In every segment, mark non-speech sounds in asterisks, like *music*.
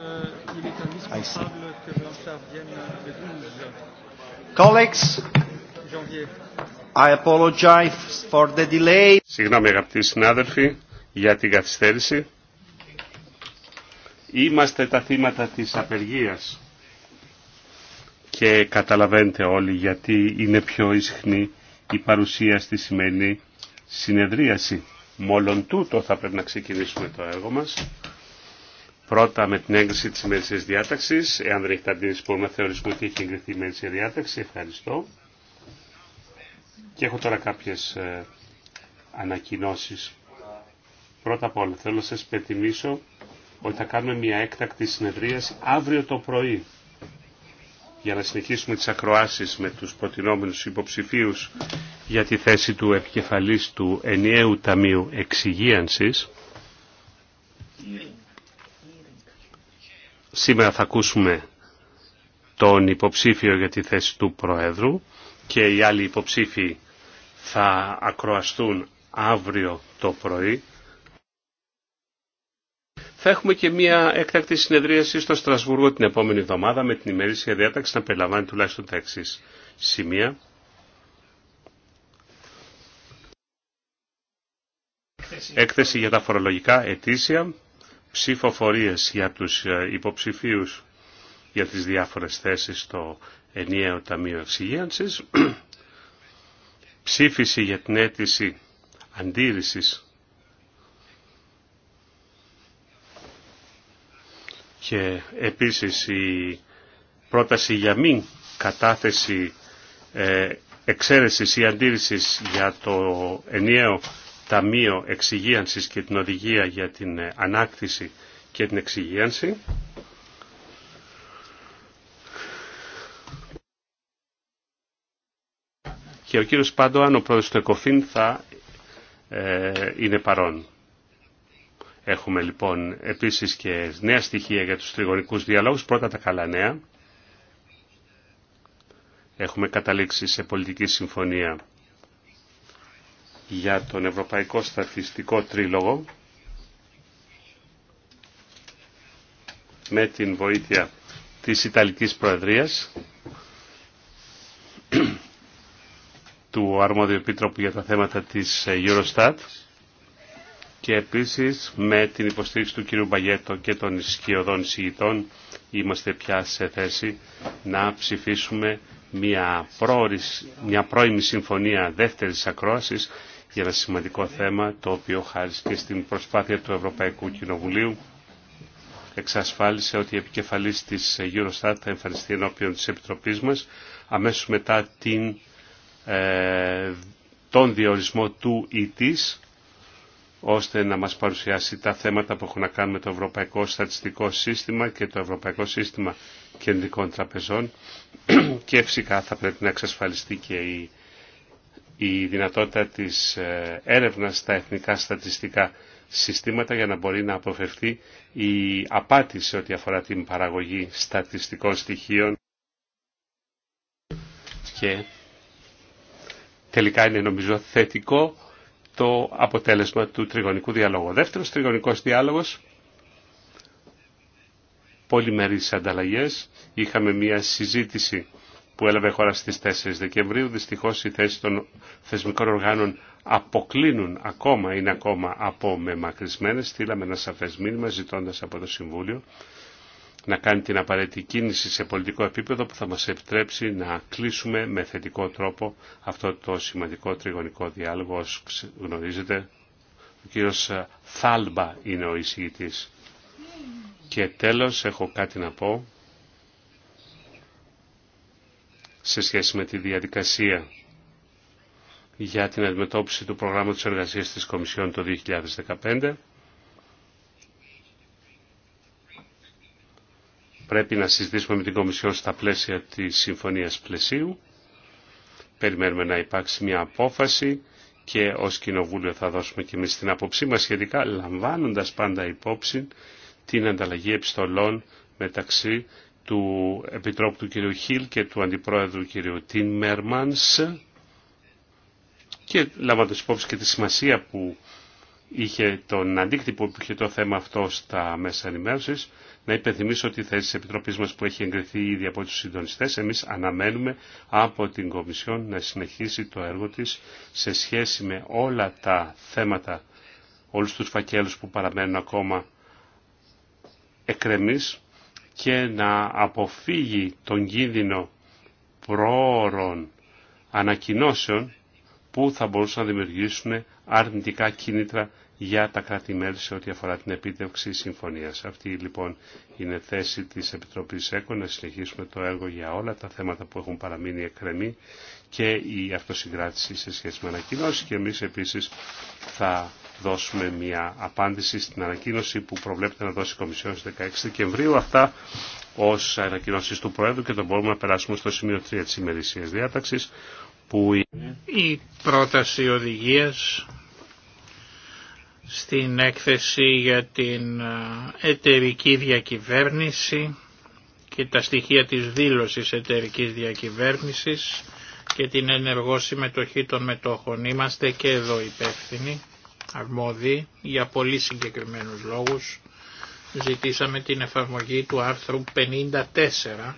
Euh, Colleagues, I apologize for the delay. Συγγνώμη αγαπητοί συνάδελφοι για την καθυστέρηση. Είμαστε τα θύματα της απεργίας και καταλαβαίνετε όλοι γιατί είναι πιο ισχνή η παρουσία στη σημερινή συνεδρίαση. Μόλον τούτο θα πρέπει να ξεκινήσουμε το έργο μας. Πρώτα με την έγκριση της ημερησίας διάταξης. Εάν δεν έχετε αντίρρηση μπορούμε να ότι έχει εγκριθεί η ημερησία διάταξη. Ευχαριστώ. Και έχω τώρα κάποιες ε, ανακοινώσεις. Πρώτα απ' όλα θέλω να σας υπενθυμίσω ότι θα κάνουμε μια έκτακτη συνεδρίαση αύριο το πρωί για να συνεχίσουμε τις ακροάσεις με τους προτινόμενους υποψηφίους για τη θέση του επικεφαλής του ενιαίου Ταμείου Εξυγίανσης Σήμερα θα ακούσουμε τον υποψήφιο για τη θέση του Προέδρου και οι άλλοι υποψήφοι θα ακροαστούν αύριο το πρωί. Θα έχουμε και μια έκτακτη συνεδρίαση στο Στρασβούργο την επόμενη εβδομάδα με την ημερήσια διάταξη να περιλαμβάνει τουλάχιστον τα σημεία. Έκθεση για τα φορολογικά ετήσια ψηφοφορίες για τους ε, υποψηφίους για τις διάφορες θέσεις στο ενιαίο Ταμείο Εξυγένσης, ψήφιση για την αίτηση αντίρρησης και επίσης η πρόταση για μη κατάθεση ε, εξαίρεσης ή αντίρρησης για το ενιαίο Ταμείο Εξυγίανσης και την Οδηγία για την ε, Ανάκτηση και την Εξυγίανση. Και ο κύριος Πάντοαν, ο πρόεδρος του ΕΚΟΦΗΝ, θα ε, είναι παρόν. Έχουμε λοιπόν επίσης και νέα στοιχεία για τους τριγωνικούς διαλόγους. Πρώτα τα καλά νέα. Έχουμε καταλήξει σε πολιτική συμφωνία για τον Ευρωπαϊκό Στατιστικό Τρίλογο με την βοήθεια της Ιταλικής Προεδρίας του Αρμόδιου Επίτροπου για τα θέματα της Eurostat και επίσης με την υποστήριξη του κ. Μπαγέτο και των ισχυωδών συγητών είμαστε πια σε θέση να ψηφίσουμε μια, μια πρώιμη συμφωνία δεύτερης ακρόασης για ένα σημαντικό θέμα το οποίο χάρη και στην προσπάθεια του Ευρωπαϊκού Κοινοβουλίου εξασφάλισε ότι η επικεφαλής της Eurostat θα εμφανιστεί ενώπιον της Επιτροπής μας αμέσως μετά την, ε, τον διορισμό του ή της, ώστε να μας παρουσιάσει τα θέματα που έχουν να κάνουν με το Ευρωπαϊκό Στατιστικό Σύστημα και το Ευρωπαϊκό Σύστημα Κεντρικών Τραπεζών *clears throat* και φυσικά θα πρέπει να εξασφαλιστεί και η η δυνατότητα της ε, έρευνας στα εθνικά στατιστικά συστήματα για να μπορεί να αποφευθεί η απάτη σε ό,τι αφορά την παραγωγή στατιστικών στοιχείων και τελικά είναι νομίζω θετικό το αποτέλεσμα του τριγωνικού διάλογου. δεύτερος τριγωνικός διάλογος, πολυμερείς ανταλλαγές. Είχαμε μία συζήτηση που έλαβε χώρα στι 4 Δεκεμβρίου. Δυστυχώ οι θέσει των θεσμικών οργάνων αποκλίνουν ακόμα, είναι ακόμα από μεμακρυσμένε. Στείλαμε ένα σαφές μήνυμα ζητώντα από το Συμβούλιο να κάνει την απαραίτητη κίνηση σε πολιτικό επίπεδο που θα μας επιτρέψει να κλείσουμε με θετικό τρόπο αυτό το σημαντικό τριγωνικό διάλογο. ω γνωρίζετε, ο κύριος Θάλμπα είναι ο εισηγητής. Και τέλος έχω κάτι να πω σε σχέση με τη διαδικασία για την αντιμετώπιση του προγράμματος εργασίας της Κομισιόν το 2015. Πρέπει να συζητήσουμε με την Κομισιόν στα πλαίσια της Συμφωνίας Πλαισίου. Περιμένουμε να υπάρξει μια απόφαση και ως Κοινοβούλιο θα δώσουμε και εμείς την άποψή μας σχετικά, λαμβάνοντας πάντα υπόψη την ανταλλαγή επιστολών μεταξύ του Επιτρόπου του κ. Χίλ και του Αντιπρόεδρου κ. Τιν Μέρμανς και λάβοντας υπόψη και τη σημασία που είχε τον αντίκτυπο που είχε το θέμα αυτό στα μέσα ενημέρωση, να υπενθυμίσω ότι η θέση τη Επιτροπή μα που έχει εγκριθεί ήδη από του συντονιστέ, εμεί αναμένουμε από την Κομισιόν να συνεχίσει το έργο τη σε σχέση με όλα τα θέματα, όλου του φακέλου που παραμένουν ακόμα εκκρεμείς και να αποφύγει τον κίνδυνο πρόωρων ανακοινώσεων που θα μπορούσαν να δημιουργήσουν αρνητικά κίνητρα για τα κράτη-μέλη σε ό,τι αφορά την επίτευξη συμφωνίας. Αυτή λοιπόν είναι θέση της Επιτροπής ΕΚΟ να συνεχίσουμε το έργο για όλα τα θέματα που έχουν παραμείνει εκκρεμή και η αυτοσυγκράτηση σε σχέση με ανακοινώσεις και εμείς επίσης θα δώσουμε μια απάντηση στην ανακοίνωση που προβλέπεται να δώσει η Κομισιόν στις 16 Δεκεμβρίου. Αυτά ως ανακοινώσει του Προέδρου και το μπορούμε να περάσουμε στο σημείο 3 της ημερησίας διάταξης που είναι η πρόταση οδηγίας στην έκθεση για την ε, εταιρική διακυβέρνηση και τα στοιχεία της δήλωσης εταιρικής διακυβέρνησης και την ενεργό συμμετοχή των μετόχων. Είμαστε και εδώ υπεύθυνοι αρμόδιοι για πολύ συγκεκριμένους λόγους ζητήσαμε την εφαρμογή του άρθρου 54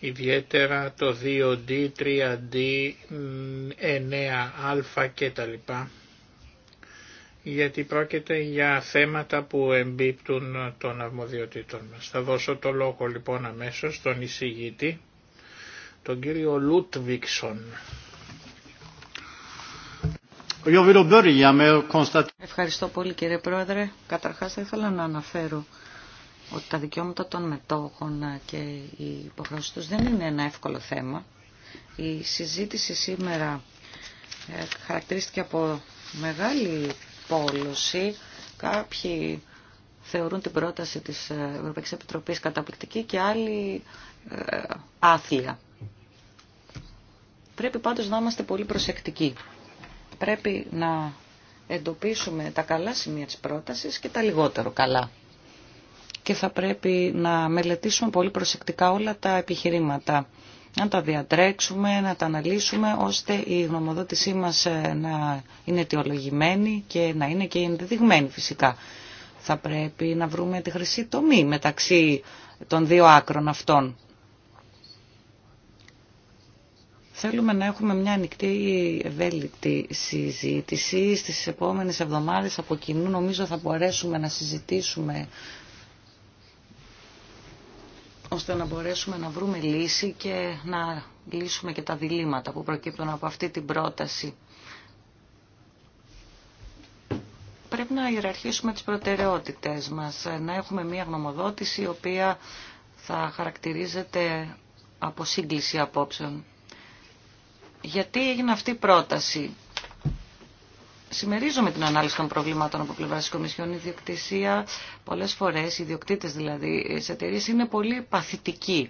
ιδιαίτερα το 2D, 3D, 9α κτλ. Γιατί πρόκειται για θέματα που εμπίπτουν των αρμοδιοτήτων μας. Θα δώσω το λόγο λοιπόν αμέσως στον εισηγητή, τον κύριο Λούτβικσον. Ευχαριστώ πολύ κύριε Πρόεδρε. Καταρχάς θα ήθελα να αναφέρω ότι τα δικαιώματα των μετόχων και οι υποχρεώσεις τους δεν είναι ένα εύκολο θέμα. Η συζήτηση σήμερα ε, χαρακτηρίστηκε από μεγάλη πόλωση. Κάποιοι θεωρούν την πρόταση της ε, Ευρωπαϊκής Επιτροπής καταπληκτική και άλλοι ε, άθλια. Πρέπει πάντως να είμαστε πολύ προσεκτικοί πρέπει να εντοπίσουμε τα καλά σημεία της πρότασης και τα λιγότερο καλά. Και θα πρέπει να μελετήσουμε πολύ προσεκτικά όλα τα επιχειρήματα, να τα διατρέξουμε, να τα αναλύσουμε, ώστε η γνωμοδότησή μας ε, να είναι αιτιολογημένη και να είναι και ενδεδειγμένη φυσικά. Θα πρέπει να βρούμε τη χρυσή τομή μεταξύ των δύο άκρων αυτών Θέλουμε να έχουμε μια ανοιχτή ευέλικτη συζήτηση στις επόμενες εβδομάδες από κοινού. Νομίζω θα μπορέσουμε να συζητήσουμε ώστε να μπορέσουμε να βρούμε λύση και να λύσουμε και τα διλήμματα που προκύπτουν από αυτή την πρόταση. Πρέπει να ιεραρχήσουμε τις προτεραιότητες μας, να έχουμε μία γνωμοδότηση η οποία θα χαρακτηρίζεται από σύγκληση απόψεων γιατί έγινε αυτή η πρόταση. Συμμερίζομαι την ανάλυση των προβλημάτων από πλευρά τη Κομισιόν. Η διοκτησία πολλέ φορέ, οι ιδιοκτήτε δηλαδή τη εταιρείε είναι πολύ παθητικοί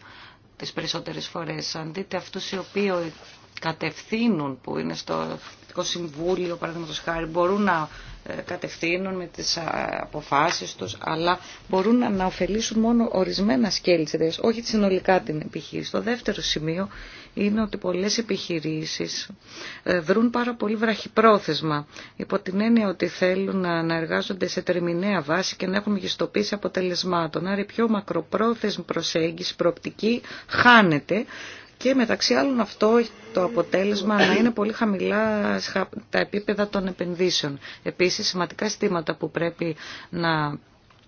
τι περισσότερε φορέ. Αν δείτε αυτού οι οποίοι κατευθύνουν, που είναι στο Διοικητικό Συμβούλιο, παραδείγματο χάρη, μπορούν να ε, κατευθύνουν με τις αποφάσεις τους, αλλά μπορούν να ωφελήσουν μόνο ορισμένα σκέλη της εταιρείας, όχι συνολικά την επιχείρηση. Το δεύτερο σημείο είναι ότι πολλές επιχειρήσεις δρούν ε, πάρα πολύ βραχυπρόθεσμα, υπό την έννοια ότι θέλουν να εργάζονται σε τερμηνέα βάση και να έχουν μεγιστοποίηση αποτελεσμάτων. Άρα η πιο μακροπρόθεσμη προσέγγιση προοπτική χάνεται και μεταξύ άλλων αυτό έχει το αποτέλεσμα να είναι πολύ χαμηλά τα επίπεδα των επενδύσεων. Επίσης, σημαντικά στήματα που πρέπει να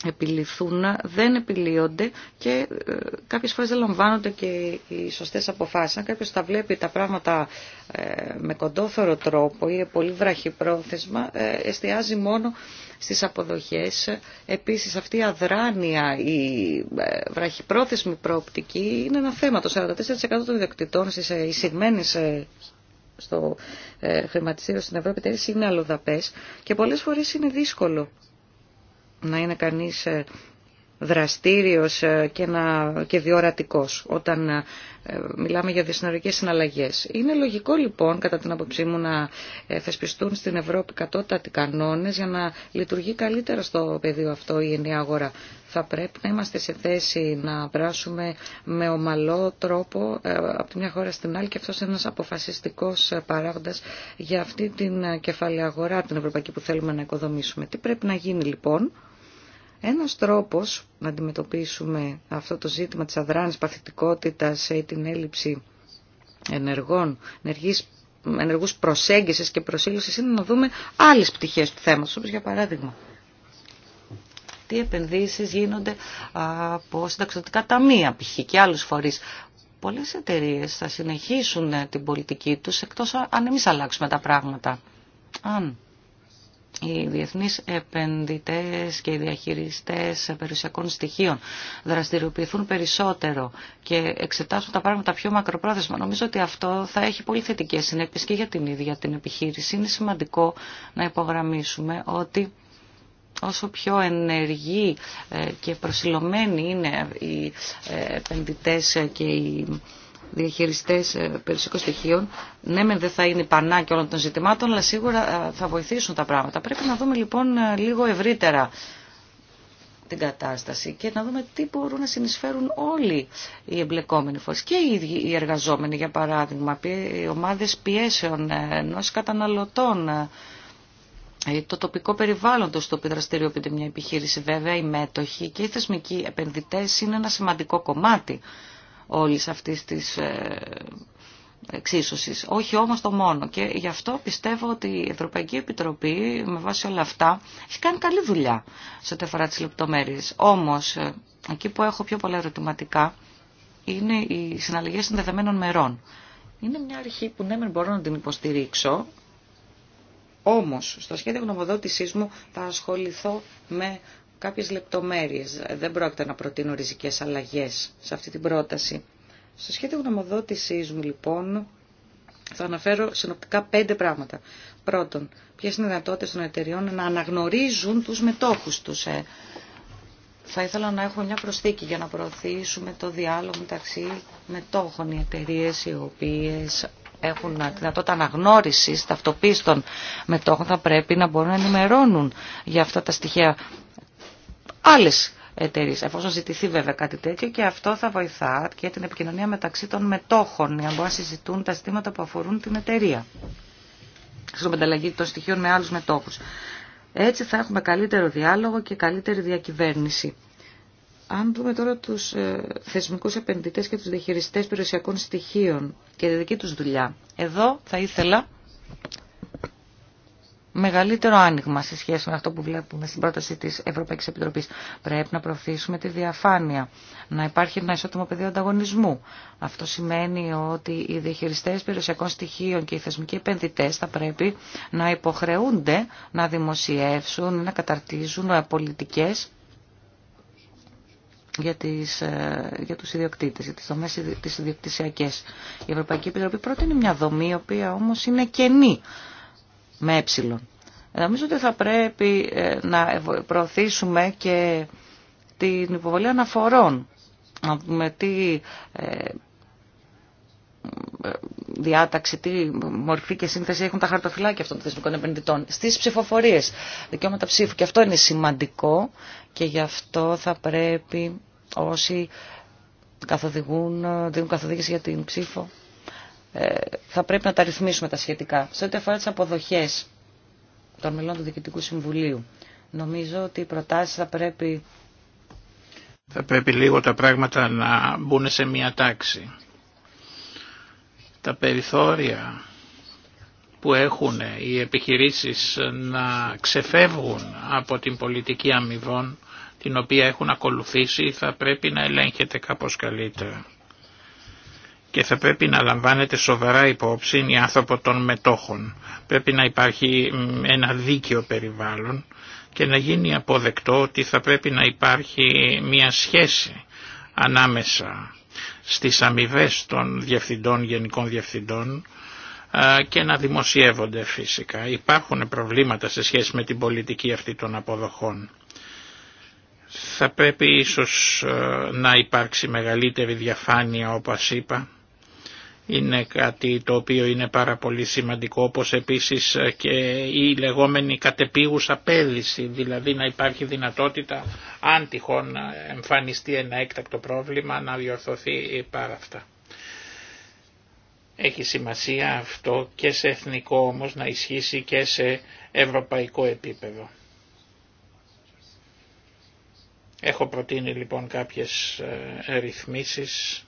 επιληθούν δεν επιλύονται και ε, κάποιες φορές δεν λαμβάνονται και οι σωστές αποφάσεις. Αν κάποιος τα βλέπει τα πράγματα ε, με κοντόφερο τρόπο ή πολύ βραχυπρόθεσμα, ε, εστιάζει μόνο στις αποδοχές. Επίσης αυτή η αδράνεια, η βραχυπρόθεσμη προοπτική είναι ένα θέμα. Το 44% των ιδιοκτητών στις εισηγμένες στο χρηματιστήριο στην Ευρώπη είναι αλλοδαπές και πολλές φορές είναι δύσκολο να είναι κανείς ε, δραστήριος ε, και, να, και διορατικός όταν ε, μιλάμε για διασυνορικές συναλλαγές. Είναι λογικό λοιπόν κατά την άποψή μου να θεσπιστούν στην Ευρώπη κατώτατοι κανόνες για να λειτουργεί καλύτερα στο πεδίο αυτό η ενιαία αγορά. Θα πρέπει να είμαστε σε θέση να βράσουμε με ομαλό τρόπο από τη μια χώρα στην άλλη και αυτός είναι ένας αποφασιστικός παράγοντας για αυτή την κεφαλαία αγορά την ευρωπαϊκή που θέλουμε να οικοδομήσουμε. Τι πρέπει να γίνει λοιπόν ένας τρόπος να αντιμετωπίσουμε αυτό το ζήτημα της αδράνης παθητικότητας ή την έλλειψη ενεργών, ενεργής, ενεργούς προσέγγισης και προσήλωσης είναι να δούμε άλλες πτυχές του θέματος, όπως για παράδειγμα τι επενδύσεις γίνονται από συνταξιδοτικά ταμεία π.χ. και άλλους φορείς. Πολλές εταιρείες θα συνεχίσουν την πολιτική τους εκτός αν εμείς αλλάξουμε τα πράγματα. Αν οι διεθνείς επενδυτές και οι διαχειριστές περιουσιακών στοιχείων δραστηριοποιηθούν περισσότερο και εξετάσουν τα πράγματα πιο μακροπρόθεσμα. Νομίζω ότι αυτό θα έχει πολύ θετικέ συνέπειες και για την ίδια την επιχείρηση. Είναι σημαντικό να υπογραμμίσουμε ότι όσο πιο ενεργοί ε, και προσιλωμένοι είναι οι ε, επενδυτές και οι Διαχειριστέ ε, περιουσικών στοιχείων, ναι δεν θα είναι πανάκι όλων των ζητημάτων, αλλά σίγουρα ε, θα βοηθήσουν τα πράγματα. Πρέπει να δούμε λοιπόν ε, λίγο ευρύτερα την κατάσταση και να δούμε τι μπορούν να συνεισφέρουν όλοι οι εμπλεκόμενοι φόρε και οι ίδιοι οι εργαζόμενοι για παράδειγμα, οι ομάδες πιέσεων ενό καταναλωτών, το τοπικό περιβάλλοντο στο οποίο δραστηριοποιείται μια επιχείρηση βέβαια, οι μέτοχοι και οι θεσμικοί επενδυτές είναι ένα σημαντικό κομμάτι όλης αυτής της ε, εξίσωσης. Όχι όμως το μόνο και γι' αυτό πιστεύω ότι η Ευρωπαϊκή Επιτροπή με βάση όλα αυτά έχει κάνει καλή δουλειά σε ό,τι αφορά τις λεπτομέρειες. Όμως ε, εκεί που έχω πιο πολλά ερωτηματικά είναι οι συναλλαγές συνδεδεμένων μερών. Είναι μια αρχή που ναι, μπορώ να την υποστηρίξω, όμως στο σχέδιο γνωμοδότησής μου θα ασχοληθώ με κάποιες λεπτομέρειες. Δεν πρόκειται να προτείνω ριζικές αλλαγές σε αυτή την πρόταση. Στο σχέδιο γνωμοδότησής μου λοιπόν θα αναφέρω συνοπτικά πέντε πράγματα. Πρώτον, ποιε είναι οι δυνατότητε των εταιριών να αναγνωρίζουν του μετόχου του. Ε. θα ήθελα να έχω μια προσθήκη για να προωθήσουμε το διάλογο μεταξύ μετόχων. Οι εταιρείε οι οποίε έχουν τη δυνατότητα αναγνώριση, ταυτοποίηση των μετόχων θα πρέπει να μπορούν να ενημερώνουν για αυτά τα στοιχεία άλλες εταιρείες, εφόσον ζητηθεί βέβαια κάτι τέτοιο και αυτό θα βοηθά και την επικοινωνία μεταξύ των μετόχων, για να συζητούν τα ζητήματα που αφορούν την εταιρεία. στο μεταλλαγή των στοιχείων με άλλους μετόχους. Έτσι θα έχουμε καλύτερο διάλογο και καλύτερη διακυβέρνηση. Αν δούμε τώρα τους ε, θεσμικούς επενδυτές και τους διαχειριστές περιουσιακών στοιχείων και τη δική τους δουλειά, εδώ θα ήθελα μεγαλύτερο άνοιγμα σε σχέση με αυτό που βλέπουμε στην πρόταση της Ευρωπαϊκής Επιτροπής. Πρέπει να προωθήσουμε τη διαφάνεια, να υπάρχει ένα ισότιμο πεδίο ανταγωνισμού. Αυτό σημαίνει ότι οι διαχειριστές περιουσιακών στοιχείων και οι θεσμικοί επενδυτές θα πρέπει να υποχρεούνται να δημοσιεύσουν, να καταρτίζουν ε, πολιτικές για, τις, ε, για τους ιδιοκτήτες, για τις δομές τις ιδιοκτησιακές. Η Ευρωπαϊκή Επιτροπή πρότεινε μια δομή, η οποία όμως είναι κενή με ε. Νομίζω ότι θα πρέπει ε, να προωθήσουμε και την υποβολή αναφορών. Να δούμε τι ε, διάταξη, τι μορφή και σύνθεση έχουν τα χαρτοφυλάκια αυτών των θεσμικών επενδυτών στις ψηφοφορίες, δικαιώματα ψήφου. Και αυτό είναι σημαντικό και γι' αυτό θα πρέπει όσοι καθοδηγούν, δίνουν καθοδήγηση για την ψήφο ε, θα πρέπει να τα ρυθμίσουμε τα σχετικά. Σε ό,τι αφορά τι αποδοχές των μελών του Διοικητικού Συμβουλίου, νομίζω ότι οι προτάσει θα πρέπει... Θα πρέπει λίγο τα πράγματα να μπουν σε μία τάξη. Τα περιθώρια που έχουν οι επιχειρήσεις να ξεφεύγουν από την πολιτική αμοιβών την οποία έχουν ακολουθήσει θα πρέπει να ελέγχεται κάπως καλύτερα και θα πρέπει να λαμβάνεται σοβαρά υπόψη η άνθρωπο των μετόχων. Πρέπει να υπάρχει ένα δίκαιο περιβάλλον και να γίνει αποδεκτό ότι θα πρέπει να υπάρχει μια σχέση ανάμεσα στις αμοιβέ των διευθυντών, γενικών διευθυντών και να δημοσιεύονται φυσικά. Υπάρχουν προβλήματα σε σχέση με την πολιτική αυτή των αποδοχών. Θα πρέπει ίσως να υπάρξει μεγαλύτερη διαφάνεια όπως είπα είναι κάτι το οποίο είναι πάρα πολύ σημαντικό όπως επίσης και η λεγόμενη κατεπίγουσα πέληση, δηλαδή να υπάρχει δυνατότητα αν τυχόν εμφανιστεί ένα έκτακτο πρόβλημα να διορθωθεί πάρα αυτά. Έχει σημασία αυτό και σε εθνικό όμως να ισχύσει και σε ευρωπαϊκό επίπεδο. Έχω προτείνει λοιπόν κάποιες ε, ρυθμίσεις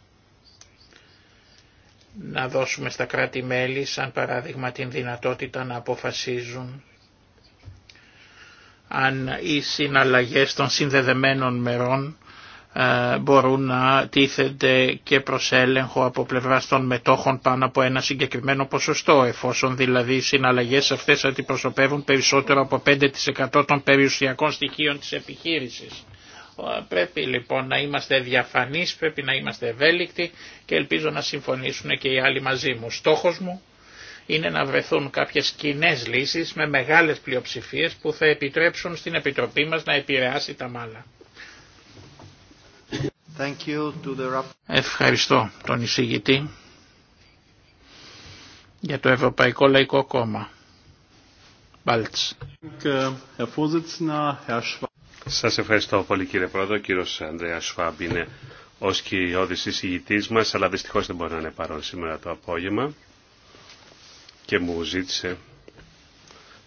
να δώσουμε στα κράτη-μέλη σαν παράδειγμα την δυνατότητα να αποφασίζουν αν οι συναλλαγές των συνδεδεμένων μερών ε, μπορούν να τίθενται και προς έλεγχο από πλευράς των μετόχων πάνω από ένα συγκεκριμένο ποσοστό, εφόσον δηλαδή οι συναλλαγές αυτές αντιπροσωπεύουν περισσότερο από 5% των περιουσιακών στοιχείων της επιχείρησης. Ε, πρέπει λοιπόν να είμαστε διαφανείς, πρέπει να είμαστε ευέλικτοι και ελπίζω να συμφωνήσουν και οι άλλοι μαζί μου. Στόχος μου είναι να βρεθούν κάποιες κοινέ λύσεις με μεγάλες πλειοψηφίες που θα επιτρέψουν στην Επιτροπή μας να επηρεάσει τα μάλα. Ευχαριστώ τον εισηγητή για το Ευρωπαϊκό Λαϊκό Κόμμα. Σας ευχαριστώ πολύ κύριε Πρόεδρο. Ο κύριος Ανδρέας Σουάμπ είναι ω κυριώδης εισηγητής μας, αλλά δυστυχώς δεν μπορεί να είναι παρόν σήμερα το απόγευμα και μου ζήτησε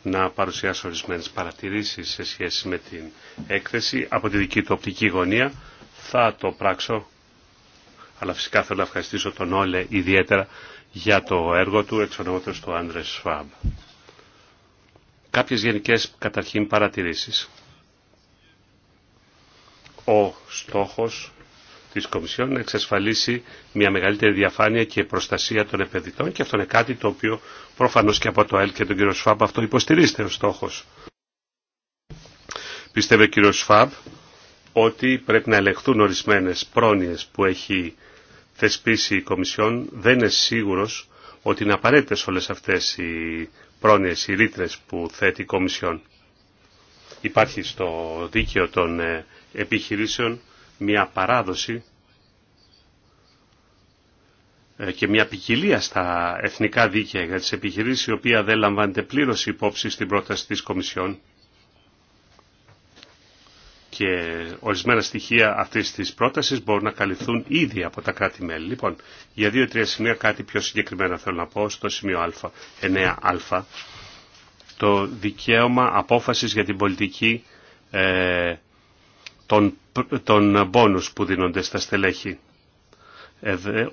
να παρουσιάσω ορισμένε παρατηρήσει σε σχέση με την έκθεση από τη δική του οπτική γωνία. Θα το πράξω, αλλά φυσικά θέλω να ευχαριστήσω τον Όλε ιδιαίτερα για το έργο του εξ του Άνδρες Σφάμπ. Κάποιες γενικές καταρχήν παρατηρήσεις ο στόχος της Κομισιόν να εξασφαλίσει μια μεγαλύτερη διαφάνεια και προστασία των επενδυτών και αυτό είναι κάτι το οποίο προφανώς και από το ΕΛ και τον κύριο Σφάμπ αυτό υποστηρίζεται ο στόχος. Πιστεύει ο κύριος Σφάμπ ότι πρέπει να ελεγχθούν ορισμένες πρόνοιες που έχει θεσπίσει η Κομισιόν. Δεν είναι σίγουρος ότι είναι απαραίτητες όλες αυτές οι πρόνοιες, οι ρήτρες που θέτει η Κομισιόν. Υπάρχει στο δίκαιο των ε, επιχειρήσεων μια παράδοση ε, και μια ποικιλία στα εθνικά δίκαια για τις επιχειρήσεις η οποία δεν λαμβάνεται πλήρως υπόψη στην πρόταση της Κομισιόν και ορισμένα στοιχεία αυτής της πρότασης μπορούν να καλυφθούν ήδη από τα κράτη-μέλη. Λοιπόν, για δύο-τρία σημεία κάτι πιο συγκεκριμένα θέλω να πω στο σημείο α, 9α, το δικαίωμα απόφασης για την πολιτική ε, τον των πόνους που δίνονται στα στελέχη.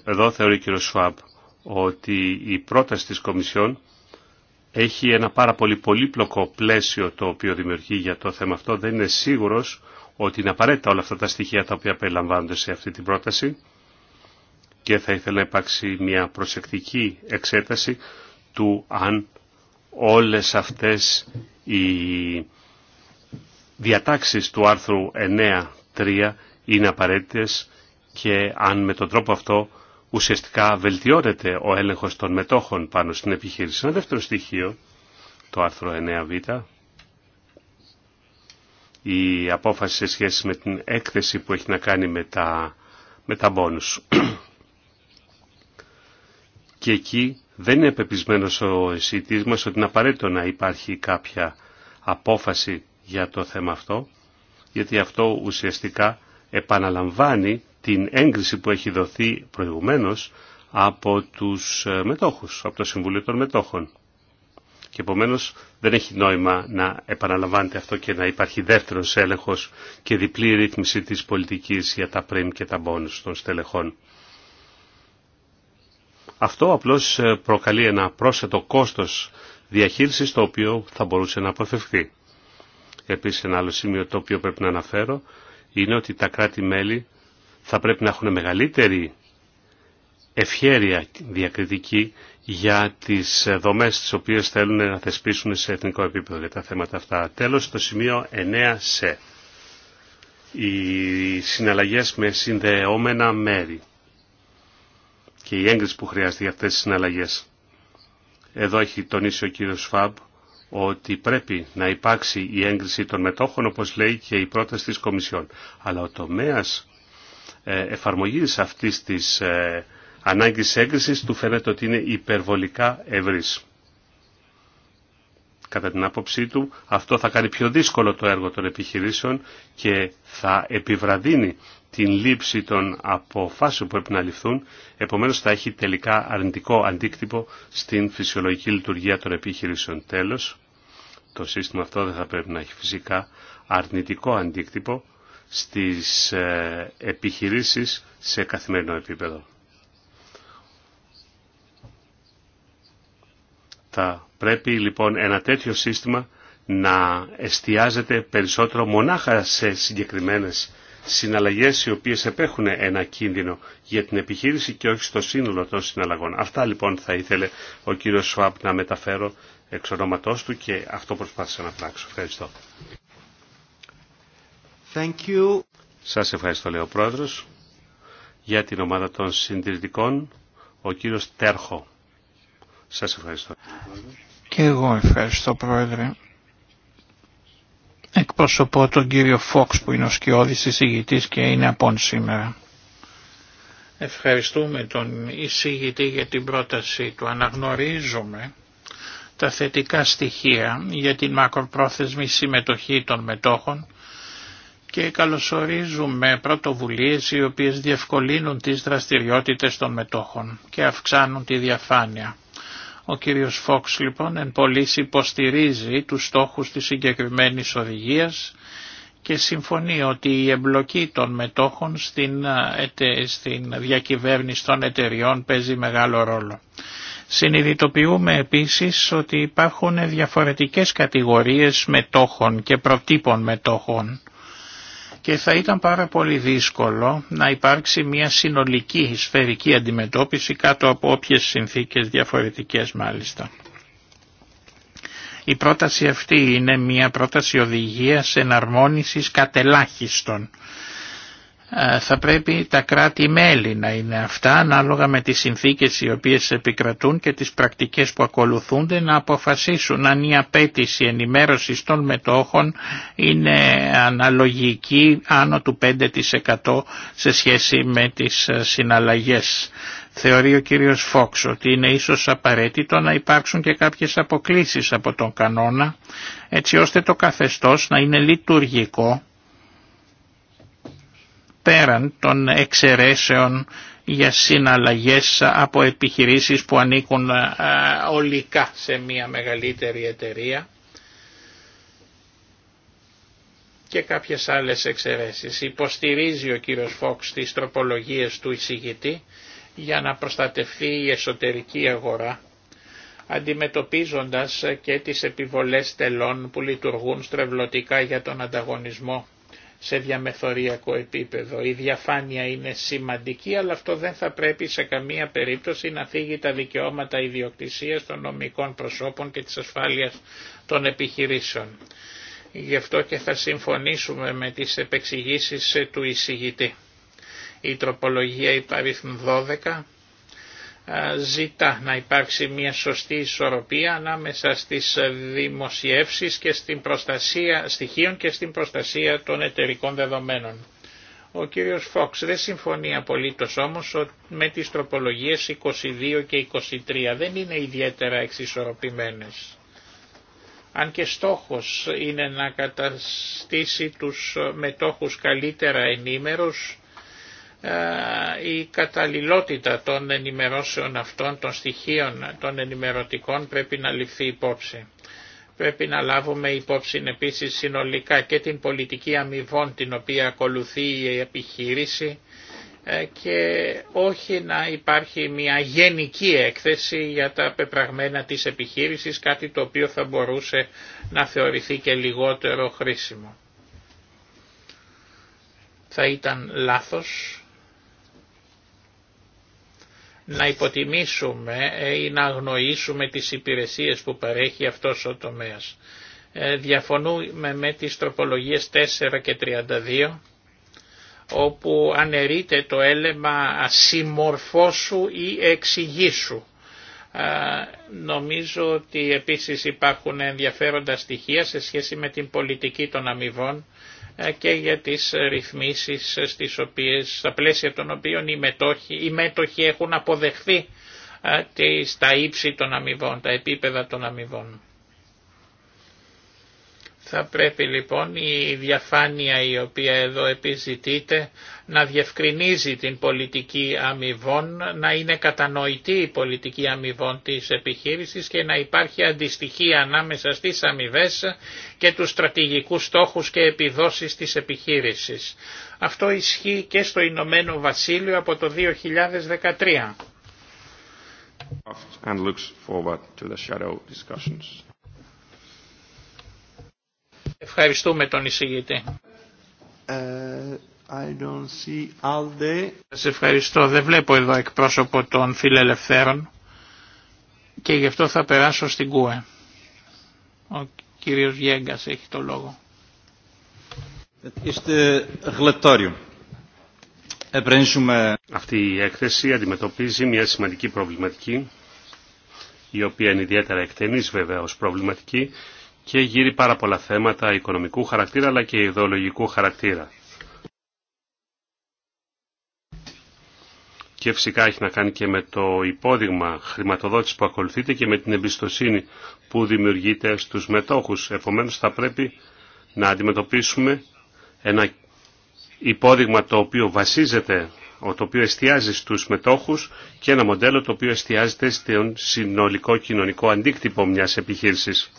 Εδώ θεωρεί ο κ. Σουάμπ ότι η πρόταση της Κομισιόν έχει ένα πάρα πολύ πολύπλοκο πλαίσιο το οποίο δημιουργεί για το θέμα αυτό. Δεν είναι σίγουρος ότι είναι απαραίτητα όλα αυτά τα στοιχεία τα οποία περιλαμβάνονται σε αυτή την πρόταση και θα ήθελα να υπάρξει μια προσεκτική εξέταση του αν όλες αυτές οι διατάξεις του άρθρου 9.3 είναι απαραίτητες και αν με τον τρόπο αυτό ουσιαστικά βελτιώνεται ο έλεγχος των μετόχων πάνω στην επιχείρηση. Ένα δεύτερο στοιχείο, το άρθρο 9β, η απόφαση σε σχέση με την έκθεση που έχει να κάνει με τα, με μπόνους. και εκεί δεν είναι πεπισμένος ο εισηγητής μας ότι είναι απαραίτητο να υπάρχει κάποια απόφαση για το θέμα αυτό, γιατί αυτό ουσιαστικά επαναλαμβάνει την έγκριση που έχει δοθεί προηγουμένως από τους ε, μετόχους, από το Συμβούλιο των Μετόχων. Και επομένως δεν έχει νόημα να επαναλαμβάνεται αυτό και να υπάρχει δεύτερος έλεγχος και διπλή ρύθμιση της πολιτικής για τα πριμ και τα μπόνους των στελεχών. Αυτό απλώς ε, προκαλεί ένα πρόσθετο κόστος διαχείρισης το οποίο θα μπορούσε να αποφευχθεί. Επίσης ένα άλλο σημείο το οποίο πρέπει να αναφέρω είναι ότι τα κράτη-μέλη θα πρέπει να έχουν μεγαλύτερη ευχέρεια διακριτική για τις δομές τις οποίες θέλουν να θεσπίσουν σε εθνικό επίπεδο για τα θέματα αυτά. Τέλος, το σημείο 9 σε. Οι συναλλαγές με συνδεόμενα μέρη και η έγκριση που χρειάζεται για αυτές τις συναλλαγές. Εδώ έχει τονίσει ο κύριος Φαμπ ότι πρέπει να υπάρξει η έγκριση των μετόχων, όπως λέει και η πρόταση της Κομισιόν. Αλλά ο τομέας ε, εφαρμογής αυτής της ε, ανάγκης έγκρισης του φαίνεται ότι είναι υπερβολικά ευρύς. Κατά την άποψή του αυτό θα κάνει πιο δύσκολο το έργο των επιχειρήσεων και θα επιβραδύνει την λήψη των αποφάσεων που πρέπει να ληφθούν, επομένως θα έχει τελικά αρνητικό αντίκτυπο στην φυσιολογική λειτουργία των επιχειρήσεων. Τέλος, το σύστημα αυτό δεν θα πρέπει να έχει φυσικά αρνητικό αντίκτυπο στις ε, επιχειρήσεις σε καθημερινό επίπεδο. Θα πρέπει λοιπόν ένα τέτοιο σύστημα να εστιάζεται περισσότερο μονάχα σε συγκεκριμένες συναλλαγές οι οποίες επέχουν ένα κίνδυνο για την επιχείρηση και όχι στο σύνολο των συναλλαγών. Αυτά λοιπόν θα ήθελε ο κύριος Σουάπ να μεταφέρω εξ ονόματός του και αυτό προσπάθησα να πράξω. Ευχαριστώ. Thank you. Σας ευχαριστώ λέει ο Πρόεδρος για την ομάδα των συντηρητικών ο κύριος Τέρχο. Σας ευχαριστώ. Και εγώ ευχαριστώ Πρόεδρε. Εκπροσωπώ τον κύριο Φόξ που είναι ο σκιώδης εισηγητής και είναι απόν σήμερα. Ευχαριστούμε τον εισηγητή για την πρόταση του. Αναγνωρίζουμε τα θετικά στοιχεία για την μακροπρόθεσμη συμμετοχή των μετόχων και καλωσορίζουμε πρωτοβουλίες οι οποίες διευκολύνουν τις δραστηριότητες των μετόχων και αυξάνουν τη διαφάνεια. Ο κύριος Φόξ λοιπόν εν πωλής υποστηρίζει τους στόχους της συγκεκριμένης οδηγίας και συμφωνεί ότι η εμπλοκή των μετόχων στην, ε, στην διακυβέρνηση των εταιριών παίζει μεγάλο ρόλο. Συνειδητοποιούμε επίσης ότι υπάρχουν διαφορετικές κατηγορίες μετόχων και προτύπων μετόχων και θα ήταν πάρα πολύ δύσκολο να υπάρξει μια συνολική σφαιρική αντιμετώπιση κάτω από όποιες συνθήκες διαφορετικές μάλιστα. Η πρόταση αυτή είναι μια πρόταση οδηγίας εναρμόνισης κατελάχιστον ε, θα πρέπει τα κράτη-μέλη να είναι αυτά ανάλογα με τις συνθήκες οι οποίες επικρατούν και τις πρακτικές που ακολουθούνται να αποφασίσουν αν η απέτηση ενημέρωσης των μετόχων είναι αναλογική άνω του 5% σε σχέση με τις ε, συναλλαγές. Θεωρεί ο κύριος Φόξ ότι είναι ίσως απαραίτητο να υπάρξουν και κάποιες αποκλήσεις από τον κανόνα έτσι ώστε το καθεστώς να είναι λειτουργικό πέραν των εξαιρέσεων για συναλλαγές από επιχειρήσεις που ανήκουν ε, ολικά σε μια μεγαλύτερη εταιρεία και κάποιες άλλες εξαιρέσεις. Υποστηρίζει ο κύριος Φόξ τις τροπολογίες του εισηγητή για να προστατευτεί η εσωτερική αγορά αντιμετωπίζοντας και τις επιβολές τελών που λειτουργούν στρεβλωτικά για τον ανταγωνισμό σε διαμεθοριακό επίπεδο. Η διαφάνεια είναι σημαντική, αλλά αυτό δεν θα πρέπει σε καμία περίπτωση να θίγει τα δικαιώματα ιδιοκτησίας των νομικών προσώπων και της ασφάλειας των επιχειρήσεων. Γι' αυτό και θα συμφωνήσουμε με τις επεξηγήσεις του εισηγητή. Η τροπολογία υπάρχει 12 ζητά να υπάρξει μια σωστή ισορροπία ανάμεσα στις δημοσιεύσεις και στην προστασία στοιχείων και στην προστασία των εταιρικών δεδομένων. Ο κύριος Φόξ δεν συμφωνεί απολύτως όμως με τις τροπολογίες 22 και 23. Δεν είναι ιδιαίτερα εξισορροπημένες. Αν και στόχος είναι να καταστήσει τους μετόχους καλύτερα ενήμερους, ε, η καταλληλότητα των ενημερώσεων αυτών, των στοιχείων των ενημερωτικών πρέπει να ληφθεί υπόψη. Πρέπει να λάβουμε υπόψη επίσης συνολικά και την πολιτική αμοιβών την οποία ακολουθεί η επιχείρηση ε, και όχι να υπάρχει μια γενική έκθεση για τα πεπραγμένα της επιχείρησης, κάτι το οποίο θα μπορούσε να θεωρηθεί και λιγότερο χρήσιμο. Θα ήταν λάθος να υποτιμήσουμε ε, ή να αγνοήσουμε τις υπηρεσίες που παρέχει αυτός ο τομέας. Ε, διαφωνούμε με τις τροπολογίες 4 και 32 όπου αναιρείται το έλεγμα συμμορφώσου ή εξηγήσου. Ε, νομίζω ότι επίσης υπάρχουν ενδιαφέροντα στοιχεία σε σχέση με την πολιτική των αμοιβών ε, και για τις ρυθμίσεις στις οποίες, στα πλαίσια των οποίων οι μέτοχοι, έχουν αποδεχθεί ε, στα ύψη των αμοιβών, τα επίπεδα των αμοιβών. Θα πρέπει λοιπόν η διαφάνεια η οποία εδώ επιζητείται να διευκρινίζει την πολιτική αμοιβών, να είναι κατανοητή η πολιτική αμοιβών της επιχείρησης και να υπάρχει αντιστοιχία ανάμεσα στις αμοιβέ και τους στρατηγικούς στόχους και επιδόσεις της επιχείρησης. Αυτό ισχύει και στο Ηνωμένο Βασίλειο από το 2013. Ευχαριστούμε τον εισηγητή. Ε, I ευχαριστώ. Δεν βλέπω εδώ εκπρόσωπο των φιλελευθέρων και γι' αυτό θα περάσω στην ΚΟΕ. Ο κύριος Γιέγκας έχει το λόγο. Αυτή η έκθεση αντιμετωπίζει μια σημαντική προβληματική, η οποία είναι ιδιαίτερα εκτενής βέβαια προβληματική και γύρει πάρα πολλά θέματα οικονομικού χαρακτήρα αλλά και ιδεολογικού χαρακτήρα. και φυσικά έχει να κάνει και με το υπόδειγμα χρηματοδότηση που ακολουθείτε και με την εμπιστοσύνη που δημιουργείται στους μετόχους. Επομένω θα πρέπει να αντιμετωπίσουμε ένα υπόδειγμα το οποίο βασίζεται, το οποίο εστιάζει στους μετόχους και ένα μοντέλο το οποίο εστιάζεται στον συνολικό κοινωνικό αντίκτυπο μιας επιχείρησης.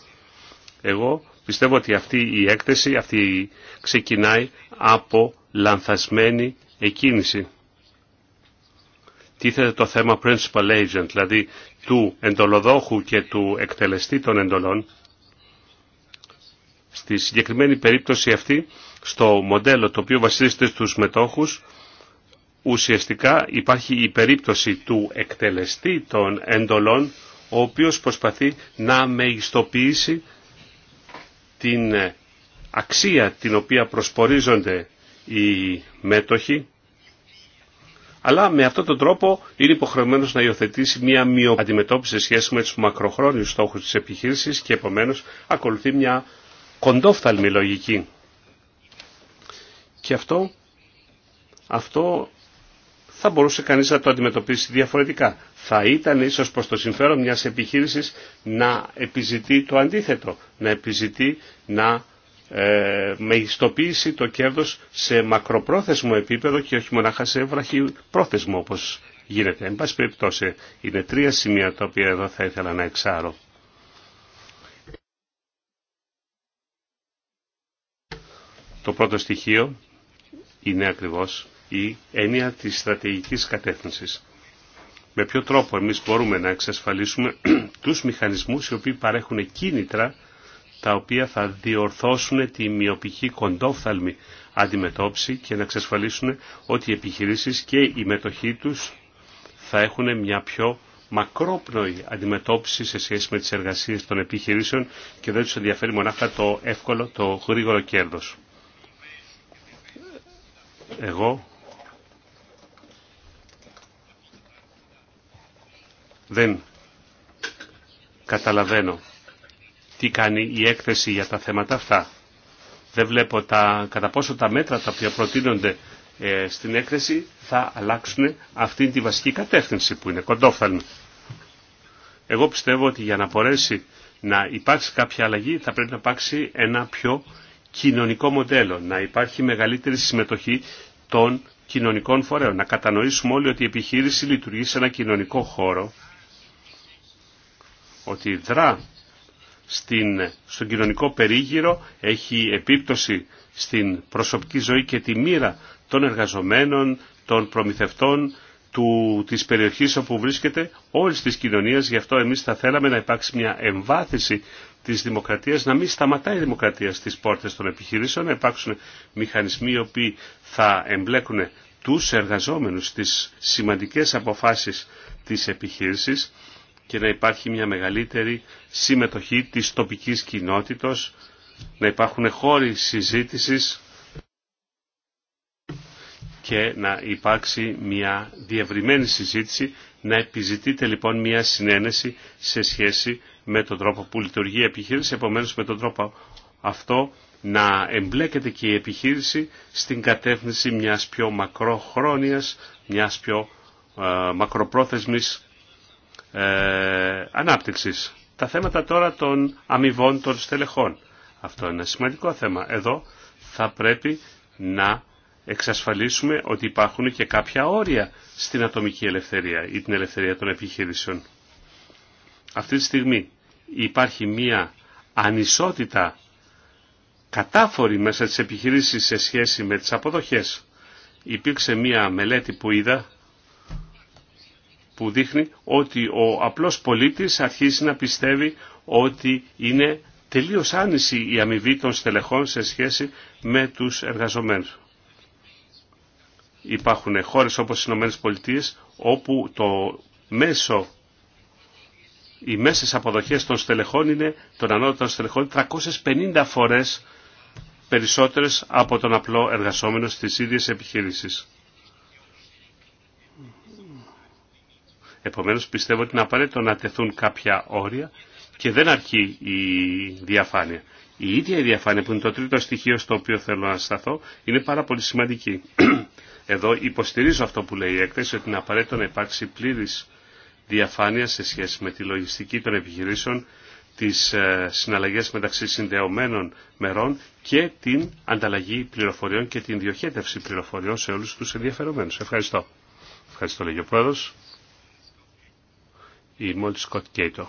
Εγώ πιστεύω ότι αυτή η έκθεση αυτή ξεκινάει από λανθασμένη εκκίνηση τίθεται το θέμα principal agent, δηλαδή του εντολοδόχου και του εκτελεστή των εντολών. Στη συγκεκριμένη περίπτωση αυτή, στο μοντέλο το οποίο βασίζεται στους μετόχους, ουσιαστικά υπάρχει η περίπτωση του εκτελεστή των εντολών, ο οποίος προσπαθεί να μεγιστοποιήσει την ε, αξία την οποία προσπορίζονται οι μέτοχοι αλλά με αυτόν τον τρόπο είναι υποχρεωμένος να υιοθετήσει μια μειοαντιμετώπιση αντιμετώπιση σε σχέση με τους μακροχρόνιους στόχους της επιχείρησης και επομένως ακολουθεί μια κοντόφθαλμη λογική. Και αυτό, αυτό θα μπορούσε κανείς να το αντιμετωπίσει διαφορετικά. Θα ήταν ίσως προς το συμφέρον μιας επιχείρησης να επιζητεί το αντίθετο, να επιζητεί να ε, το κέρδος σε μακροπρόθεσμο επίπεδο και όχι μονάχα σε πρόθεσμο όπως γίνεται. Εν πάση περιπτώσει είναι τρία σημεία τα οποία εδώ θα ήθελα να εξάρω. Το πρώτο στοιχείο είναι ακριβώς η έννοια της στρατηγικής κατεύθυνσης. Με ποιο τρόπο εμείς μπορούμε να εξασφαλίσουμε *clears throat* τους μηχανισμούς οι οποίοι παρέχουν κίνητρα τα οποία θα διορθώσουν τη μειοπική κοντόφθαλμη αντιμετώπιση και να εξασφαλίσουν ότι οι επιχειρήσεις και οι μετοχή τους θα έχουν μια πιο μακρόπνοη αντιμετώπιση σε σχέση με τις εργασίες των επιχειρήσεων και δεν τους ενδιαφέρει μονάχα το εύκολο, το γρήγορο κέρδος. Εγώ δεν καταλαβαίνω τι κάνει η έκθεση για τα θέματα αυτά. Δεν βλέπω τα, κατά πόσο τα μέτρα τα οποία προτείνονται ε, στην έκθεση θα αλλάξουν αυτή τη βασική κατεύθυνση που είναι κοντόφθαλμη. Εγώ πιστεύω ότι για να μπορέσει να υπάρξει κάποια αλλαγή θα πρέπει να υπάρξει ένα πιο κοινωνικό μοντέλο, να υπάρχει μεγαλύτερη συμμετοχή των κοινωνικών φορέων. Να κατανοήσουμε όλοι ότι η επιχείρηση λειτουργεί σε ένα κοινωνικό χώρο, ότι δρά στον κοινωνικό περίγυρο, έχει επίπτωση στην προσωπική ζωή και τη μοίρα των εργαζομένων, των προμηθευτών, του, της περιοχής όπου βρίσκεται, όλης της κοινωνίας. Γι' αυτό εμείς θα θέλαμε να υπάρξει μια εμβάθυνση της δημοκρατίας, να μην σταματάει η δημοκρατία στις πόρτες των επιχειρήσεων, να υπάρξουν μηχανισμοί οι οποίοι θα εμπλέκουν τους εργαζόμενους στις σημαντικές αποφάσεις της επιχείρησης και να υπάρχει μια μεγαλύτερη συμμετοχή της τοπικής κοινότητος, να υπάρχουν χώροι συζήτησης και να υπάρξει μια διευρυμένη συζήτηση, να επιζητείται λοιπόν μια συνένεση σε σχέση με τον τρόπο που λειτουργεί η επιχείρηση, επομένως με τον τρόπο αυτό να εμπλέκεται και η επιχείρηση στην κατεύθυνση μιας πιο μακροχρόνιας, μιας πιο ε, μακροπρόθεσμης ε, ανάπτυξης. Τα θέματα τώρα των αμοιβών των στελεχών. Αυτό είναι ένα σημαντικό θέμα. Εδώ θα πρέπει να εξασφαλίσουμε ότι υπάρχουν και κάποια όρια στην ατομική ελευθερία ή την ελευθερία των επιχειρήσεων. Αυτή τη στιγμή υπάρχει μία ανισότητα κατάφορη μέσα της επιχειρήσεις σε σχέση με τις αποδοχές. Υπήρξε μία μελέτη που είδα που δείχνει ότι ο απλός πολίτης αρχίζει να πιστεύει ότι είναι τελείως άνηση η αμοιβή των στελεχών σε σχέση με τους εργαζομένους. Υπάρχουν χώρες όπως οι Ηνωμένες όπου το μέσο οι μέσες αποδοχές των στελεχών είναι των ανώτατων στελεχών 350 φορές περισσότερες από τον απλό εργαζόμενο στις ίδιες επιχειρήσεις. Επομένως πιστεύω ότι είναι απαραίτητο να τεθούν κάποια όρια και δεν αρκεί η διαφάνεια. Η ίδια η διαφάνεια που είναι το τρίτο στοιχείο στο οποίο θέλω να σταθώ είναι πάρα πολύ σημαντική. *clears throat* Εδώ υποστηρίζω αυτό που λέει η έκθεση ότι είναι απαραίτητο να υπάρξει πλήρης διαφάνεια σε σχέση με τη λογιστική των επιχειρήσεων, τις ε, συναλλαγές μεταξύ συνδεωμένων μερών και την ανταλλαγή πληροφοριών και την διοχέτευση πληροφοριών σε όλους τους ενδιαφερομένους. Ευχαριστώ. Ευχαριστώ λέγει ο Πρόεδρος η Μόλτ Σκοτ Κέιτο.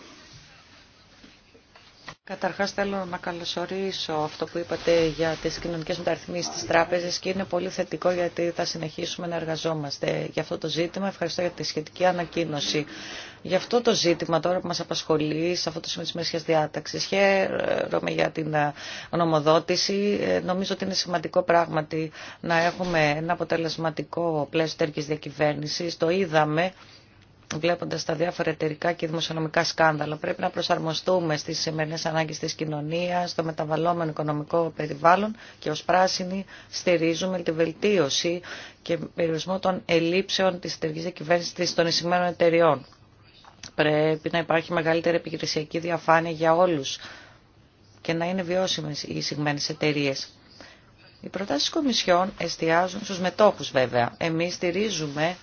Καταρχάς θέλω να καλωσορίσω αυτό που είπατε για τις κοινωνικές μεταρρυθμίσεις της τράπεζας και είναι πολύ θετικό γιατί θα συνεχίσουμε να εργαζόμαστε για αυτό το ζήτημα. Ευχαριστώ για τη σχετική ανακοίνωση. Για αυτό το ζήτημα τώρα που μας απασχολεί σε αυτό το σημείο της Μέσιας Διάταξης. Χαίρομαι για την ε, νομοδότηση. Ε, νομίζω ότι είναι σημαντικό πράγματι να έχουμε ένα αποτελεσματικό πλαίσιο τέρκης διακυβέρνησης. Το είδαμε βλέποντας τα διάφορα εταιρικά και δημοσιονομικά σκάνδαλα. Πρέπει να προσαρμοστούμε στις σημερινές ανάγκες της κοινωνίας, στο μεταβαλλόμενο οικονομικό περιβάλλον και ως πράσινοι στηρίζουμε τη βελτίωση και περιορισμό των ελλείψεων της εταιρικής κυβέρνησης των εισημένων εταιριών. Πρέπει να υπάρχει μεγαλύτερη επιχειρησιακή διαφάνεια για όλους και να είναι βιώσιμες οι εισηγμένες εταιρείε. Οι προτάσεις κομισιών εστιάζουν στους μετόχους βέβαια. Εμείς στηρίζουμε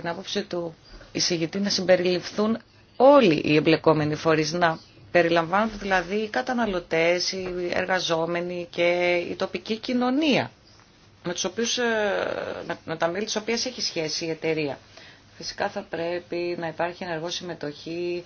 την άποψη του εισηγητή να συμπεριληφθούν όλοι οι εμπλεκόμενοι φορείς, να περιλαμβάνονται δηλαδή οι καταναλωτές, οι εργαζόμενοι και η τοπική κοινωνία, με, τους οποίους, ε, με τα μέλη της οποίας έχει σχέση η εταιρεία. Φυσικά θα πρέπει να υπάρχει ενεργό συμμετοχή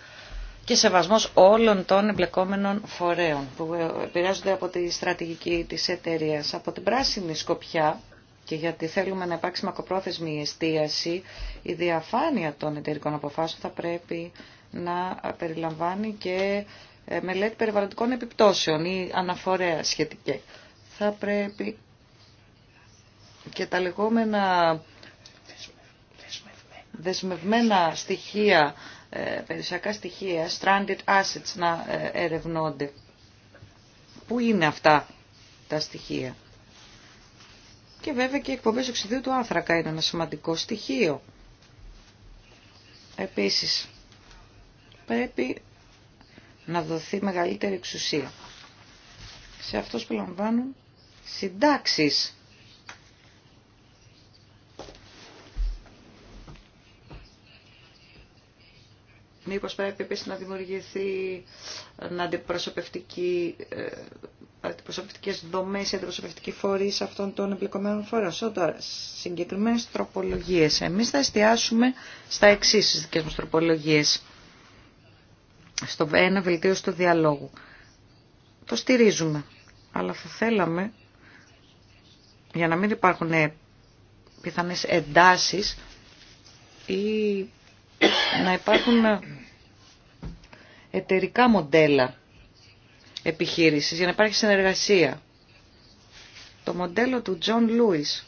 και σεβασμός όλων των εμπλεκόμενων φορέων που ε, επηρεάζονται από τη στρατηγική της εταιρείας. Από την πράσινη σκοπιά και γιατί θέλουμε να υπάρξει μακροπρόθεσμη εστίαση, η διαφάνεια των εταιρικών αποφάσεων θα πρέπει να περιλαμβάνει και ε, μελέτη περιβαλλοντικών επιπτώσεων ή αναφορέα σχετικέ. Θα πρέπει και τα λεγόμενα δεσμευμένα στοιχεία, ε, περιουσιακά στοιχεία, stranded assets να ε, ερευνώνται. Πού είναι αυτά τα στοιχεία. Και βέβαια και οι εκπομπές οξυδίου του άνθρακα είναι ένα σημαντικό στοιχείο. Επίσης, πρέπει να δοθεί μεγαλύτερη εξουσία σε αυτούς που λαμβάνουν συντάξεις Μήπως πρέπει επίσης να δημιουργηθεί να αντιπροσωπευτική, ε, αντιπροσωπευτικές δομές ή αντιπροσωπευτικοί φορείς αυτών των εμπλεκομένων φορέων. Τώρα, συγκεκριμένες τροπολογίες. Εμείς θα εστιάσουμε στα εξής στις δικές μας τροπολογίες. Στο ένα βελτίωση του διαλόγου. Το στηρίζουμε. Αλλά θα θέλαμε, για να μην υπάρχουν ε, πιθανές εντάσεις ή να υπάρχουν εταιρικά μοντέλα επιχείρησης για να υπάρχει συνεργασία. Το μοντέλο του Τζον Lewis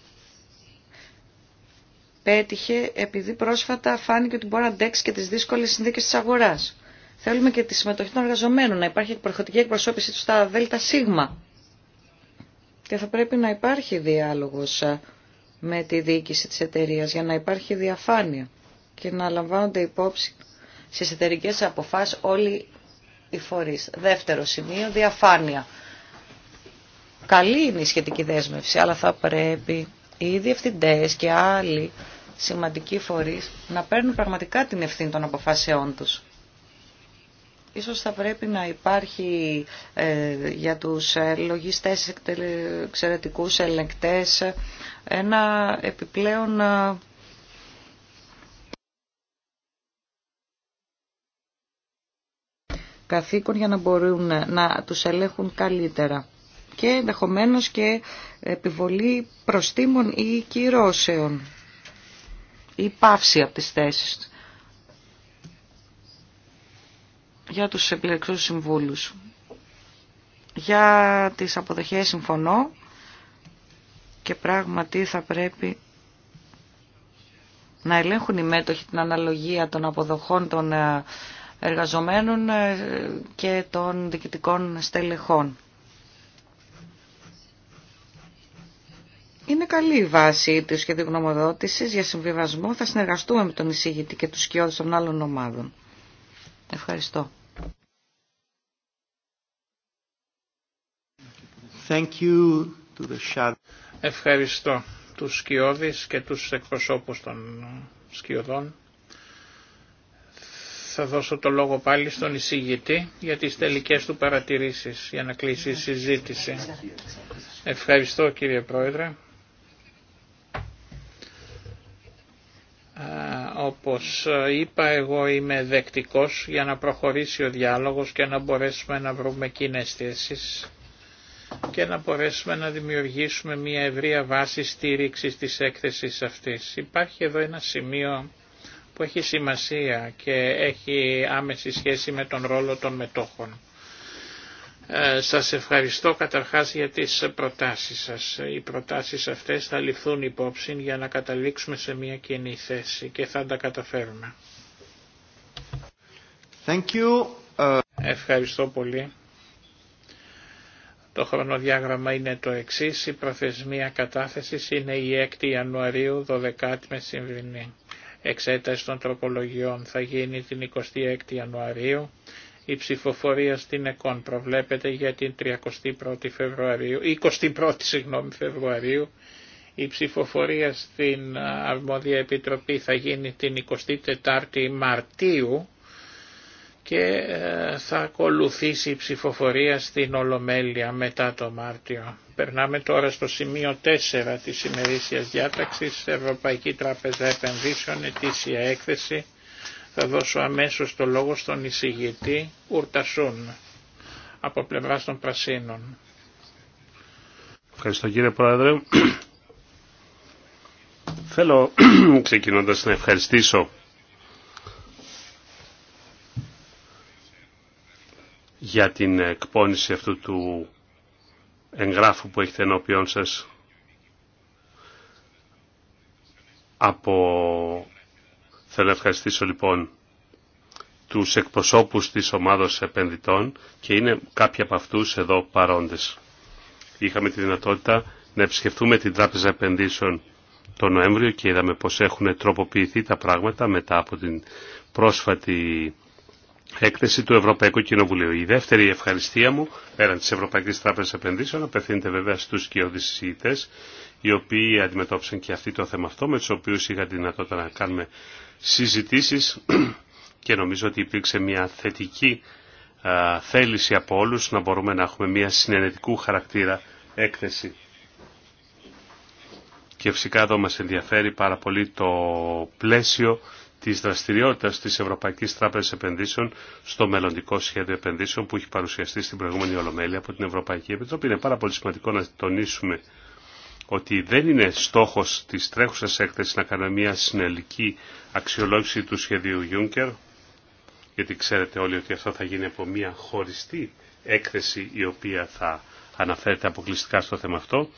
πέτυχε επειδή πρόσφατα φάνηκε ότι μπορεί να αντέξει και τις δύσκολες συνδίκες της αγοράς. Θέλουμε και τη συμμετοχή των εργαζομένων, να υπάρχει προχωρητική εκπροσώπηση του στα Σίγμα Και θα πρέπει να υπάρχει διάλογος ε, με τη διοίκηση της εταιρείας για να υπάρχει διαφάνεια και να λαμβάνονται υπόψη στις εταιρικέ αποφάσεις όλοι οι φορείς. Δεύτερο σημείο, διαφάνεια. Καλή είναι η σχετική δέσμευση, αλλά θα πρέπει οι διευθυντέ και άλλοι σημαντικοί φορείς να παίρνουν πραγματικά την ευθύνη των αποφάσεών τους. Ίσως θα πρέπει να υπάρχει ε, για τους λογιστές εξαιρετικούς ελεγκτές ένα επιπλέον ε, για να μπορούν να τους ελέγχουν καλύτερα και ενδεχομένω και επιβολή προστήμων ή κυρώσεων ή πάυση από τις θέσεις για τους επιλεξούς συμβούλους. Για τις αποδοχές συμφωνώ και πράγματι θα πρέπει να ελέγχουν οι μέτοχοι την αναλογία των αποδοχών των ε, εργαζομένων ε, και των διοικητικών στελεχών. Είναι καλή η βάση του σχεδίου γνωμοδότηση για συμβιβασμό. Θα συνεργαστούμε με τον εισηγητή και του σκιώδε των άλλων ομάδων. Ευχαριστώ. Thank you to the Ευχαριστώ τους σκιώδεις και τους εκπροσώπους των σκιωδών θα δώσω το λόγο πάλι στον εισηγητή για τις τελικές του παρατηρήσεις για να κλείσει η συζήτηση. Ευχαριστώ κύριε Πρόεδρε. Όπως είπα εγώ είμαι δεκτικός για να προχωρήσει ο διάλογος και να μπορέσουμε να βρούμε κοινέ θέσει και να μπορέσουμε να δημιουργήσουμε μια ευρεία βάση στήριξης της έκθεσης αυτής. Υπάρχει εδώ ένα σημείο που έχει σημασία και έχει άμεση σχέση με τον ρόλο των μετόχων. Ε, σας ευχαριστώ καταρχάς για τις προτάσεις σας. Οι προτάσεις αυτές θα ληφθούν υπόψη για να καταλήξουμε σε μια κοινή θέση και θα τα καταφέρουμε. Ε, ευχαριστώ πολύ. Το χρονοδιάγραμμα είναι το εξής. Η προθεσμία κατάθεσης είναι η 6η Ιανουαρίου 12η μεσημβρινή εξέταση των τροπολογιών θα γίνει την 26 Ιανουαρίου. Η ψηφοφορία στην ΕΚΟΝ προβλέπεται για την 31η Φεβρουαρίου, 21η συγγνώμη, Φεβρουαρίου. Η ψηφοφορία στην Αρμόδια Επιτροπή θα γίνει την 24η Μαρτίου και ε, θα ακολουθήσει η ψηφοφορία στην Ολομέλεια μετά το Μάρτιο. Περνάμε τώρα στο σημείο 4 της ημερήσιας διάταξης Ευρωπαϊκή Τράπεζα Επενδύσεων ετήσια έκθεση. Θα δώσω αμέσως το λόγο στον εισηγητή Ουρτασούν από πλευρά των Πρασίνων. Ευχαριστώ κύριε Πρόεδρε. Θέλω *clears throat* ξεκινώντας να ευχαριστήσω για την εκπόνηση αυτού του εγγράφου που έχετε ενώπιόν σας από... Θέλω να ευχαριστήσω λοιπόν τους εκπροσώπους της ομάδος επενδυτών και είναι κάποιοι από αυτούς εδώ παρόντες. Είχαμε τη δυνατότητα να επισκεφτούμε την Τράπεζα Επενδύσεων τον Νοέμβριο και είδαμε πως έχουν τροποποιηθεί τα πράγματα μετά από την πρόσφατη έκθεση του Ευρωπαϊκού Κοινοβουλίου. Η δεύτερη ευχαριστία μου, πέραν της Ευρωπαϊκής Τράπεζας Επενδύσεων, απευθύνεται βέβαια στους κοιόδησης οι οποίοι αντιμετώπισαν και αυτοί το θέμα αυτό, με του οποίους είχα τη δυνατότητα να κάνουμε συζητήσει *clears throat* και νομίζω ότι υπήρξε μια θετική α, θέληση από όλου να μπορούμε να έχουμε μια συνενετικού χαρακτήρα έκθεση. Και φυσικά εδώ μας ενδιαφέρει πάρα πολύ το πλαίσιο της δραστηριότητας της Ευρωπαϊκής Τράπεζας Επενδύσεων στο μελλοντικό σχέδιο επενδύσεων που έχει παρουσιαστεί στην προηγούμενη Ολομέλεια από την Ευρωπαϊκή Επιτροπή. Είναι πάρα πολύ σημαντικό να τονίσουμε ότι δεν είναι στόχος της τρέχουσας έκθεσης να κάνει μια συνελική αξιολόγηση του σχεδίου Juncker, γιατί ξέρετε όλοι ότι αυτό θα γίνει από μια χωριστή έκθεση η οποία θα αναφέρεται αποκλειστικά στο θέμα αυτό.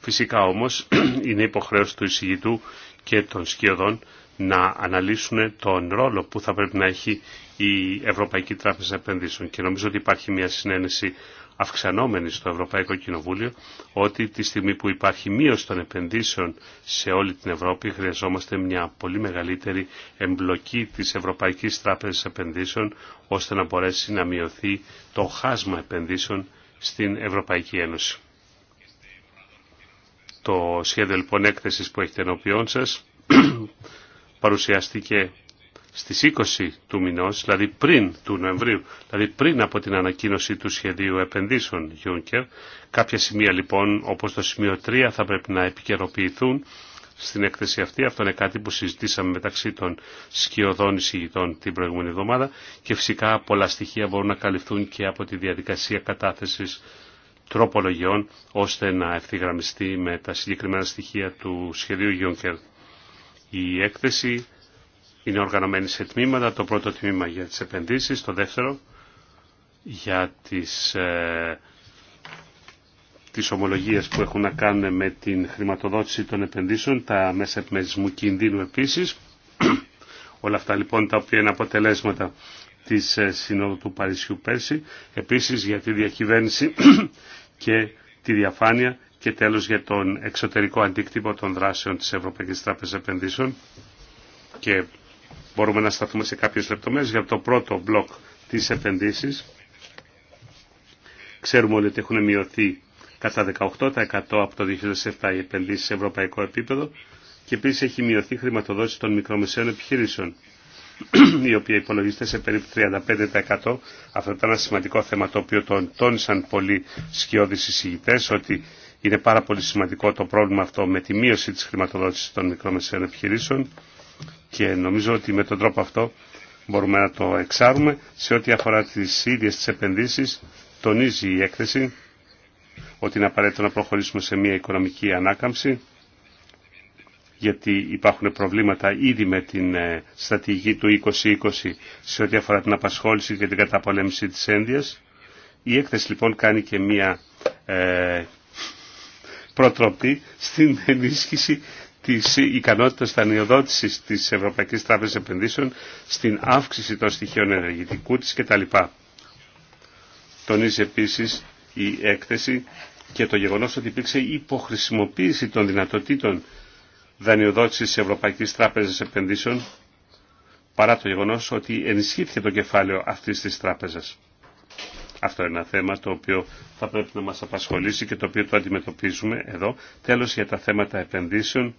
Φυσικά όμως *clears throat* είναι υποχρέωση του εισηγητού και των σκιωδών να αναλύσουν τον ρόλο που θα πρέπει να έχει η Ευρωπαϊκή Τράπεζα Επενδύσεων. Και νομίζω ότι υπάρχει μια συνένεση αυξανόμενη στο Ευρωπαϊκό Κοινοβούλιο ότι τη στιγμή που υπάρχει μείωση των επενδύσεων σε όλη την Ευρώπη χρειαζόμαστε μια πολύ μεγαλύτερη εμπλοκή της Ευρωπαϊκής Τράπεζας Επενδύσεων ώστε να μπορέσει να μειωθεί το χάσμα επενδύσεων στην Ευρωπαϊκή Ένωση. Το σχέδιο λοιπόν έκθεσης που έχετε ενώπιόν σας παρουσιάστηκε στις 20 του μηνός, δηλαδή πριν του Νοεμβρίου, δηλαδή πριν από την ανακοίνωση του σχεδίου επενδύσεων Juncker. Κάποια σημεία λοιπόν, όπως το σημείο 3, θα πρέπει να επικαιροποιηθούν στην έκθεση αυτή. Αυτό είναι κάτι που συζητήσαμε μεταξύ των σκιωδών εισηγητών την προηγούμενη εβδομάδα και φυσικά πολλά στοιχεία μπορούν να καλυφθούν και από τη διαδικασία κατάθεσης τροπολογιών ώστε να ευθυγραμμιστεί με τα συγκεκριμένα στοιχεία του σχεδίου Juncker. Η έκθεση είναι οργανωμένη σε τμήματα. Το πρώτο τμήμα για τις επενδύσεις, το δεύτερο για τις, ε, τις ομολογίες που έχουν να κάνουν με την χρηματοδότηση των επενδύσεων, τα μέσα επιμερισμού κινδύνου επίσης. Όλα αυτά λοιπόν τα οποία είναι αποτελέσματα της ε, Συνόδου του Παρισιού πέρσι, επίσης για τη διακυβέρνηση και τη διαφάνεια και τέλος για τον εξωτερικό αντίκτυπο των δράσεων της Ευρωπαϊκής Τράπεζας Επενδύσεων και μπορούμε να σταθούμε σε κάποιες λεπτομέρειες για το πρώτο μπλοκ της επενδύσεις. Ξέρουμε όλοι ότι έχουν μειωθεί κατά 18% από το 2007 οι επενδύσεις σε ευρωπαϊκό επίπεδο και επίσης έχει μειωθεί η χρηματοδότηση των μικρομεσαίων επιχειρήσεων η *clears throat* οποία υπολογίζεται σε περίπου 35%. Αυτό ήταν ένα σημαντικό θέμα το οποίο τον τόνισαν πολλοί σκιώδεις εισηγητές ότι είναι πάρα πολύ σημαντικό το πρόβλημα αυτό με τη μείωση της χρηματοδότησης των μικρομεσαίων επιχειρήσεων και νομίζω ότι με τον τρόπο αυτό μπορούμε να το εξάρουμε. Σε ό,τι αφορά τις ίδιες τις επενδύσεις, τονίζει η έκθεση ότι είναι απαραίτητο να προχωρήσουμε σε μια οικονομική ανάκαμψη γιατί υπάρχουν προβλήματα ήδη με την ε, στρατηγική του 2020 σε ό,τι αφορά την απασχόληση και την καταπολέμηση της ένδυας. Η έκθεση λοιπόν κάνει και μια ε, προτροπή στην ενίσχυση της ικανότητας δανειοδότησης της Ευρωπαϊκής Τράπεζας Επενδύσεων στην αύξηση των στοιχείων ενεργητικού της κτλ. Τονίζει επίσης η έκθεση και το γεγονός ότι υπήρξε υποχρησιμοποίηση των δυνατοτήτων δανειοδότησης της Ευρωπαϊκής Τράπεζας Επενδύσεων παρά το γεγονός ότι ενισχύθηκε το κεφάλαιο αυτής της τράπεζας. Αυτό είναι ένα θέμα το οποίο θα πρέπει να μας απασχολήσει και το οποίο το αντιμετωπίζουμε εδώ. Τέλος για τα θέματα επενδύσεων.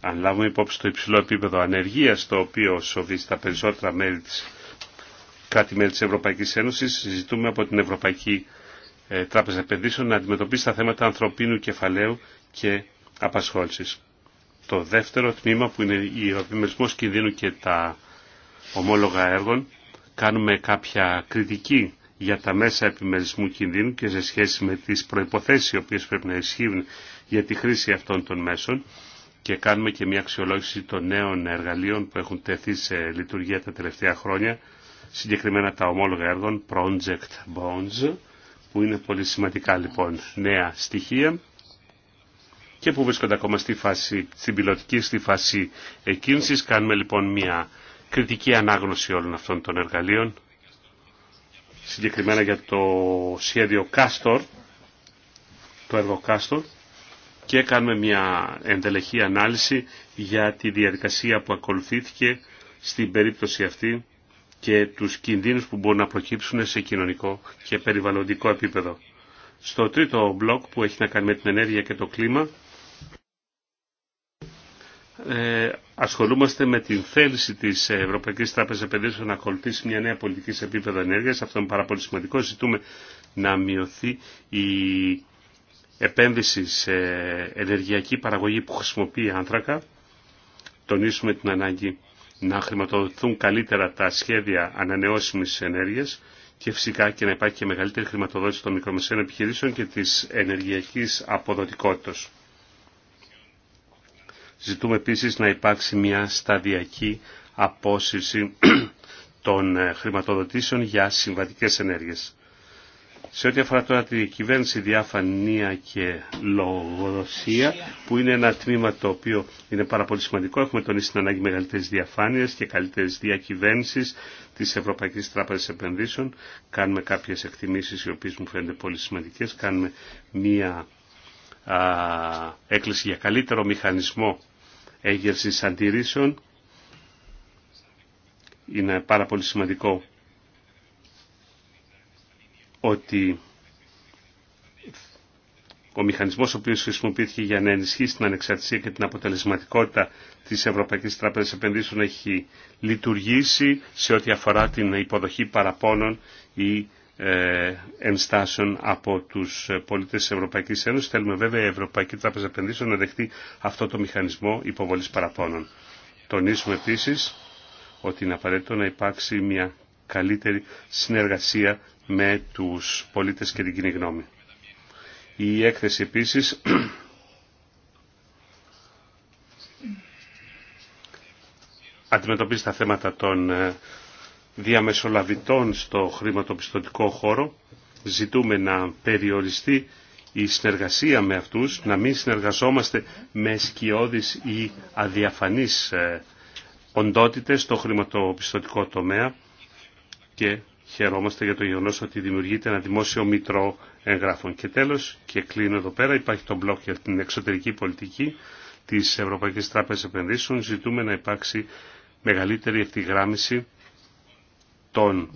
Αν λάβουμε υπόψη το υψηλό επίπεδο ανεργίας το οποίο σοβεί στα περισσότερα μέλη της κράτη-μέλη της Ευρωπαϊκής Ένωσης, συζητούμε από την Ευρωπαϊκή ε, Τράπεζα Επενδύσεων να αντιμετωπίσει τα θέματα ανθρωπίνου κεφαλαίου και απασχόλησης. Το δεύτερο τμήμα που είναι η ορθιμερισμός κινδύνου και τα ομόλογα έργων κάνουμε κάποια κριτική για τα μέσα επιμερισμού κινδύνου και σε σχέση με τις προϋποθέσεις οι οποίες πρέπει να ισχύουν για τη χρήση αυτών των μέσων και κάνουμε και μια αξιολόγηση των νέων εργαλείων που έχουν τεθεί σε λειτουργία τα τελευταία χρόνια, συγκεκριμένα τα ομόλογα έργων, project bonds, που είναι πολύ σημαντικά λοιπόν νέα στοιχεία και που βρίσκονται ακόμα στη φάση, στην πιλωτική, στη φάση εκκίνησης. Κάνουμε λοιπόν μια κριτική ανάγνωση όλων αυτών των εργαλείων, συγκεκριμένα για το σχέδιο Κάστορ, το έργο Κάστορ, και κάνουμε μια εντελεχή ανάλυση για τη διαδικασία που ακολουθήθηκε στην περίπτωση αυτή και τους κινδύνους που μπορούν να προκύψουν σε κοινωνικό και περιβαλλοντικό επίπεδο. Στο τρίτο μπλοκ που έχει να κάνει με την ενέργεια και το κλίμα, ε, ασχολούμαστε με την θέληση της Ευρωπαϊκής Τράπεζας Επενδύσεων να ακολουθήσει μια νέα πολιτική σε επίπεδο ενέργειας. Αυτό είναι πάρα πολύ σημαντικό. Ζητούμε να μειωθεί η επένδυση σε ενεργειακή παραγωγή που χρησιμοποιεί άνθρακα. Τονίσουμε την ανάγκη να χρηματοδοτηθούν καλύτερα τα σχέδια ανανεώσιμης ενέργειας και φυσικά και να υπάρχει και μεγαλύτερη χρηματοδότηση των μικρομεσαίων επιχειρήσεων και της ενεργειακής αποδοτικότητας. Ζητούμε επίσης να υπάρξει μια σταδιακή απόσυρση *clears throat* των ε, χρηματοδοτήσεων για συμβατικές ενέργειες. Σε ό,τι αφορά τώρα τη κυβέρνηση, διαφανεία και λογοδοσία, που είναι ένα τμήμα το οποίο είναι πάρα πολύ σημαντικό, έχουμε τονίσει την ανάγκη μεγαλύτερη διαφάνεια και καλύτερη διακυβέρνηση τη Ευρωπαϊκή Τράπεζα Επενδύσεων. Κάνουμε κάποιε εκτιμήσει, οι οποίε μου φαίνονται πολύ σημαντικέ. Κάνουμε μία έκκληση για καλύτερο μηχανισμό έγερσης αντιρρήσεων. Είναι πάρα πολύ σημαντικό ότι ο μηχανισμός ο οποίος χρησιμοποιήθηκε για να ενισχύσει την ανεξαρτησία και την αποτελεσματικότητα της Ευρωπαϊκής Τράπεζας Επενδύσεων έχει λειτουργήσει σε ό,τι αφορά την υποδοχή παραπώνων ή ε, ενστάσεων από τους πολίτες τη Ευρωπαϊκής Ένωσης. Θέλουμε βέβαια η Ευρωπαϊκή Τράπεζα Επενδύσεων να δεχτεί αυτό το μηχανισμό υποβολής παραπώνων. Τονίζουμε επίσης ότι είναι απαραίτητο να υπάρξει μια καλύτερη συνεργασία με τους πολίτες και την κοινή γνώμη. Η έκθεση επίσης *clears throat* αντιμετωπίζει τα θέματα των ε, διαμεσολαβητών στο χρηματοπιστωτικό χώρο. Ζητούμε να περιοριστεί η συνεργασία με αυτούς, να μην συνεργαζόμαστε με σκιώδεις ή αδιαφανείς ε, οντότητες στο χρηματοπιστωτικό τομέα και χαιρόμαστε για το γεγονό ότι δημιουργείται ένα δημόσιο μητρό εγγράφων. Και τέλος, και κλείνω εδώ πέρα, υπάρχει το μπλοκ για την εξωτερική πολιτική της Ευρωπαϊκής Τράπεζας Επενδύσεων. Ζητούμε να υπάρξει μεγαλύτερη ευθυγράμμιση των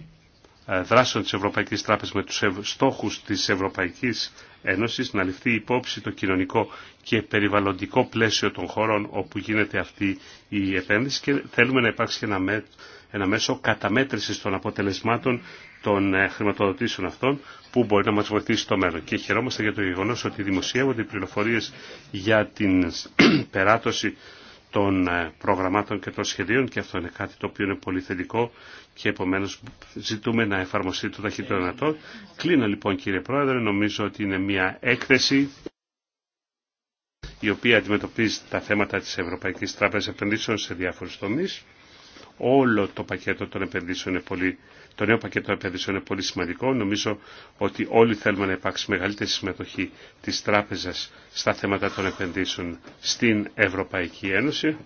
ε, δράσεων της Ευρωπαϊκής Τράπεζας με τους στόχους της Ευρωπαϊκής Ένωσης να ληφθεί υπόψη το κοινωνικό και περιβαλλοντικό πλαίσιο των χώρων όπου γίνεται αυτή η επένδυση και θέλουμε να υπάρξει ένα, ένα μέσο καταμέτρησης των αποτελεσμάτων των ε, χρηματοδοτήσεων αυτών που μπορεί να μας βοηθήσει στο μέλλον. Και χαιρόμαστε για το γεγονός ότι δημοσιεύονται οι πληροφορίες για την *clears throat* περάτωση των ε, προγραμμάτων και των σχεδίων και αυτό είναι κάτι το οποίο είναι πολύ θετικό και επομένως ζητούμε να εφαρμοστεί το ταχύτερο δυνατό. Κλείνω λοιπόν κύριε Πρόεδρε, νομίζω ότι είναι μια έκθεση η οποία αντιμετωπίζει τα θέματα της Ευρωπαϊκής Τράπεζας Επενδύσεων σε διάφορους τομείς όλο το πακέτο των επενδύσεων είναι πολύ, το νέο πακέτο επενδύσεων είναι πολύ σημαντικό. Νομίζω ότι όλοι θέλουμε να υπάρξει μεγαλύτερη συμμετοχή της τράπεζας στα θέματα των επενδύσεων στην Ευρωπαϊκή Ένωση.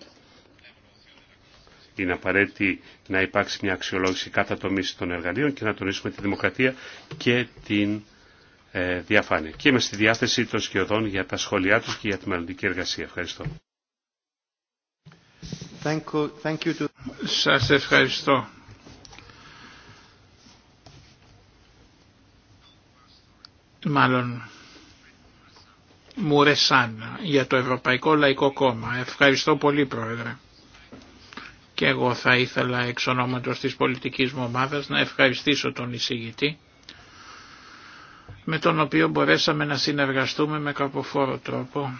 Είναι απαραίτητη να υπάρξει μια αξιολόγηση κατά τομή των εργαλείων και να τονίσουμε τη δημοκρατία και την ε, διαφάνεια. Και είμαι στη διάθεση των σκιωδών για τα σχόλιά τους και για τη μελλοντική εργασία. Ευχαριστώ. Σας ευχαριστώ. Μάλλον Μουρεσάν για το Ευρωπαϊκό Λαϊκό Κόμμα. Ευχαριστώ πολύ Πρόεδρε. Και εγώ θα ήθελα εξ ονόματος της πολιτικής μου ομάδας να ευχαριστήσω τον εισηγητή με τον οποίο μπορέσαμε να συνεργαστούμε με καποφόρο τρόπο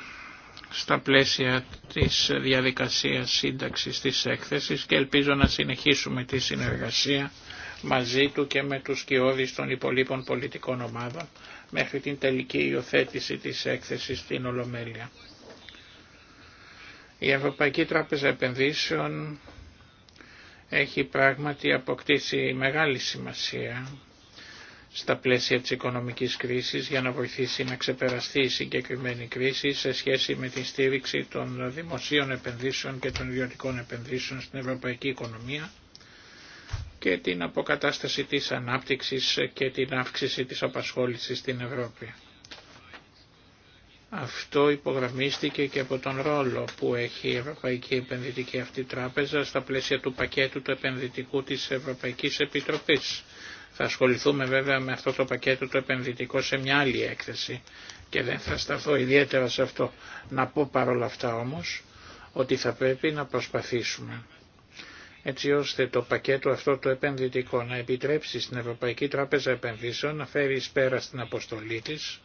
στα πλαίσια της διαδικασίας σύνταξης της έκθεσης και ελπίζω να συνεχίσουμε τη συνεργασία μαζί του και με τους κοιόδης των υπολείπων πολιτικών ομάδων μέχρι την τελική υιοθέτηση της έκθεσης στην Ολομέλεια. Η Ευρωπαϊκή Τράπεζα Επενδύσεων έχει πράγματι αποκτήσει μεγάλη σημασία στα πλαίσια της οικονομικής κρίσης για να βοηθήσει να ξεπεραστεί η συγκεκριμένη κρίση σε σχέση με τη στήριξη των δημοσίων επενδύσεων και των ιδιωτικών επενδύσεων στην ευρωπαϊκή οικονομία και την αποκατάσταση της ανάπτυξης και την αύξηση της απασχόλησης στην Ευρώπη. Αυτό υπογραμμίστηκε και από τον ρόλο που έχει η Ευρωπαϊκή Επενδυτική αυτή τράπεζα στα πλαίσια του πακέτου του επενδυτικού της Ευρωπαϊκής Επιτροπής θα ασχοληθούμε βέβαια με αυτό το πακέτο το επενδυτικό σε μια άλλη έκθεση και δεν θα σταθώ ιδιαίτερα σε αυτό. Να πω παρόλα αυτά όμως ότι θα πρέπει να προσπαθήσουμε έτσι ώστε το πακέτο αυτό το επενδυτικό να επιτρέψει στην Ευρωπαϊκή Τράπεζα Επενδύσεων να φέρει εις πέρα στην αποστολή της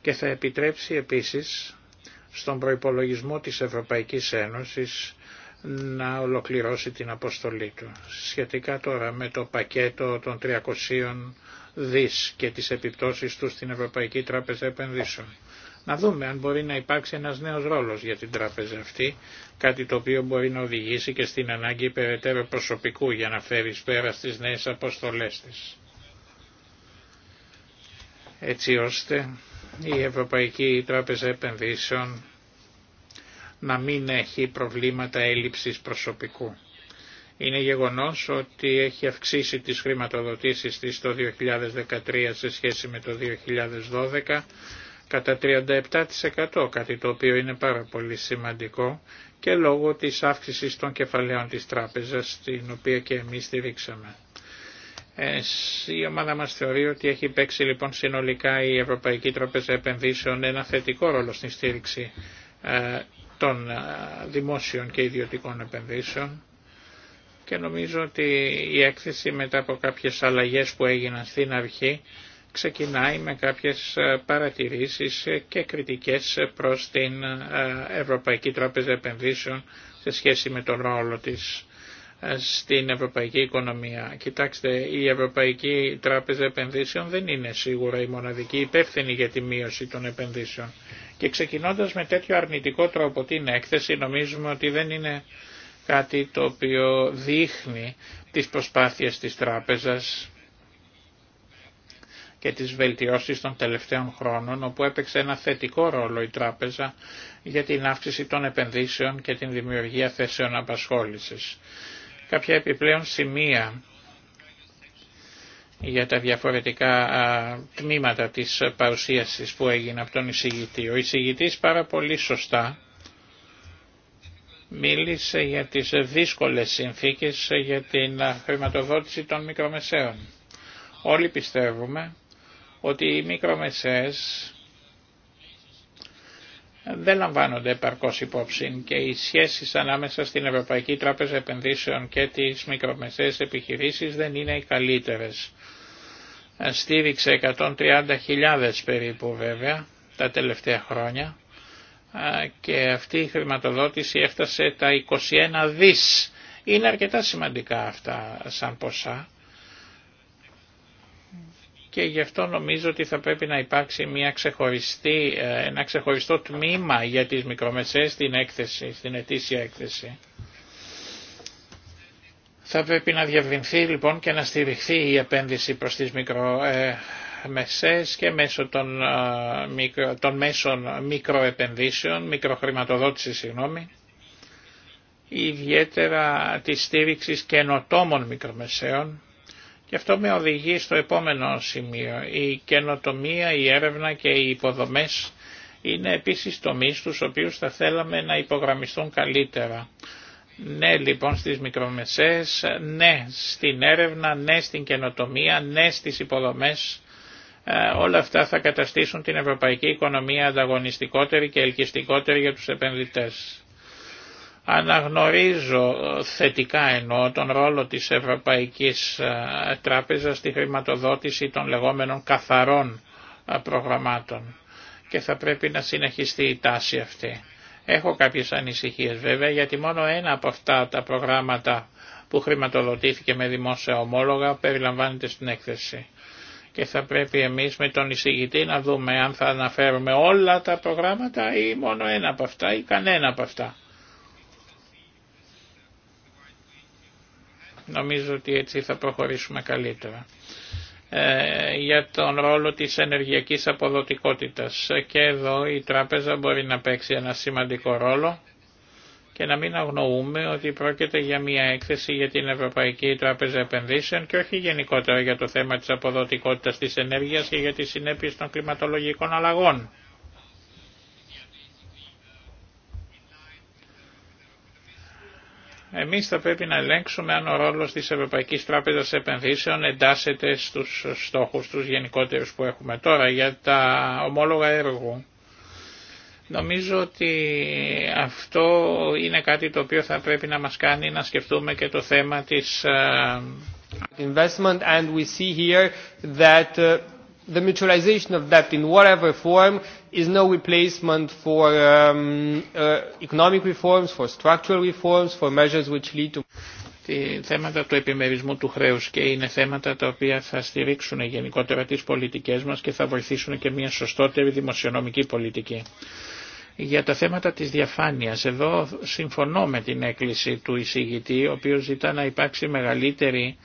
και θα επιτρέψει επίσης στον προϋπολογισμό της Ευρωπαϊκής Ένωσης να ολοκληρώσει την αποστολή του. Σχετικά τώρα με το πακέτο των 300 δις και τις επιπτώσεις του στην Ευρωπαϊκή Τράπεζα Επενδύσεων. Να δούμε αν μπορεί να υπάρξει ένας νέος ρόλος για την τράπεζα αυτή, κάτι το οποίο μπορεί να οδηγήσει και στην ανάγκη περαιτέρω προσωπικού για να φέρει πέρα στις νέες αποστολές της. Έτσι ώστε η Ευρωπαϊκή Τράπεζα Επενδύσεων να μην έχει προβλήματα έλλειψης προσωπικού. Είναι γεγονός ότι έχει αυξήσει τις χρηματοδοτήσεις της το 2013 σε σχέση με το 2012 κατά 37% κάτι το οποίο είναι πάρα πολύ σημαντικό και λόγω της αύξησης των κεφαλαίων της τράπεζας την οποία και εμείς στηρίξαμε. Η ομάδα μας θεωρεί ότι έχει παίξει λοιπόν συνολικά η Ευρωπαϊκή Τράπεζα Επενδύσεων ένα θετικό ρόλο στην στήριξη ε, των δημόσιων και ιδιωτικών επενδύσεων και νομίζω ότι η έκθεση μετά από κάποιες αλλαγές που έγιναν στην αρχή ξεκινάει με κάποιες παρατηρήσεις και κριτικές προς την Ευρωπαϊκή Τράπεζα Επενδύσεων σε σχέση με τον ρόλο της στην ευρωπαϊκή οικονομία. Κοιτάξτε, η Ευρωπαϊκή Τράπεζα Επενδύσεων δεν είναι σίγουρα η μοναδική υπεύθυνη για τη μείωση των επενδύσεων. Και ξεκινώντας με τέτοιο αρνητικό τρόπο την έκθεση νομίζουμε ότι δεν είναι κάτι το οποίο δείχνει τις προσπάθειες της τράπεζας και τις βελτιώσεις των τελευταίων χρόνων, όπου έπαιξε ένα θετικό ρόλο η τράπεζα για την αύξηση των επενδύσεων και την δημιουργία θέσεων απασχόλησης. Κάποια επιπλέον σημεία για τα διαφορετικά τμήματα της παρουσίασης που έγινε από τον εισηγητή. Ο εισηγητής πάρα πολύ σωστά μίλησε για τις δύσκολες συνθήκες για την χρηματοδότηση των μικρομεσαίων. Όλοι πιστεύουμε ότι οι μικρομεσαίες δεν λαμβάνονται επαρκώς υπόψη και οι σχέσεις ανάμεσα στην Ευρωπαϊκή Τράπεζα Επενδύσεων και τις μικρομεσαίες επιχειρήσεις δεν είναι οι καλύτερες στήριξε 130.000 περίπου βέβαια τα τελευταία χρόνια και αυτή η χρηματοδότηση έφτασε τα 21 δις. Είναι αρκετά σημαντικά αυτά σαν ποσά και γι' αυτό νομίζω ότι θα πρέπει να υπάρξει μια ξεχωριστή, ε, ένα ξεχωριστό τμήμα για τις μικρομεσαίες στην έκθεση, στην ετήσια έκθεση. Θα πρέπει να διαβρινθεί λοιπόν και να στηριχθεί η επένδυση προς τις μικρομεσές ε, και μέσω των, ε, μέσων μικροεπενδύσεων, μικροχρηματοδότηση συγγνώμη, ιδιαίτερα τη στήριξη καινοτόμων μικρομεσαίων και αυτό με οδηγεί στο επόμενο σημείο. Η καινοτομία, η έρευνα και οι υποδομές είναι επίσης τομείς τους οποίους θα θέλαμε να υπογραμμιστούν καλύτερα. Ναι λοιπόν στις μικρομεσαίες, ναι στην έρευνα, ναι στην καινοτομία, ναι στις υποδομές. Ε, όλα αυτά θα καταστήσουν την ευρωπαϊκή οικονομία ανταγωνιστικότερη και ελκυστικότερη για τους επενδυτές. Αναγνωρίζω ε, θετικά εννοώ τον ρόλο της Ευρωπαϊκής ε, Τράπεζας στη χρηματοδότηση των λεγόμενων καθαρών προγραμμάτων και θα πρέπει να συνεχιστεί η τάση αυτή. Έχω κάποιες ανησυχίες βέβαια γιατί μόνο ένα από αυτά τα προγράμματα που χρηματοδοτήθηκε με δημόσια ομόλογα περιλαμβάνεται στην έκθεση. Και θα πρέπει εμείς με τον εισηγητή να δούμε αν θα αναφέρουμε όλα τα προγράμματα ή μόνο ένα από αυτά ή κανένα από αυτά. Νομίζω ότι έτσι θα προχωρήσουμε καλύτερα. Ε, για τον ρόλο της ενεργειακής αποδοτικότητας. Και εδώ η τράπεζα μπορεί να παίξει ένα σημαντικό ρόλο και να μην αγνοούμε ότι πρόκειται για μια έκθεση για την Ευρωπαϊκή Τράπεζα Επενδύσεων και όχι γενικότερα για το θέμα της αποδοτικότητας της ενέργειας και για τις συνέπειες των κλιματολογικών αλλαγών. Εμείς θα πρέπει να ελέγξουμε αν ο ρόλος της Ευρωπαϊκής Τράπεζας Επενδύσεων εντάσσεται στους στόχους τους γενικότερους που έχουμε τώρα για τα ομόλογα έργου. Νομίζω ότι αυτό είναι κάτι το οποίο θα πρέπει να μας κάνει να σκεφτούμε και το θέμα της ε, Investment and uh, the mutualization of debt in whatever form is no replacement for um, uh, economic reforms, for structural reforms, for measures which lead to... Θέματα του επιμερισμού του χρέους και είναι θέματα τα οποία θα στηρίξουν γενικότερα τις πολιτικές μας και θα βοηθήσουν και μια σωστότερη δημοσιονομική πολιτική. Για τα θέματα της διαφάνειας, εδώ συμφωνώ με την έκκληση του εισηγητή, ο οποίος ζητά να υπάρξει μεγαλύτερη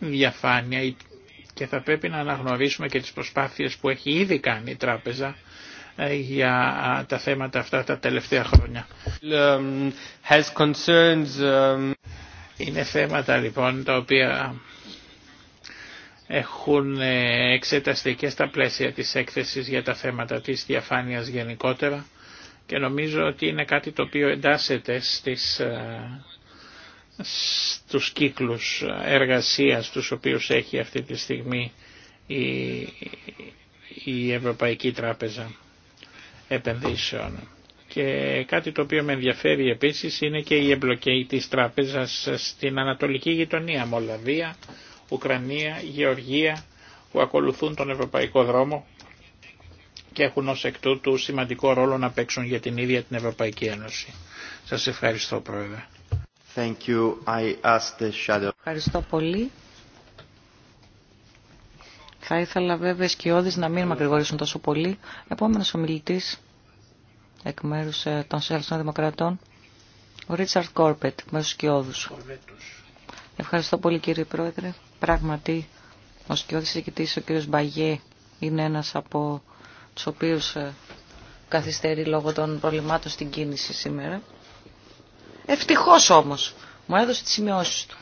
διαφάνεια και θα πρέπει να αναγνωρίσουμε και τις προσπάθειες που έχει ήδη κάνει η τράπεζα ε, για τα θέματα αυτά τα τελευταία χρόνια. Um, um, είναι θέματα λοιπόν τα οποία έχουν ε, εξεταστεί και στα πλαίσια της έκθεσης για τα θέματα της διαφάνειας γενικότερα και νομίζω ότι είναι κάτι το οποίο εντάσσεται στις ε, στους κύκλους εργασίας τους οποίους έχει αυτή τη στιγμή η, η Ευρωπαϊκή Τράπεζα Επενδύσεων. Και κάτι το οποίο με ενδιαφέρει επίσης είναι και η εμπλοκή της τράπεζας στην Ανατολική Γειτονία, Μολδαβία, Ουκρανία, Γεωργία που ακολουθούν τον Ευρωπαϊκό δρόμο και έχουν ως εκ τούτου σημαντικό ρόλο να παίξουν για την ίδια την Ευρωπαϊκή Ένωση. Σας ευχαριστώ Πρόεδρε. Ευχαριστώ πολύ. Θα ήθελα βέβαια οι σκιώδεις να μην μακρηγορήσουν τόσο πολύ. Επόμενος ομιλητής εκ μέρους ε, των Σοσιαλιστών Δημοκρατών, ο Ρίτσαρτ Κόρπετ, μέρους σκιώδους. Ευχαριστώ πολύ κύριε Πρόεδρε. Πράγματι, ο σκιώδης διοικητής, ο κύριος Μπαγιέ, είναι ένας από τους οποίους ε, καθυστερεί λόγω των προβλημάτων στην κίνηση σήμερα. Ευτυχώς όμως. Μου έδωσε τις σημειώσεις του.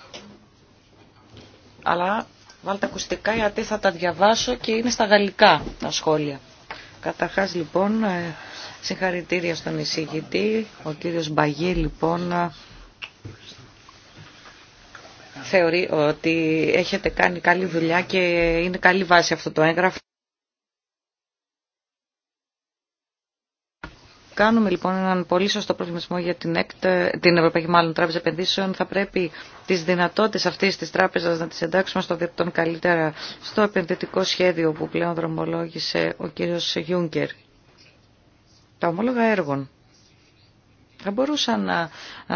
Αλλά βάλτε ακουστικά γιατί θα τα διαβάσω και είναι στα γαλλικά τα σχόλια. Καταρχάς λοιπόν ε, συγχαρητήρια στον εισηγητή. Ο κύριος Μπαγί λοιπόν ε, θεωρεί ότι έχετε κάνει καλή δουλειά και είναι καλή βάση αυτό το έγγραφο. Κάνουμε λοιπόν έναν πολύ σωστό προβληματισμό για την, ΕΚΤ, την Ευρωπαϊκή μάλλον, Τράπεζα Επενδύσεων. Θα πρέπει τι δυνατότητε αυτή τη τράπεζα να τι εντάξουμε στο διεπτόν καλύτερα στο επενδυτικό σχέδιο που πλέον δρομολόγησε ο κ. Γιούγκερ. Τα ομόλογα έργων θα μπορούσαν να,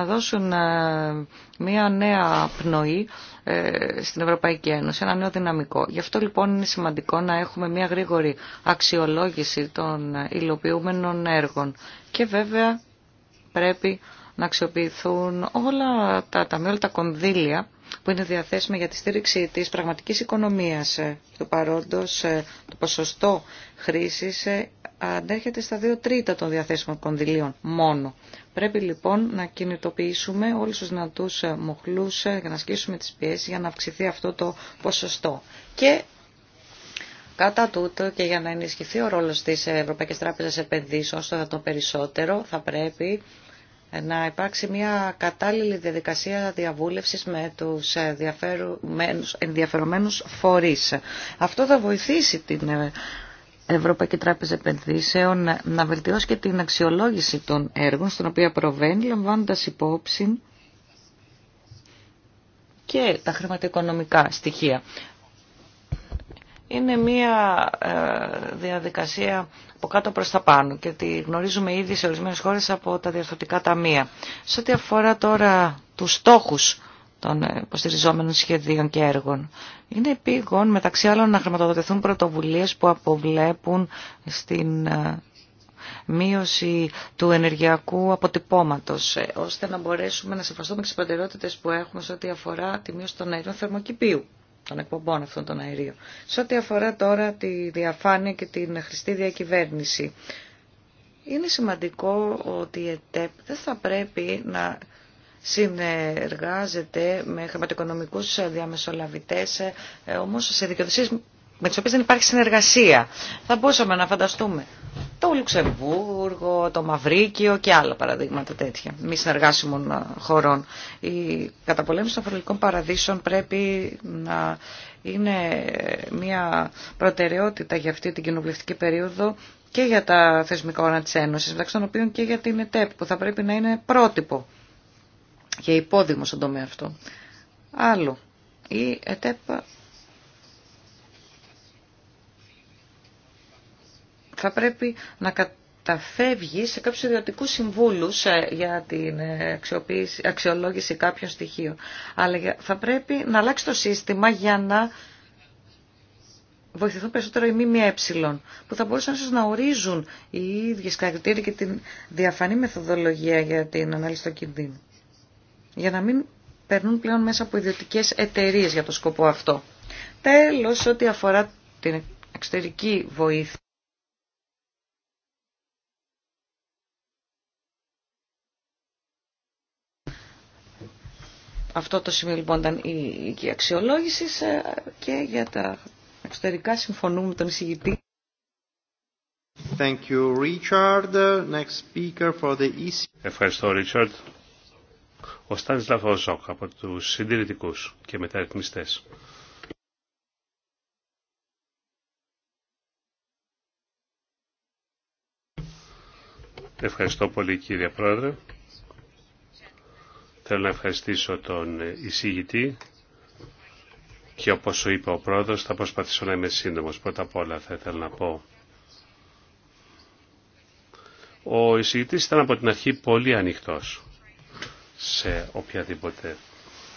δώσουν ε, μια νέα πνοή ε, στην Ευρωπαϊκή Ένωση, ένα νέο δυναμικό. Γι' αυτό λοιπόν είναι σημαντικό να έχουμε μια γρήγορη αξιολόγηση των υλοποιούμενων έργων. Και βέβαια πρέπει να αξιοποιηθούν όλα τα ταμεία, όλα τα κονδύλια που είναι διαθέσιμα για τη στήριξη της πραγματικής οικονομίας ε, του παρόντος, το ποσοστό χρήσης ανέρχεται στα 2 τρίτα των διαθέσιμων κονδυλίων μόνο. Πρέπει λοιπόν να κινητοποιήσουμε όλους τους δυνατούς μοχλούς για να ασκήσουμε τις πιέσεις για να αυξηθεί αυτό το ποσοστό. Και Κατά τούτο και για να ενισχυθεί ο ρόλος της Ευρωπαϊκής Τράπεζας Επενδύσεων όσο θα το περισσότερο θα πρέπει να υπάρξει μια κατάλληλη διαδικασία διαβούλευσης με τους ενδιαφερομένους φορείς. Αυτό θα βοηθήσει την Ευρωπαϊκή Τράπεζα Επενδύσεων να βελτιώσει και την αξιολόγηση των έργων στην οποία προβαίνει, λαμβάνοντα υπόψη και τα χρηματοοικονομικά στοιχεία. Είναι μια ε, διαδικασία από κάτω προς τα πάνω και τη γνωρίζουμε ήδη σε ορισμένες χώρες από τα διαρθρωτικά ταμεία. Σε ό,τι αφορά τώρα τους στόχους των υποστηριζόμενων σχεδίων και έργων. Είναι επίγον μεταξύ άλλων να χρηματοδοτηθούν πρωτοβουλίες που αποβλέπουν στην ε, μείωση του ενεργειακού αποτυπώματος, ε, ώστε να μπορέσουμε να σεβαστούμε τις προτεραιότητες που έχουμε σε ό,τι αφορά τη μείωση των αερίων θερμοκηπίου των εκπομπών αυτών των αερίων. Σε ό,τι αφορά τώρα τη διαφάνεια και την χρηστή διακυβέρνηση, είναι σημαντικό ότι η ΕΤΕΠ δεν θα πρέπει να συνεργάζεται με χρηματοοικονομικούς διαμεσολαβητές, ε, όμως σε δικαιοδοσίες με τις οποίες δεν υπάρχει συνεργασία. Θα μπορούσαμε να φανταστούμε το Λουξεμβούργο, το Μαυρίκιο και άλλα παραδείγματα τέτοια μη συνεργάσιμων ε, χωρών. Η καταπολέμηση των φορολογικών παραδείσων πρέπει να είναι μια προτεραιότητα για αυτή την κοινοβουλευτική περίοδο και για τα θεσμικά όνα της Ένωσης, μεταξύ των οποίων και για την ΕΤΕΠ που θα πρέπει να είναι πρότυπο για υπόδειγμα στον τομέα αυτό. Άλλο, η ΕΤΕΠΑ θα πρέπει να καταφεύγει σε κάποιους ιδιωτικούς συμβούλους ε, για την ε, αξιολόγηση κάποιων στοιχείων. Αλλά θα πρέπει να αλλάξει το σύστημα για να βοηθηθούν περισσότερο οι ΜΜΕ, που θα μπορούσαν να ορίζουν οι ίδιες κριτήρια και την διαφανή μεθοδολογία για την ανάλυση των κινδύνων για να μην περνούν πλέον μέσα από ιδιωτικές εταιρείε για το σκοπό αυτό. Τέλος, ό,τι αφορά την εξωτερική βοήθεια. Αυτό το σημείο λοιπόν ήταν η η αξιολόγηση ε, και για τα εξωτερικά συμφωνούμε με τον εισηγητή. Thank you, Richard. Next speaker for the EC. Ευχαριστώ, Richard ο Στάνισλαβ Ζοκ από τους συντηρητικούς και μεταρρυθμιστές. Ευχαριστώ πολύ κύριε Πρόεδρε. Θέλω να ευχαριστήσω τον εισηγητή και όπως σου είπε ο Πρόεδρος θα προσπαθήσω να είμαι σύντομος. Πρώτα απ' όλα θα ήθελα να πω. Ο εισηγητής ήταν από την αρχή πολύ ανοιχτός σε οποιαδήποτε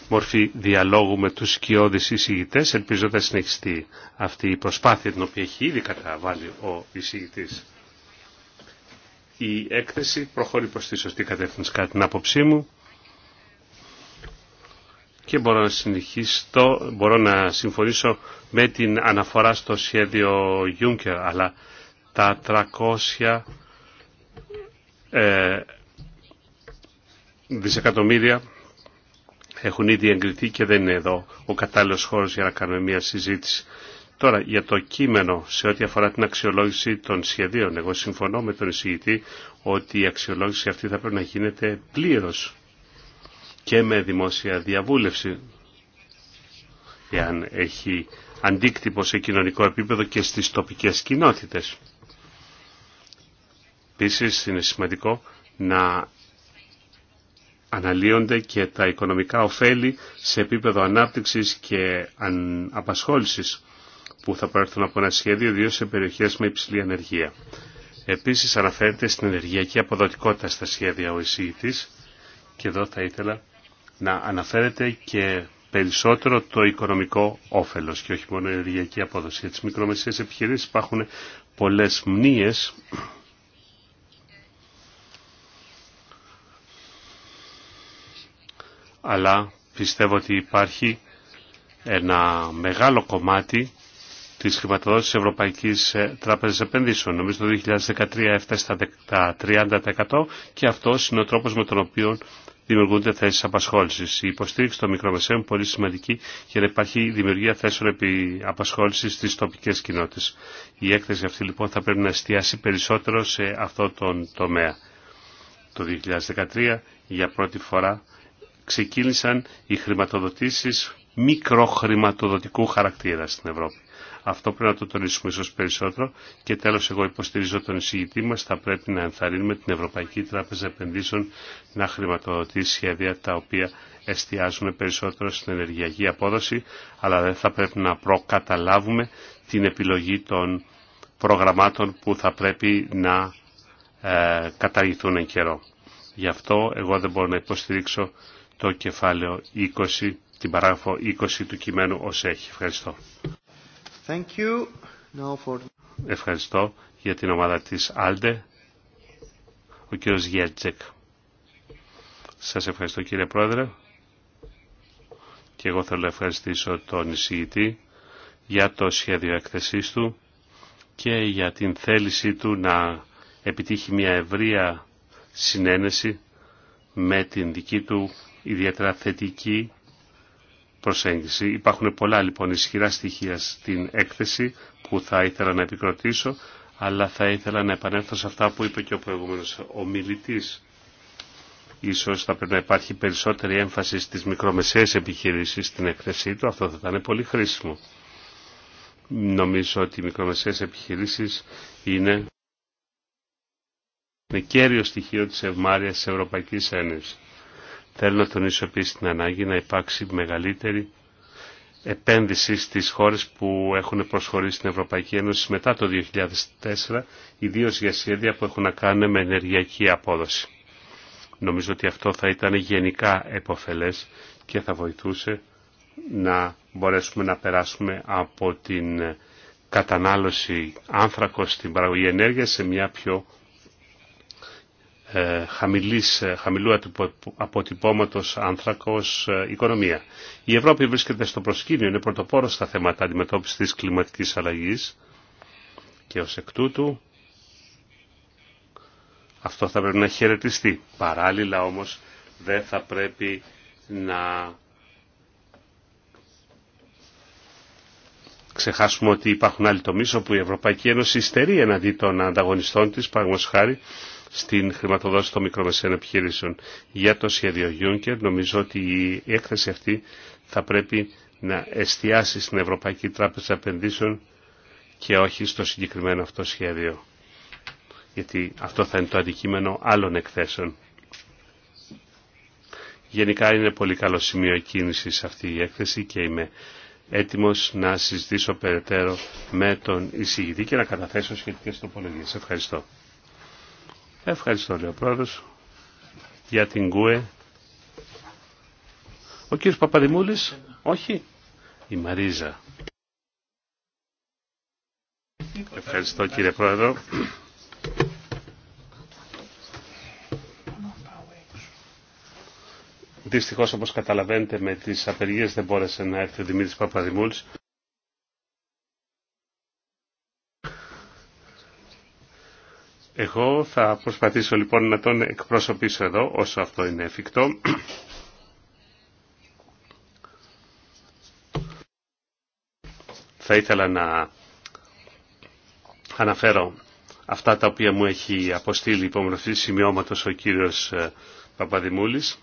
μορφή διαλόγου με τους σκιώδεις εισηγητές, ελπίζω να συνεχιστεί αυτή η προσπάθεια την οποία έχει ήδη καταβάλει ο εισηγητής. Η έκθεση προχωρεί προς τη σωστή κατεύθυνση κατά την άποψή μου και μπορώ να, συνεχίσω, μπορώ να συμφωνήσω με την αναφορά στο σχέδιο Juncker, αλλά τα 300 δισεκατομμύρια έχουν ήδη εγκριθεί και δεν είναι εδώ ο κατάλληλος χώρος για να κάνουμε μια συζήτηση. Τώρα, για το κείμενο σε ό,τι αφορά την αξιολόγηση των σχεδίων, εγώ συμφωνώ με τον εισηγητή ότι η αξιολόγηση αυτή θα πρέπει να γίνεται πλήρως και με δημόσια διαβούλευση, εάν έχει αντίκτυπο σε κοινωνικό επίπεδο και στις τοπικές κοινότητες. Επίση είναι σημαντικό να αναλύονται και τα οικονομικά ωφέλη σε επίπεδο ανάπτυξης και απασχόλησης που θα προέρθουν από ένα σχέδιο, ιδίω σε περιοχές με υψηλή ανεργία. Επίσης αναφέρεται στην ενεργειακή αποδοτικότητα στα σχέδια ο εισηγητής και εδώ θα ήθελα να αναφέρεται και περισσότερο το οικονομικό όφελος και όχι μόνο η ενεργειακή απόδοση. Για τις μικρομεσαίες επιχειρήσεις υπάρχουν πολλές μνήες αλλά πιστεύω ότι υπάρχει ένα μεγάλο κομμάτι της χρηματοδότησης της Ευρωπαϊκής ε, Τράπεζας Επενδύσεων. Νομίζω το 2013 έφτασε στα 30% και αυτό είναι ο τρόπος με τον οποίο δημιουργούνται θέσεις απασχόλησης. Η υποστήριξη των μικρομεσαίων είναι πολύ σημαντική για να υπάρχει δημιουργία θέσεων επί απασχόλησης στις τοπικές κοινότητες. Η έκθεση αυτή λοιπόν θα πρέπει να εστιάσει περισσότερο σε αυτό τον τομέα. Το 2013 για πρώτη φορά ξεκίνησαν οι χρηματοδοτήσεις μικροχρηματοδοτικού χαρακτήρα στην Ευρώπη. Αυτό πρέπει να το τονίσουμε ίσως περισσότερο και τέλος εγώ υποστηρίζω τον εισηγητή μας θα πρέπει να ενθαρρύνουμε την Ευρωπαϊκή Τράπεζα Επενδύσεων να χρηματοδοτήσει σχέδια τα οποία εστιάζουν περισσότερο στην ενεργειακή απόδοση αλλά δεν θα πρέπει να προκαταλάβουμε την επιλογή των προγραμμάτων που θα πρέπει να ε, καταργηθούν εν καιρό. Γι' αυτό εγώ δεν μπορώ να υποστηρίξω το κεφάλαιο 20, την παράγραφο 20 του κειμένου ως έχει. Ευχαριστώ. Thank you. for... Ευχαριστώ για την ομάδα της Άλντε, ο κύριος Γέτζεκ. Σας ευχαριστώ κύριε Πρόεδρε και εγώ θέλω να ευχαριστήσω τον εισηγητή για το σχέδιο έκθεσής του και για την θέλησή του να επιτύχει μια ευρεία συνένεση με την δική του ιδιαίτερα θετική προσέγγιση. Υπάρχουν πολλά λοιπόν ισχυρά στοιχεία στην έκθεση που θα ήθελα να επικροτήσω, αλλά θα ήθελα να επανέλθω σε αυτά που είπε και ο προηγούμενος ομιλητής. Ίσως θα πρέπει να υπάρχει περισσότερη έμφαση στις μικρομεσαίες επιχειρήσεις στην έκθεσή του, αυτό θα ήταν πολύ χρήσιμο. Νομίζω ότι οι μικρομεσαίες επιχειρήσεις είναι, είναι κέριο στοιχείο της ευμάρειας της Ευρωπαϊκής Ένωσης. Θέλω να τονίσω επίσης την ανάγκη να υπάρξει μεγαλύτερη επένδυση στις χώρες που έχουν προσχωρήσει στην Ευρωπαϊκή Ένωση μετά το 2004, ιδίως για σχέδια που έχουν να κάνουν με ενεργειακή απόδοση. Νομίζω ότι αυτό θα ήταν γενικά επωφελές και θα βοηθούσε να μπορέσουμε να περάσουμε από την κατανάλωση άνθρακος στην παραγωγή ενέργειας σε μια πιο ε, ε, χαμηλού αποτυπώματος άνθρακος ε, οικονομία. Η Ευρώπη βρίσκεται στο προσκήνιο, είναι πρωτοπόρος στα θέματα αντιμετώπισης της κλιματικής αλλαγής και ως εκ τούτου αυτό θα πρέπει να χαιρετιστεί. Παράλληλα όμως δεν θα πρέπει να ξεχάσουμε ότι υπάρχουν άλλοι τομείς όπου η Ευρωπαϊκή Ένωση στερεί εναντί των ανταγωνιστών της, παγκοσχάρη χάρη, στην χρηματοδότηση των μικρομεσαίων επιχειρήσεων. Για το σχέδιο Juncker νομίζω ότι η έκθεση αυτή θα πρέπει να εστιάσει στην Ευρωπαϊκή Τράπεζα Επενδύσεων και όχι στο συγκεκριμένο αυτό σχέδιο. Γιατί αυτό θα είναι το αντικείμενο άλλων εκθέσεων. Γενικά είναι πολύ καλό σημείο κίνηση αυτή η έκθεση και είμαι έτοιμος να συζητήσω περαιτέρω με τον εισηγητή και να καταθέσω σχετικές τοπολογίες. Ευχαριστώ. Ευχαριστώ, λέει ο για την ΚΟΕ. Ο κύριος Παπαδημούλης, όχι, η Μαρίζα. Ευχαριστώ κύριε Πρόεδρο. Δυστυχώς όπως καταλαβαίνετε με τις απεργίες δεν μπόρεσε να έρθει ο Δημήτρης Παπαδημούλης. Εγώ θα προσπαθήσω λοιπόν να τον εκπροσωπήσω εδώ όσο αυτό είναι εφικτό. θα ήθελα να αναφέρω αυτά τα οποία μου έχει αποστείλει υπομορφή σημειώματος ο κύριος ε, Παπαδημούλης.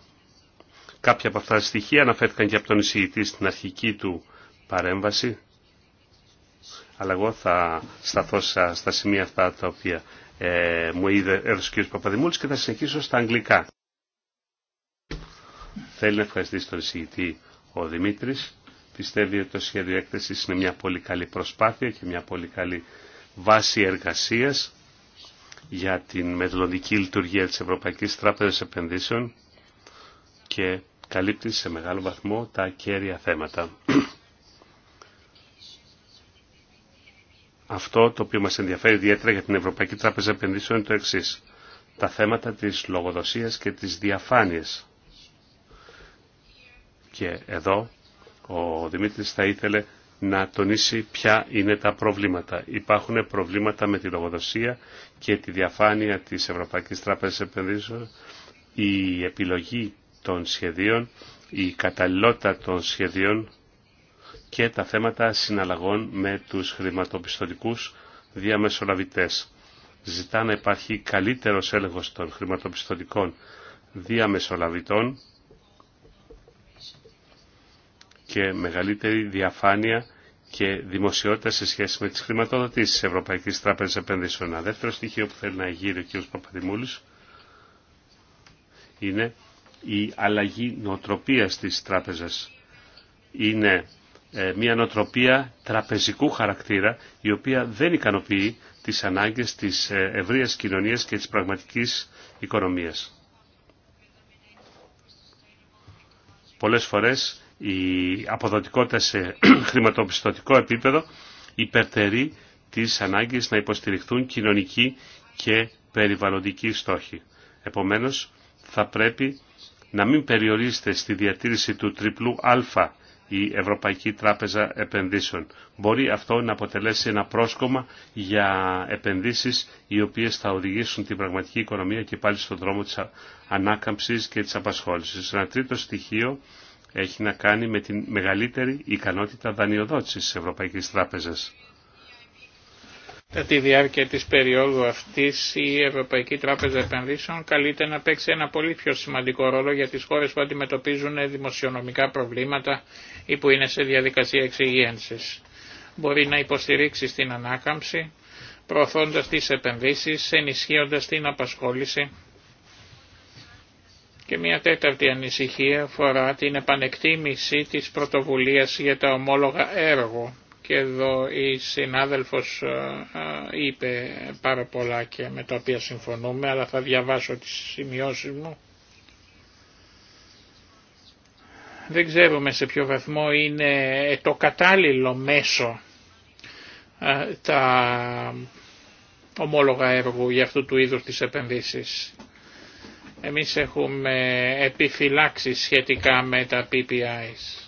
Κάποια από αυτά τα στοιχεία αναφέρθηκαν και από τον εισηγητή στην αρχική του παρέμβαση, αλλά εγώ θα σταθώ στα σημεία αυτά τα οποία ε, μου είδε ο κ. Παπαδημούλης και θα συνεχίσω στα αγγλικά. Θέλει να ευχαριστήσει τον εισηγητή ο Δημήτρης. Πιστεύει ότι το σχέδιο έκθεση είναι μια πολύ καλή προσπάθεια και μια πολύ καλή βάση εργασίας για την μελλοντική λειτουργία της Ευρωπαϊκής Τράπεζας Επενδύσεων και καλύπτει σε μεγάλο βαθμό τα κέρια θέματα. αυτό το οποίο μας ενδιαφέρει ιδιαίτερα για την Ευρωπαϊκή Τράπεζα Επενδύσεων είναι το εξής. Τα θέματα της λογοδοσίας και της διαφάνειας. Και εδώ ο Δημήτρης θα ήθελε να τονίσει ποια είναι τα προβλήματα. Υπάρχουν προβλήματα με τη λογοδοσία και τη διαφάνεια της Ευρωπαϊκής Τράπεζας Επενδύσεων, η επιλογή των σχεδίων, η καταλληλότητα των σχεδίων και τα θέματα συναλλαγών με τους χρηματοπιστωτικούς διαμεσολαβητές. Ζητά να υπάρχει καλύτερος έλεγχος των χρηματοπιστωτικών διαμεσολαβητών και μεγαλύτερη διαφάνεια και δημοσιότητα σε σχέση με τις χρηματοδοτήσεις της Ευρωπαϊκής Τράπεζας Επενδύσεων. Ένα δεύτερο στοιχείο που θέλει να γύρει ο κ. Παπαδημούλης είναι η αλλαγή νοοτροπίας της τράπεζας. Είναι ε, μια νοοτροπία τραπεζικού χαρακτήρα η οποία δεν ικανοποιεί τις ανάγκες της ε, ευρείας κοινωνίας και της πραγματικής οικονομίας. Πολλές φορές η αποδοτικότητα σε *clears throat* χρηματοπιστωτικό επίπεδο υπερτερεί τις ανάγκες να υποστηριχθούν κοινωνικοί και περιβαλλοντικοί στόχοι. Επομένως, θα πρέπει να μην περιορίστε στη διατήρηση του τριπλού αλφα η Ευρωπαϊκή Τράπεζα Επενδύσεων. Μπορεί αυτό να αποτελέσει ένα πρόσκομα για επενδύσεις οι οποίες θα οδηγήσουν την πραγματική οικονομία και πάλι στον δρόμο της ανάκαμψης και της απασχόλησης. Ένα τρίτο στοιχείο έχει να κάνει με την μεγαλύτερη ικανότητα δανειοδότησης της Ευρωπαϊκής Τράπεζας. Κατά τη διάρκεια της περίοδου αυτής η Ευρωπαϊκή Τράπεζα Επενδύσεων καλείται να παίξει ένα πολύ πιο σημαντικό ρόλο για τις χώρες που αντιμετωπίζουν δημοσιονομικά προβλήματα ή που είναι σε διαδικασία εξυγίανσης. Μπορεί να υποστηρίξει στην ανάκαμψη, προωθώντας τις επενδύσεις, ενισχύοντας την απασχόληση και μια τέταρτη ανησυχία αφορά την επανεκτίμηση της πρωτοβουλίας για τα ομόλογα έργο και εδώ η συνάδελφος ε, ε, είπε πάρα πολλά και με τα οποία συμφωνούμε, αλλά θα διαβάσω τις σημειώσεις μου. Δεν ξέρουμε σε ποιο βαθμό είναι ε, το κατάλληλο μέσο τα ομόλογα έργου για αυτού του είδους τις επενδύσεις. Εμείς έχουμε επιφυλάξει σχετικά με τα PPIs.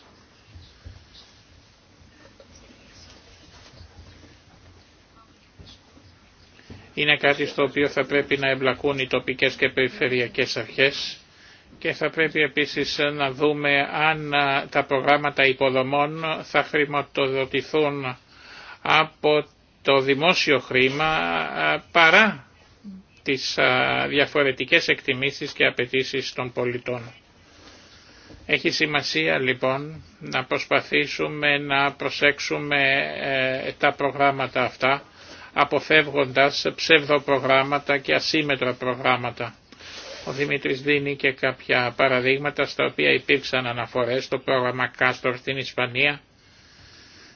είναι κάτι στο οποίο θα πρέπει να εμπλακούν οι τοπικές και περιφερειακές αρχές και θα πρέπει επίσης να δούμε αν τα προγράμματα υποδομών θα χρηματοδοτηθούν από το δημόσιο χρήμα παρά τις διαφορετικές εκτιμήσεις και απαιτήσεις των πολιτών. Έχει σημασία λοιπόν να προσπαθήσουμε να προσέξουμε ε, τα προγράμματα αυτά αποφεύγοντας ψευδοπρογράμματα και ασύμετρα προγράμματα. Ο Δημήτρης δίνει και κάποια παραδείγματα στα οποία υπήρξαν αναφορές το πρόγραμμα Κάστορ στην Ισπανία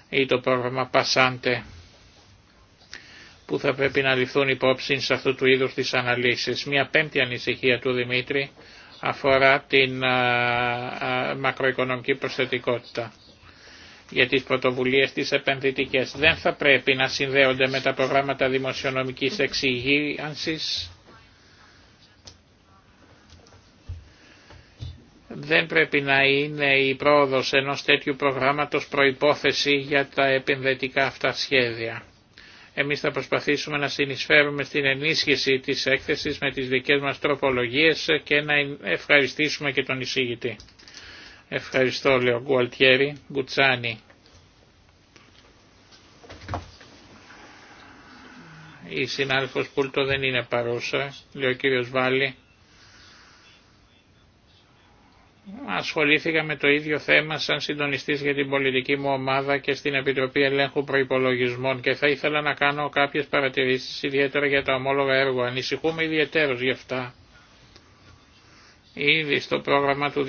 ή το πρόγραμμα Πασάντε που θα πρέπει να ληφθούν υπόψη σε αυτού του είδους τις αναλύσεις. Μια πέμπτη ανησυχία του Δημήτρη αφορά την α, μακροοικονομική προσθετικότητα για τις πρωτοβουλίες τις επενδυτικές. Δεν θα πρέπει να συνδέονται με τα προγράμματα δημοσιονομικής εξυγίανσης. Δεν πρέπει να είναι η πρόοδος ενός τέτοιου προγράμματος προϋπόθεση για τα επενδυτικά αυτά σχέδια. Εμείς θα προσπαθήσουμε να συνεισφέρουμε στην ενίσχυση της έκθεσης με τις δικές μας τροπολογίες και να ευχαριστήσουμε και τον εισήγητη. Ευχαριστώ λέω Γκουαλτιέρη, Γκουτσάνη. Η συνάδελφος Πούλτο δεν είναι παρούσα, λέει ο κύριος Βάλλη. Ασχολήθηκα με το ίδιο θέμα σαν συντονιστής για την πολιτική μου ομάδα και στην Επιτροπή Ελέγχου Προϋπολογισμών και θα ήθελα να κάνω κάποιες παρατηρήσεις ιδιαίτερα για τα ομόλογα έργο. Ανησυχούμε ιδιαίτερως γι' αυτά Ήδη στο πρόγραμμα του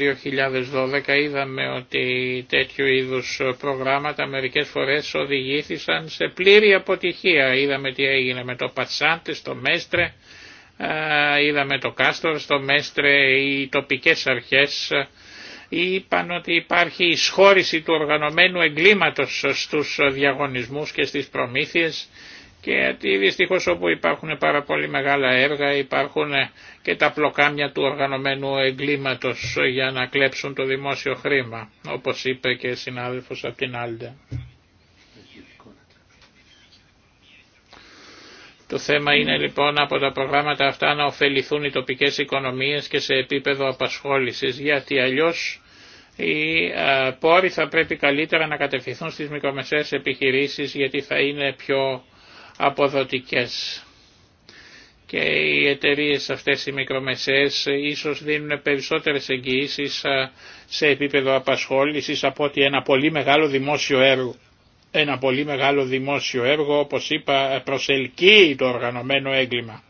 2012 είδαμε ότι τέτοιου είδους προγράμματα μερικές φορές οδηγήθησαν σε πλήρη αποτυχία. Είδαμε τι έγινε με το Πατσάντε στο Μέστρε, είδαμε το Κάστορ στο Μέστρε, οι τοπικές αρχές είπαν ότι υπάρχει ισχώρηση του οργανωμένου εγκλήματος στους διαγωνισμούς και στις προμήθειες και γιατί δυστυχώς όπου υπάρχουν πάρα πολύ μεγάλα έργα υπάρχουν και τα πλοκάμια του οργανωμένου εγκλήματος για να κλέψουν το δημόσιο χρήμα, όπως είπε και συνάδελφος από την Άλντε. Το θέμα είναι λοιπόν από τα προγράμματα αυτά να ωφεληθούν οι τοπικές οικονομίες και σε επίπεδο απασχόλησης, γιατί αλλιώς οι πόροι θα πρέπει καλύτερα να κατευθυνθούν στις μικρομεσαίες επιχειρήσεις γιατί θα είναι πιο αποδοτικές. Και οι εταιρείε αυτές οι μικρομεσαίες ίσως δίνουν περισσότερες εγγυήσεις σε επίπεδο απασχόλησης από ότι ένα πολύ μεγάλο δημόσιο έργο. Ένα πολύ μεγάλο δημόσιο έργο, όπως είπα, προσελκύει το οργανωμένο έγκλημα.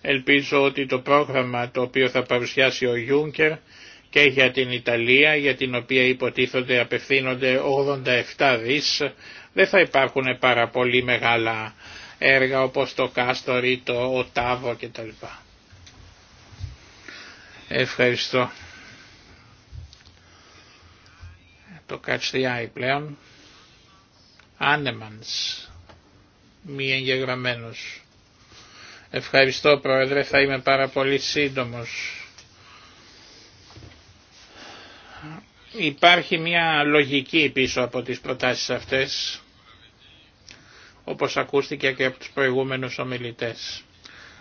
Ελπίζω ότι το πρόγραμμα το οποίο θα παρουσιάσει ο Γιούνκερ και για την Ιταλία, για την οποία υποτίθονται απευθύνονται 87 δις, δεν θα υπάρχουν πάρα πολύ μεγάλα έργα όπως το ή το Οτάβο κτλ. Ευχαριστώ. Το Catch πλέον. Άνεμανς. Μη εγγεγραμμένος. Ευχαριστώ Πρόεδρε, θα είμαι πάρα πολύ σύντομος. Υπάρχει μια λογική πίσω από τις προτάσεις αυτές, όπως ακούστηκε και από τους προηγούμενους ομιλητές.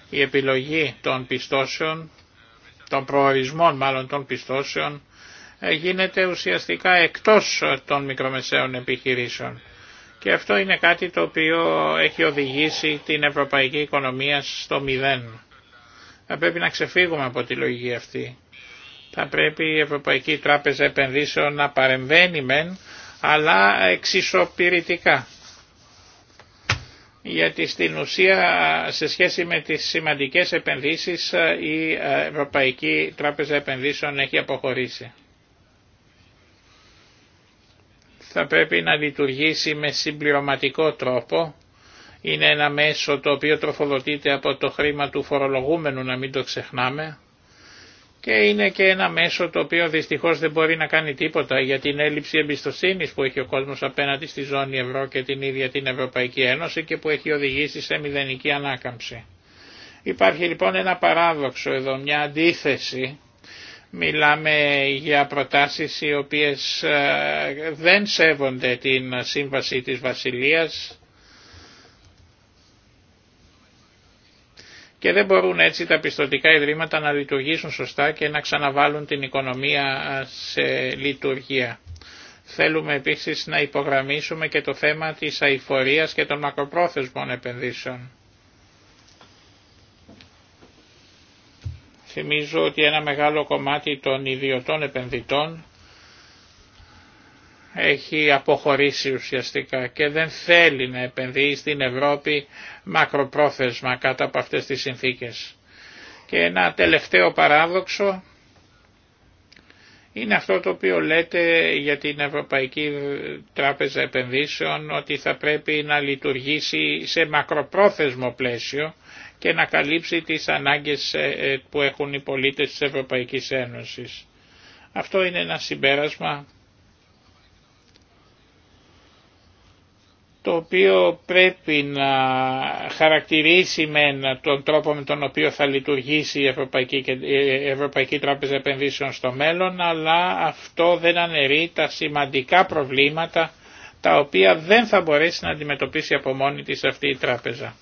Η επιλογή των πιστώσεων, των προορισμών μάλλον των πιστώσεων, γίνεται ουσιαστικά εκτός των μικρομεσαίων επιχειρήσεων. Και αυτό είναι κάτι το οποίο έχει οδηγήσει την ευρωπαϊκή οικονομία στο μηδέν. Θα πρέπει να ξεφύγουμε από τη λογική αυτή θα πρέπει η Ευρωπαϊκή Τράπεζα Επενδύσεων να παρεμβαίνει μεν, αλλά εξισοπηρητικά. Γιατί στην ουσία σε σχέση με τις σημαντικές επενδύσεις η Ευρωπαϊκή Τράπεζα Επενδύσεων έχει αποχωρήσει. Θα πρέπει να λειτουργήσει με συμπληρωματικό τρόπο. Είναι ένα μέσο το οποίο τροφοδοτείται από το χρήμα του φορολογούμενου, να μην το ξεχνάμε και είναι και ένα μέσο το οποίο δυστυχώς δεν μπορεί να κάνει τίποτα για την έλλειψη εμπιστοσύνης που έχει ο κόσμος απέναντι στη ζώνη ευρώ και την ίδια την Ευρωπαϊκή Ένωση και που έχει οδηγήσει σε μηδενική ανάκαμψη. Υπάρχει λοιπόν ένα παράδοξο εδώ, μια αντίθεση. Μιλάμε για προτάσεις οι οποίες ε, δεν σέβονται την σύμβαση της Βασιλείας, και δεν μπορούν έτσι τα πιστοτικά ιδρύματα να λειτουργήσουν σωστά και να ξαναβάλουν την οικονομία σε λειτουργία. Θέλουμε επίσης να υπογραμμίσουμε και το θέμα της αηφορίας και των μακροπρόθεσμων επενδύσεων. Θυμίζω ότι ένα μεγάλο κομμάτι των ιδιωτών επενδυτών έχει αποχωρήσει ουσιαστικά και δεν θέλει να επενδύει στην Ευρώπη μακροπρόθεσμα κάτω από αυτές τις συνθήκες. Και ένα τελευταίο παράδοξο είναι αυτό το οποίο λέτε για την Ευρωπαϊκή Τράπεζα Επενδύσεων ότι θα πρέπει να λειτουργήσει σε μακροπρόθεσμο πλαίσιο και να καλύψει τις ανάγκες ε, ε, που έχουν οι πολίτες της Ευρωπαϊκής Ένωσης. Αυτό είναι ένα συμπέρασμα το οποίο πρέπει να χαρακτηρίσει με τον τρόπο με τον οποίο θα λειτουργήσει η Ευρωπαϊκή, η Ευρωπαϊκή Τράπεζα Επενδύσεων στο μέλλον, αλλά αυτό δεν αναιρεί τα σημαντικά προβλήματα τα οποία δεν θα μπορέσει να αντιμετωπίσει από μόνη της αυτή η τράπεζα.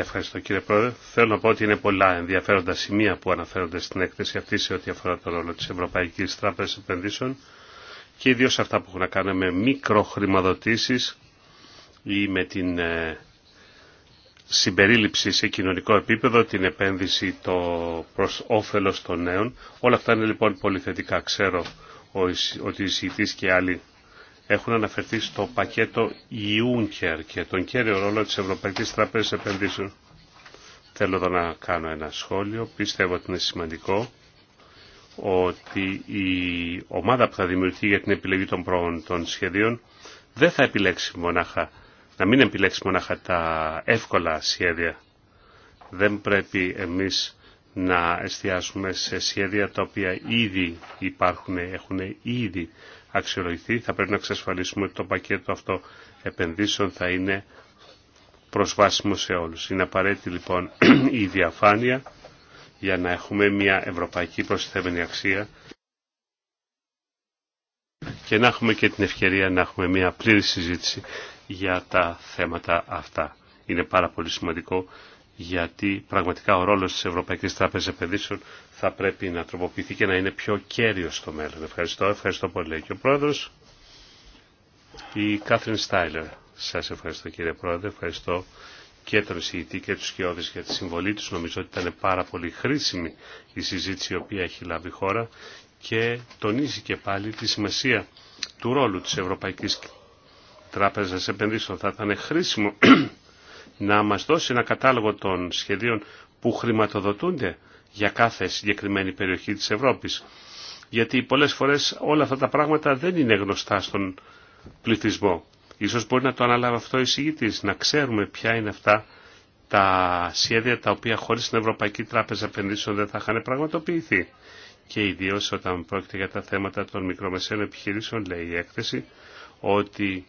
Ευχαριστώ κύριε Πρόεδρε. Θέλω να πω ότι είναι πολλά ενδιαφέροντα σημεία που αναφέρονται στην έκθεση αυτή σε ό,τι αφορά τον ρόλο της Ευρωπαϊκής Τράπεζας Επενδύσεων και ιδίως αυτά που έχουν να κάνουν με μικροχρηματοδοτήσεις ή με την ε, συμπερίληψη σε κοινωνικό επίπεδο, την επένδυση το προς όφελος των νέων. Όλα αυτά είναι λοιπόν πολύ θετικά. Ξέρω ότι οι και άλλοι έχουν αναφερθεί στο πακέτο Ιούνκερ και τον κέριο ρόλο της Ευρωπαϊκής Τράπεζας Επενδύσεων. Θέλω εδώ να κάνω ένα σχόλιο. Πιστεύω ότι είναι σημαντικό ότι η ομάδα που θα δημιουργηθεί για την επιλογή των πρόων των σχεδίων δεν θα επιλέξει μονάχα, να μην επιλέξει μονάχα τα εύκολα σχέδια. Δεν πρέπει εμείς να εστιάσουμε σε σχέδια τα οποία ήδη υπάρχουν, έχουν ήδη αξιολογηθεί. Θα πρέπει να εξασφαλίσουμε ότι το πακέτο αυτό επενδύσεων θα είναι προσβάσιμο σε όλους. Είναι απαραίτητη λοιπόν *clears throat* η διαφάνεια για να έχουμε μια ευρωπαϊκή προσθεμένη αξία και να έχουμε και την ευκαιρία να έχουμε μια πλήρη συζήτηση για τα θέματα αυτά. Είναι πάρα πολύ σημαντικό γιατί πραγματικά ο ρόλος της Ευρωπαϊκής Τράπεζας Επενδύσεων θα πρέπει να τροποποιηθεί και να είναι πιο κέριος στο μέλλον. Ευχαριστώ, ευχαριστώ πολύ. Και ο Πρόεδρος, η Κάθριν Στάιλερ. Σας ευχαριστώ κύριε Πρόεδρε, ευχαριστώ και τον εισηγητή και τους σκιώδες για τη συμβολή τους. Νομίζω ότι ήταν πάρα πολύ χρήσιμη η συζήτηση η οποία έχει λάβει η χώρα και τονίζει και πάλι τη σημασία του ρόλου της Ευρωπαϊκής Τράπεζας Επενδύσεων. Θα ήταν χρήσιμο να μας δώσει ένα κατάλογο των σχεδίων που χρηματοδοτούνται για κάθε συγκεκριμένη περιοχή της Ευρώπης. Γιατί πολλές φορές όλα αυτά τα πράγματα δεν είναι γνωστά στον πληθυσμό. Ίσως μπορεί να το αναλάβει αυτό η εισηγήτης, να ξέρουμε ποια είναι αυτά τα σχέδια τα οποία χωρίς την Ευρωπαϊκή Τράπεζα Επενδύσεων δεν θα είχαν πραγματοποιηθεί. Και ιδίω όταν πρόκειται για τα θέματα των μικρομεσαίων επιχειρήσεων, λέει η έκθεση, ότι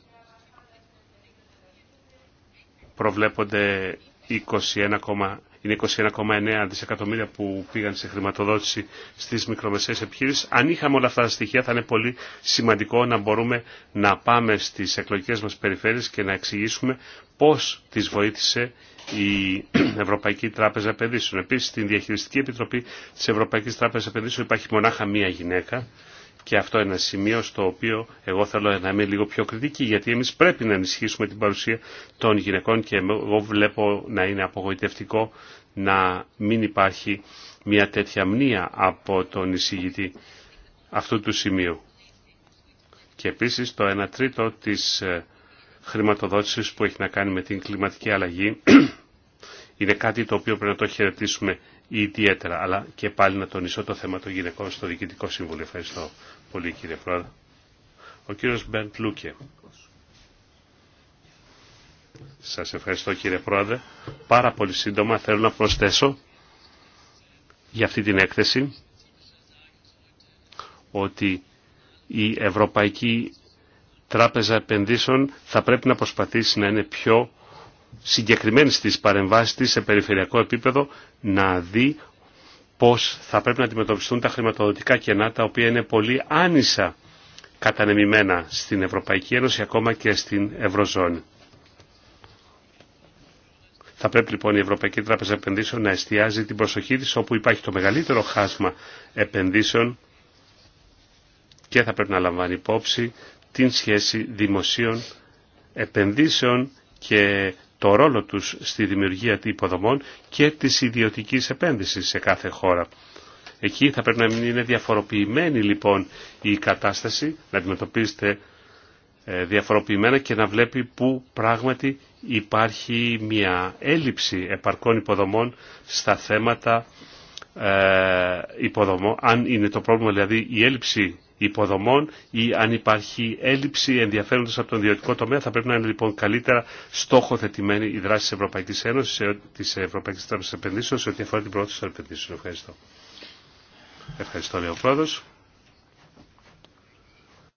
προβλέπονται 21, είναι 21,9 δισεκατομμύρια που πήγαν σε χρηματοδότηση στις μικρομεσαίες επιχείρησεις. Αν είχαμε όλα αυτά τα στοιχεία θα είναι πολύ σημαντικό να μπορούμε να πάμε στις εκλογικές μας περιφέρειες και να εξηγήσουμε πώς τις βοήθησε η Ευρωπαϊκή Τράπεζα Επενδύσεων. Επίσης, στην Διαχειριστική Επιτροπή της Ευρωπαϊκής Τράπεζας Επενδύσεων υπάρχει μονάχα μία γυναίκα και αυτό είναι ένα σημείο στο οποίο εγώ θέλω να είμαι λίγο πιο κριτική, γιατί εμείς πρέπει να ενισχύσουμε την παρουσία των γυναικών και εγώ βλέπω να είναι απογοητευτικό να μην υπάρχει μια τέτοια μνήα από τον εισηγητή αυτού του σημείου. Και επίσης το 1 τρίτο της ε, χρηματοδότησης που έχει να κάνει με την κλιματική αλλαγή *clears throat* είναι κάτι το οποίο πρέπει να το χαιρετήσουμε ιδιαίτερα. Αλλά και πάλι να τονίσω το θέμα των γυναικών στο Διοικητικό Συμβούλιο. Ευχαριστώ πολύ κύριε Πρόεδρε. Ο κύριος Μπεντ Λούκε. Σας ευχαριστώ κύριε Πρόεδρε. Πάρα πολύ σύντομα θέλω να προσθέσω για αυτή την έκθεση ότι η Ευρωπαϊκή Τράπεζα Επενδύσεων θα πρέπει να προσπαθήσει να είναι πιο συγκεκριμένη στις παρεμβάσεις της σε περιφερειακό επίπεδο να δει πώς θα πρέπει να αντιμετωπιστούν τα χρηματοδοτικά κενά τα οποία είναι πολύ άνισα κατανεμημένα στην Ευρωπαϊκή Ένωση ακόμα και στην Ευρωζώνη. Θα πρέπει λοιπόν η Ευρωπαϊκή Τράπεζα Επενδύσεων να εστιάζει την προσοχή της όπου υπάρχει το μεγαλύτερο χάσμα επενδύσεων και θα πρέπει να λαμβάνει υπόψη την σχέση δημοσίων επενδύσεων και το ρόλο τους στη δημιουργία υποδομών και της ιδιωτικής επένδυσης σε κάθε χώρα. Εκεί θα πρέπει να είναι διαφοροποιημένη λοιπόν η κατάσταση, να αντιμετωπίζεται ε, διαφοροποιημένα και να βλέπει που πράγματι υπάρχει μια έλλειψη επαρκών υποδομών στα θέματα ε, υποδομών, αν είναι το πρόβλημα δηλαδή η έλλειψη υποδομών ή αν υπάρχει έλλειψη ενδιαφέροντος από τον ιδιωτικό τομέα θα πρέπει να είναι λοιπόν καλύτερα στόχοθετημένη η δράση της Ευρωπαϊκής Ένωσης, της Ευρωπαϊκής Τράπεζας Επενδύσεων σε ό,τι αφορά την πρόθεση των επενδύσεων. Ευχαριστώ. Ευχαριστώ λέει ο πρόεδρος.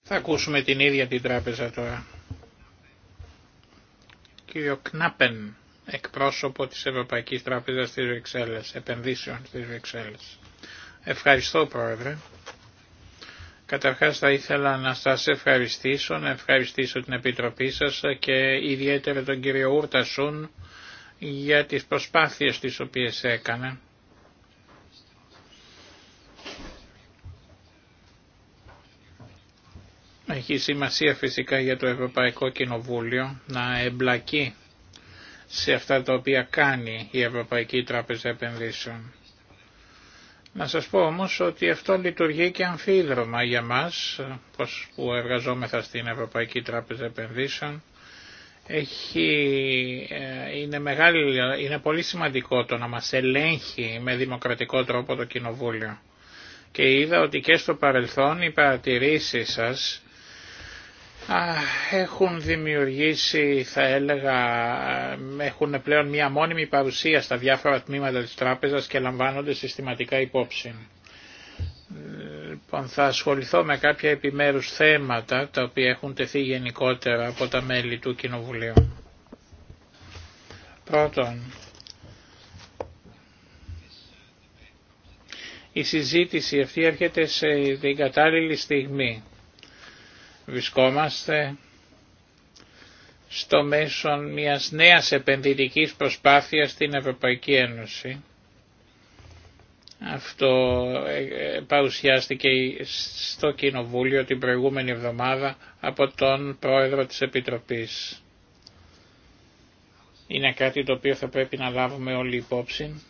Θα ακούσουμε την ίδια την τράπεζα τώρα. Κύριο Κνάπεν, εκπρόσωπο της Ευρωπαϊκής Τράπεζας της ευρωπαικης τραπεζας επενδυσεων σε οτι αφορα την πρόοδο των επενδυσεων ευχαριστω ευχαριστω λεει επενδύσεων της Βρυξέλλες. επενδυσεων της Βεξέλλες. ευχαριστω προεδρε Καταρχάς θα ήθελα να σας ευχαριστήσω, να ευχαριστήσω την Επιτροπή σας και ιδιαίτερα τον κύριο Ούρτασούν για τις προσπάθειες τις οποίες έκανε. Έχει σημασία φυσικά για το Ευρωπαϊκό Κοινοβούλιο να εμπλακεί σε αυτά τα οποία κάνει η Ευρωπαϊκή Τράπεζα Επενδύσεων. Να σας πω όμως ότι αυτό λειτουργεί και αμφίδρομα για μας, πως που εργαζόμεθα στην Ευρωπαϊκή Τράπεζα Επενδύσεων, έχει, ε, είναι, μεγάλη, είναι πολύ σημαντικό το να μας ελέγχει με δημοκρατικό τρόπο το Κοινοβούλιο. Και είδα ότι και στο παρελθόν οι παρατηρήσεις σας έχουν δημιουργήσει θα έλεγα έχουν πλέον μια μόνιμη παρουσία στα διάφορα τμήματα της τράπεζας και λαμβάνονται συστηματικά υπόψη. Λοιπόν, θα ασχοληθώ με κάποια επιμέρους θέματα τα οποία έχουν τεθεί γενικότερα από τα μέλη του Κοινοβουλίου. Πρώτον, η συζήτηση αυτή έρχεται σε την κατάλληλη στιγμή Βρισκόμαστε στο μέσο μιας νέας επενδυτικής προσπάθειας στην Ευρωπαϊκή Ένωση. Αυτό ε, παρουσιάστηκε στο Κοινοβούλιο την προηγούμενη εβδομάδα από τον Πρόεδρο της Επιτροπής. Είναι κάτι το οποίο θα πρέπει να λάβουμε όλοι υπόψη.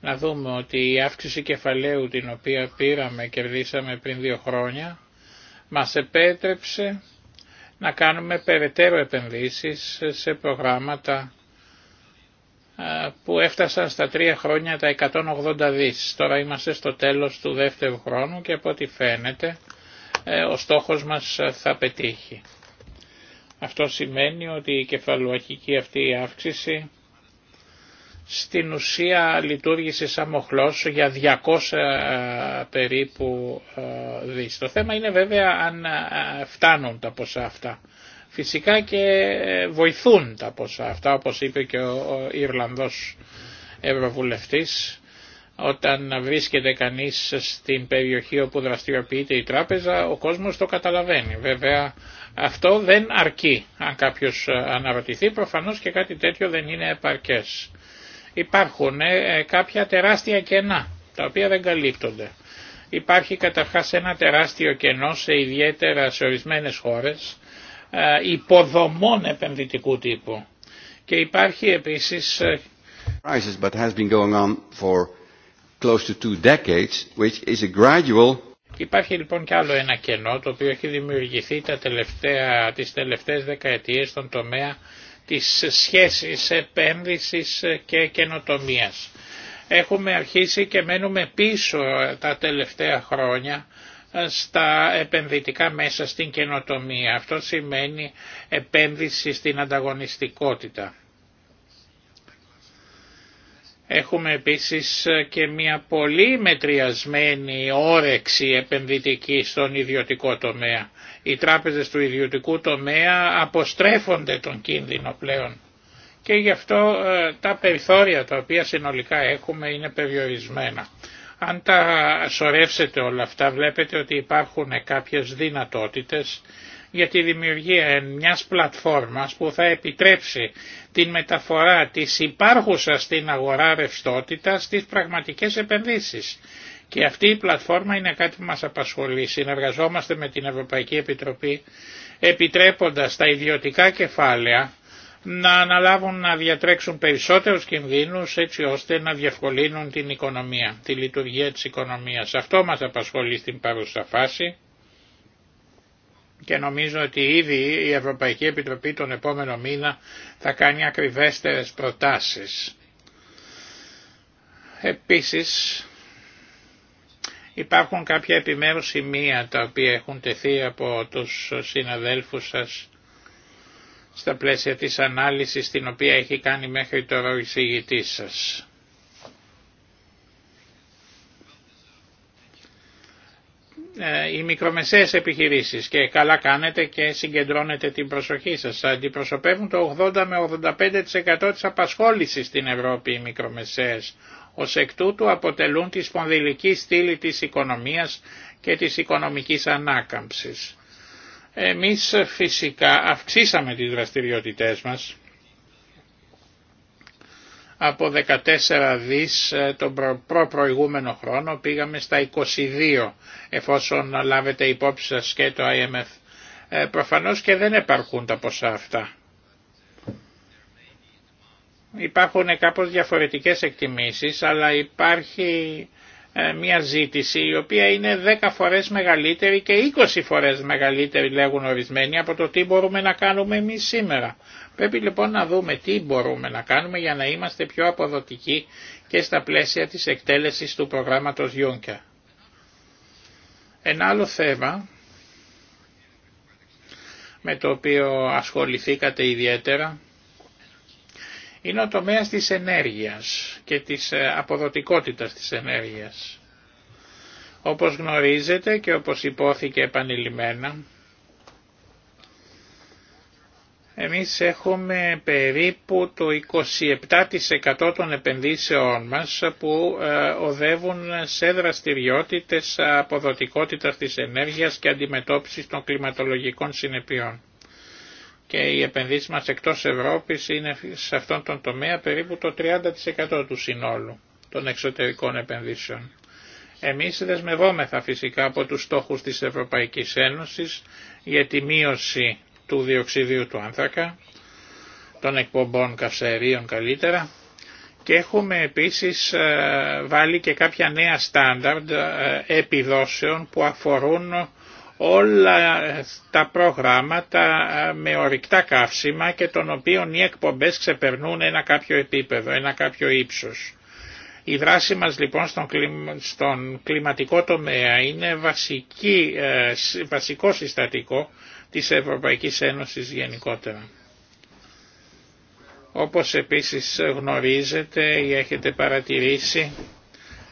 Να δούμε ότι η αύξηση κεφαλαίου την οποία πήραμε, κερδίσαμε πριν δύο χρόνια, μας επέτρεψε να κάνουμε περαιτέρω επενδύσεις σε προγράμματα που έφτασαν στα τρία χρόνια τα 180 δις. Τώρα είμαστε στο τέλος του δεύτερου χρόνου και από ό,τι φαίνεται ε, ο στόχος μας θα πετύχει. Αυτό σημαίνει ότι η κεφαλουαχική αυτή αύξηση στην ουσία λειτουργήσε σαν για 200 ε, περίπου ε, δις. Το θέμα είναι βέβαια αν ε, φτάνουν τα ποσά αυτά. Φυσικά και βοηθούν τα ποσά αυτά, όπως είπε και ο Ιρλανδός Ευρωβουλευτής, όταν βρίσκεται κανείς στην περιοχή όπου δραστηριοποιείται η τράπεζα, ο κόσμος το καταλαβαίνει. Βέβαια αυτό δεν αρκεί. Αν κάποιος αναρωτηθεί, προφανώς και κάτι τέτοιο δεν είναι επαρκές υπάρχουν ε, ε, κάποια τεράστια κενά τα οποία δεν καλύπτονται. Υπάρχει καταρχάς ένα τεράστιο κενό σε ιδιαίτερα σε ορισμένες χώρες ε, υποδομών επενδυτικού τύπου. Και υπάρχει επίσης Υπάρχει λοιπόν και άλλο ένα κενό το οποίο έχει δημιουργηθεί τα τελευταία, τις τελευταίες δεκαετίες στον τομέα τις σχέσεις επένδυσης και καινοτομίας. Έχουμε αρχίσει και μένουμε πίσω τα τελευταία χρόνια στα επενδυτικά μέσα στην καινοτομία. Αυτό σημαίνει επένδυση στην ανταγωνιστικότητα. Έχουμε επίσης και μια πολύ μετριασμένη όρεξη επενδυτική στον ιδιωτικό τομέα οι τράπεζες του ιδιωτικού τομέα αποστρέφονται τον κίνδυνο πλέον. Και γι' αυτό ε, τα περιθώρια τα οποία συνολικά έχουμε είναι περιορισμένα. Αν τα σωρεύσετε όλα αυτά βλέπετε ότι υπάρχουν κάποιες δυνατότητες για τη δημιουργία μιας πλατφόρμας που θα επιτρέψει την μεταφορά της υπάρχουσας στην αγορά ρευστότητα στις πραγματικές επενδύσεις. Και αυτή η πλατφόρμα είναι κάτι που μας απασχολεί. Συνεργαζόμαστε με την Ευρωπαϊκή Επιτροπή επιτρέποντας τα ιδιωτικά κεφάλαια να αναλάβουν να διατρέξουν περισσότερους κινδύνους έτσι ώστε να διευκολύνουν την οικονομία, τη λειτουργία της οικονομίας. Αυτό μας απασχολεί στην παρούσα και νομίζω ότι ήδη η Ευρωπαϊκή Επιτροπή τον επόμενο μήνα θα κάνει ακριβέστερες προτάσεις. Επίσης, Υπάρχουν κάποια επιμέρους σημεία τα οποία έχουν τεθεί από τους συναδέλφους σας στα πλαίσια της ανάλυσης την οποία έχει κάνει μέχρι τώρα ο εισηγητής σας. Ε, οι μικρομεσαίες επιχειρήσεις και καλά κάνετε και συγκεντρώνετε την προσοχή σας. Αντιπροσωπεύουν το 80 με 85% της απασχόλησης στην Ευρώπη οι μικρομεσαίες. Ως εκ τούτου αποτελούν τη σπονδυλική στήλη της οικονομίας και της οικονομικής ανάκαμψης. Εμείς φυσικά αυξήσαμε τις δραστηριότητές μας από 14 δις ε, τον προπροηγούμενο χρόνο πήγαμε στα 22 εφόσον λάβετε υπόψη σας και το IMF. Ε, προφανώς και δεν επαρκούν τα ποσά αυτά υπάρχουν κάπως διαφορετικές εκτιμήσεις, αλλά υπάρχει ε, μια ζήτηση η οποία είναι 10 φορές μεγαλύτερη και 20 φορές μεγαλύτερη λέγουν ορισμένοι από το τι μπορούμε να κάνουμε εμείς σήμερα. Πρέπει λοιπόν να δούμε τι μπορούμε να κάνουμε για να είμαστε πιο αποδοτικοί και στα πλαίσια της εκτέλεσης του προγράμματος Juncker. Ένα άλλο θέμα με το οποίο ασχοληθήκατε ιδιαίτερα είναι ο τομέας της ενέργειας και της ε, αποδοτικότητας της ενέργειας. Όπως γνωρίζετε και όπως υπόθηκε επανειλημμένα, εμείς έχουμε περίπου το 27% των επενδύσεών μας που ε, οδεύουν σε δραστηριότητες αποδοτικότητας της ενέργειας και αντιμετώπισης των κλιματολογικών συνεπειών και οι επενδύσεις μας εκτός Ευρώπης είναι σε αυτόν τον τομέα περίπου το 30% του συνόλου των εξωτερικών επενδύσεων. Εμείς δεσμευόμεθα φυσικά από τους στόχους της Ευρωπαϊκής Ένωσης για τη μείωση του διοξιδίου του άνθρακα, των εκπομπών καυσαερίων καλύτερα και έχουμε επίσης ε, βάλει και κάποια νέα στάνταρντ ε, επιδόσεων που αφορούν όλα τα προγράμματα ε, με ορυκτά καύσιμα και των οποίων οι εκπομπές ξεπερνούν ένα κάποιο επίπεδο, ένα κάποιο ύψος. Η δράση μας λοιπόν στον, κλιματικό τομέα είναι βασική, ε, βασικό συστατικό της Ευρωπαϊκής Ένωσης γενικότερα. Όπως επίσης γνωρίζετε ή έχετε παρατηρήσει,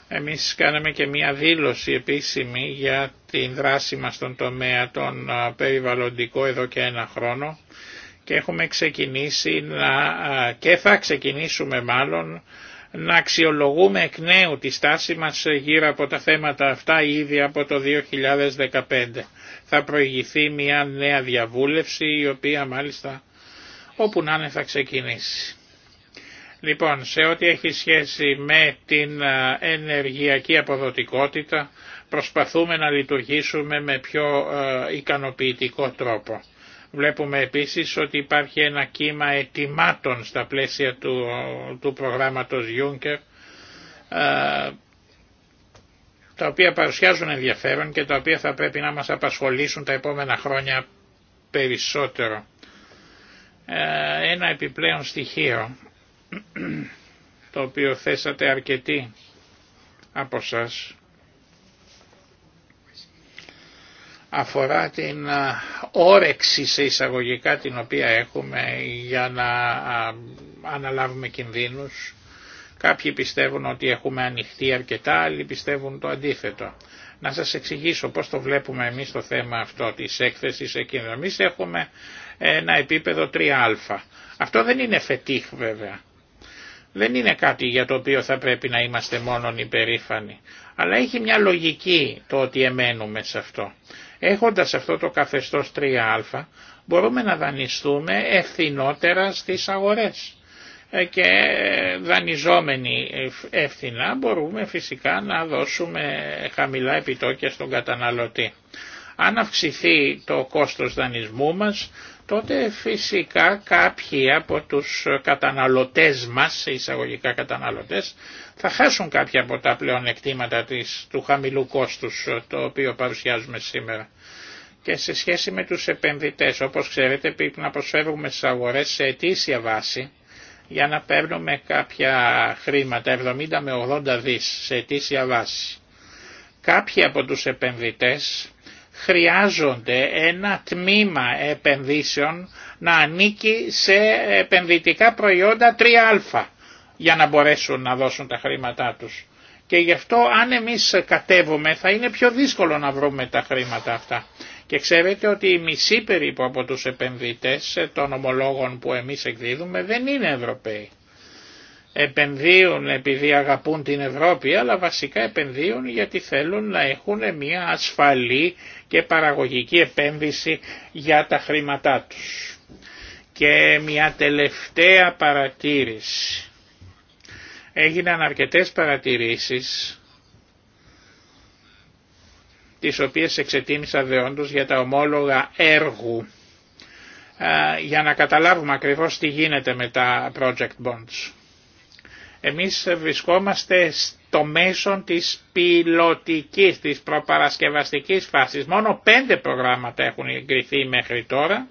εμείς κάναμε και μία δήλωση επίσημη για την δράση μας στον τομέα των περιβαλλοντικό εδώ και ένα χρόνο και έχουμε ξεκινήσει να, και θα ξεκινήσουμε μάλλον να αξιολογούμε εκ νέου τη στάση μας γύρω από τα θέματα αυτά ήδη από το 2015. Θα προηγηθεί μια νέα διαβούλευση η οποία μάλιστα όπου να είναι θα ξεκινήσει. Λοιπόν, σε ό,τι έχει σχέση με την ε, ενεργειακή αποδοτικότητα, προσπαθούμε να λειτουργήσουμε με πιο ε, ικανοποιητικό τρόπο. Βλέπουμε επίσης ότι υπάρχει ένα κύμα ετοιμάτων στα πλαίσια του, του προγράμματος Juncker, ε, τα οποία παρουσιάζουν ενδιαφέρον και τα οποία θα πρέπει να μας απασχολήσουν τα επόμενα χρόνια περισσότερο. Ένα επιπλέον στοιχείο το οποίο θέσατε αρκετοί από σας αφορά την όρεξη σε εισαγωγικά την οποία έχουμε για να αναλάβουμε κινδύνους. Κάποιοι πιστεύουν ότι έχουμε ανοιχτεί αρκετά, άλλοι πιστεύουν το αντίθετο. Να σας εξηγήσω πώς το βλέπουμε εμείς το θέμα αυτό της εκθεσης κινδυνο εκείνη. Εμείς έχουμε ένα επίπεδο 3α. Αυτό δεν είναι φετίχ βέβαια δεν είναι κάτι για το οποίο θα πρέπει να είμαστε μόνον υπερήφανοι, αλλά έχει μια λογική το ότι εμένουμε σε αυτό. Έχοντας αυτό το καθεστώς 3α μπορούμε να δανειστούμε ευθυνότερα στις αγορές ε, και δανειζόμενοι ευθυνά μπορούμε φυσικά να δώσουμε χαμηλά επιτόκια στον καταναλωτή. Αν αυξηθεί το κόστος δανεισμού μας τότε φυσικά κάποιοι από τους καταναλωτές μας, εισαγωγικά καταναλωτές, θα χάσουν κάποια από τα πλεονεκτήματα της, του χαμηλού κόστους ε, το οποίο παρουσιάζουμε σήμερα. Και σε σχέση με τους επενδυτές, όπως ξέρετε πρέπει να προσφέρουμε στις αγορές σε αιτήσια βάση για να παίρνουμε κάποια χρήματα, 70 με 80 δις σε αιτήσια βάση. Κάποιοι από τους επενδυτές χρειάζονται ένα τμήμα επενδύσεων να ανήκει σε επενδυτικά προϊόντα 3α για να μπορέσουν να δώσουν τα χρήματά τους. Και γι' αυτό αν εμείς κατέβουμε θα είναι πιο δύσκολο να βρούμε τα χρήματα αυτά. Και ξέρετε ότι η μισή περίπου από τους επενδυτές των ομολόγων που εμείς εκδίδουμε δεν είναι Ευρωπαίοι επενδύουν επειδή αγαπούν την Ευρώπη, αλλά βασικά επενδύουν γιατί θέλουν να έχουν μια ασφαλή και παραγωγική επένδυση για τα χρήματά τους. Και μια τελευταία παρατήρηση. Έγιναν αρκετές παρατηρήσεις, τις οποίες εξετίμησα δεόντως για τα ομόλογα έργου, για να καταλάβουμε ακριβώς τι γίνεται με τα project bonds. Εμείς βρισκόμαστε στο μέσο της πιλωτικής, της προπαρασκευαστικής φάσης. Μόνο πέντε προγράμματα έχουν εγκριθεί μέχρι τώρα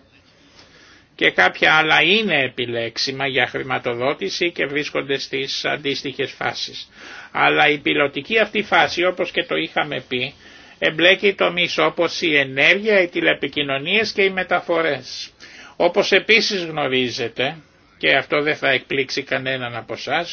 και κάποια άλλα είναι επιλέξιμα για χρηματοδότηση και βρίσκονται στις αντίστοιχες φάσεις. Αλλά η πιλωτική αυτή φάση, όπως και το είχαμε πει, εμπλέκει τομείς όπως η ενέργεια, οι τηλεπικοινωνίες και οι μεταφορές. Όπως επίσης γνωρίζετε, και αυτό δεν θα εκπλήξει κανέναν από εσά,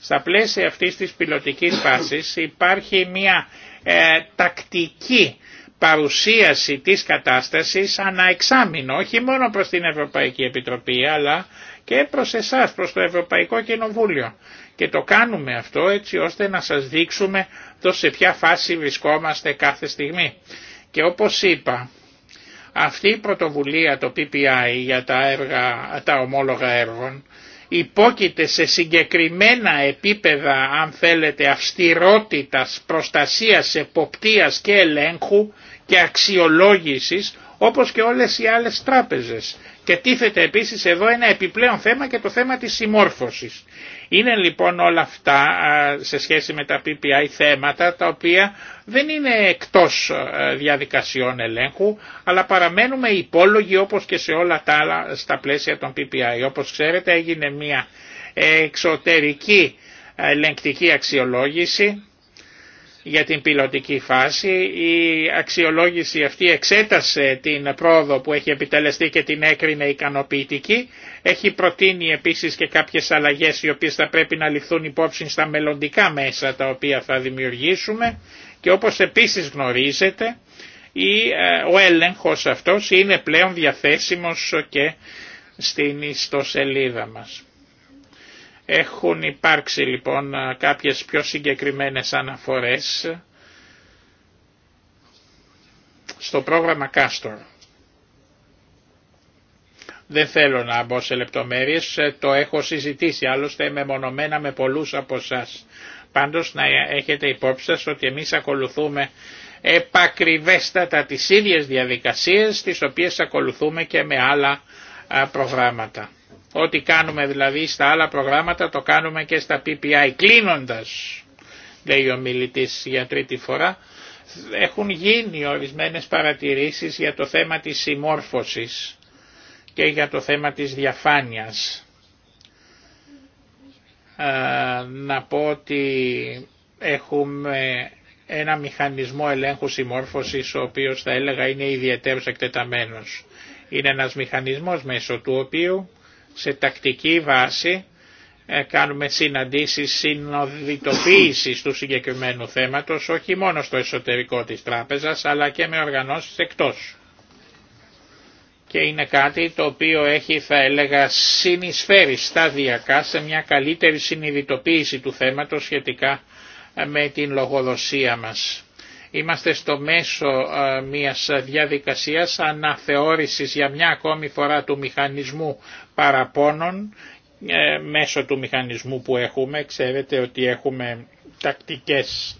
στα πλαίσια αυτής της πιλωτικής φάσης υπάρχει μια ε, τακτική παρουσίαση της κατάστασης αναεξάμεινο, όχι μόνο προς την Ευρωπαϊκή Επιτροπή, αλλά και προς εσάς, προς το Ευρωπαϊκό Κοινοβούλιο. Και το κάνουμε αυτό έτσι ώστε να σας δείξουμε το σε ποια φάση βρισκόμαστε κάθε στιγμή. Και όπως είπα, αυτή η πρωτοβουλία, το PPI για τα, έργα, τα ομόλογα έργων, υπόκειται σε συγκεκριμένα επίπεδα αν θέλετε αυστηρότητας, προστασίας, εποπτείας και ελέγχου και αξιολόγησης όπως και όλες οι άλλες τράπεζες. Και τίθεται επίσης εδώ ένα επιπλέον θέμα και το θέμα της συμμόρφωσης. Είναι λοιπόν όλα αυτά σε σχέση με τα PPI θέματα τα οποία δεν είναι εκτός διαδικασιών ελέγχου αλλά παραμένουμε υπόλογοι όπως και σε όλα τα άλλα στα πλαίσια των PPI. Όπως ξέρετε έγινε μια εξωτερική ελεγκτική αξιολόγηση για την πιλωτική φάση. Η αξιολόγηση αυτή εξέτασε την πρόοδο που έχει επιτελεστεί και την έκρινε ικανοποιητική έχει προτείνει επίσης και κάποιες αλλαγές οι οποίες θα πρέπει να ληφθούν υπόψη στα μελλοντικά μέσα τα οποία θα δημιουργήσουμε και όπως επίσης γνωρίζετε ε, ο έλεγχος αυτός είναι πλέον διαθέσιμος και στην ιστοσελίδα μας. Έχουν υπάρξει λοιπόν ε, κάποιες πιο συγκεκριμένες αναφορές στο πρόγραμμα Κάστορ. Δεν θέλω να μπω σε λεπτομέρειες, ε, το έχω συζητήσει άλλωστε μεμονωμένα με πολλούς από εσά. Πάντως να έχετε υπόψη σας ότι εμείς ακολουθούμε επακριβέστατα τις ίδιες διαδικασίες τις οποίες ακολουθούμε και με άλλα προγράμματα. Ό,τι κάνουμε δηλαδή στα άλλα προγράμματα το κάνουμε και στα PPI. Κλείνοντας, λέει ο μιλητής για τρίτη φορά, έχουν γίνει ορισμένες παρατηρήσεις για το θέμα της συμμόρφωσης και για το θέμα της διαφάνειας. Να πω ότι έχουμε ένα μηχανισμό ελέγχου συμμόρφωσης ο οποίος θα έλεγα είναι ιδιαίτερος εκτεταμένος. Είναι ένας μηχανισμός μέσω του οποίου σε τακτική βάση ε, κάνουμε συναντήσεις συνοδητοποίησης του συγκεκριμένου θέματος όχι μόνο στο εσωτερικό της τράπεζας αλλά και με οργανώσεις εκτός και είναι κάτι το οποίο έχει θα έλεγα συνεισφέρει σταδιακά σε μια καλύτερη συνειδητοποίηση του θέματος σχετικά ε, με την λογοδοσία μας. Είμαστε στο μέσο ε, μιας διαδικασίας αναθεώρησης για μια ακόμη φορά του μηχανισμού παραπώνων, ε, μέσω του μηχανισμού που έχουμε, ξέρετε ότι έχουμε τακτικές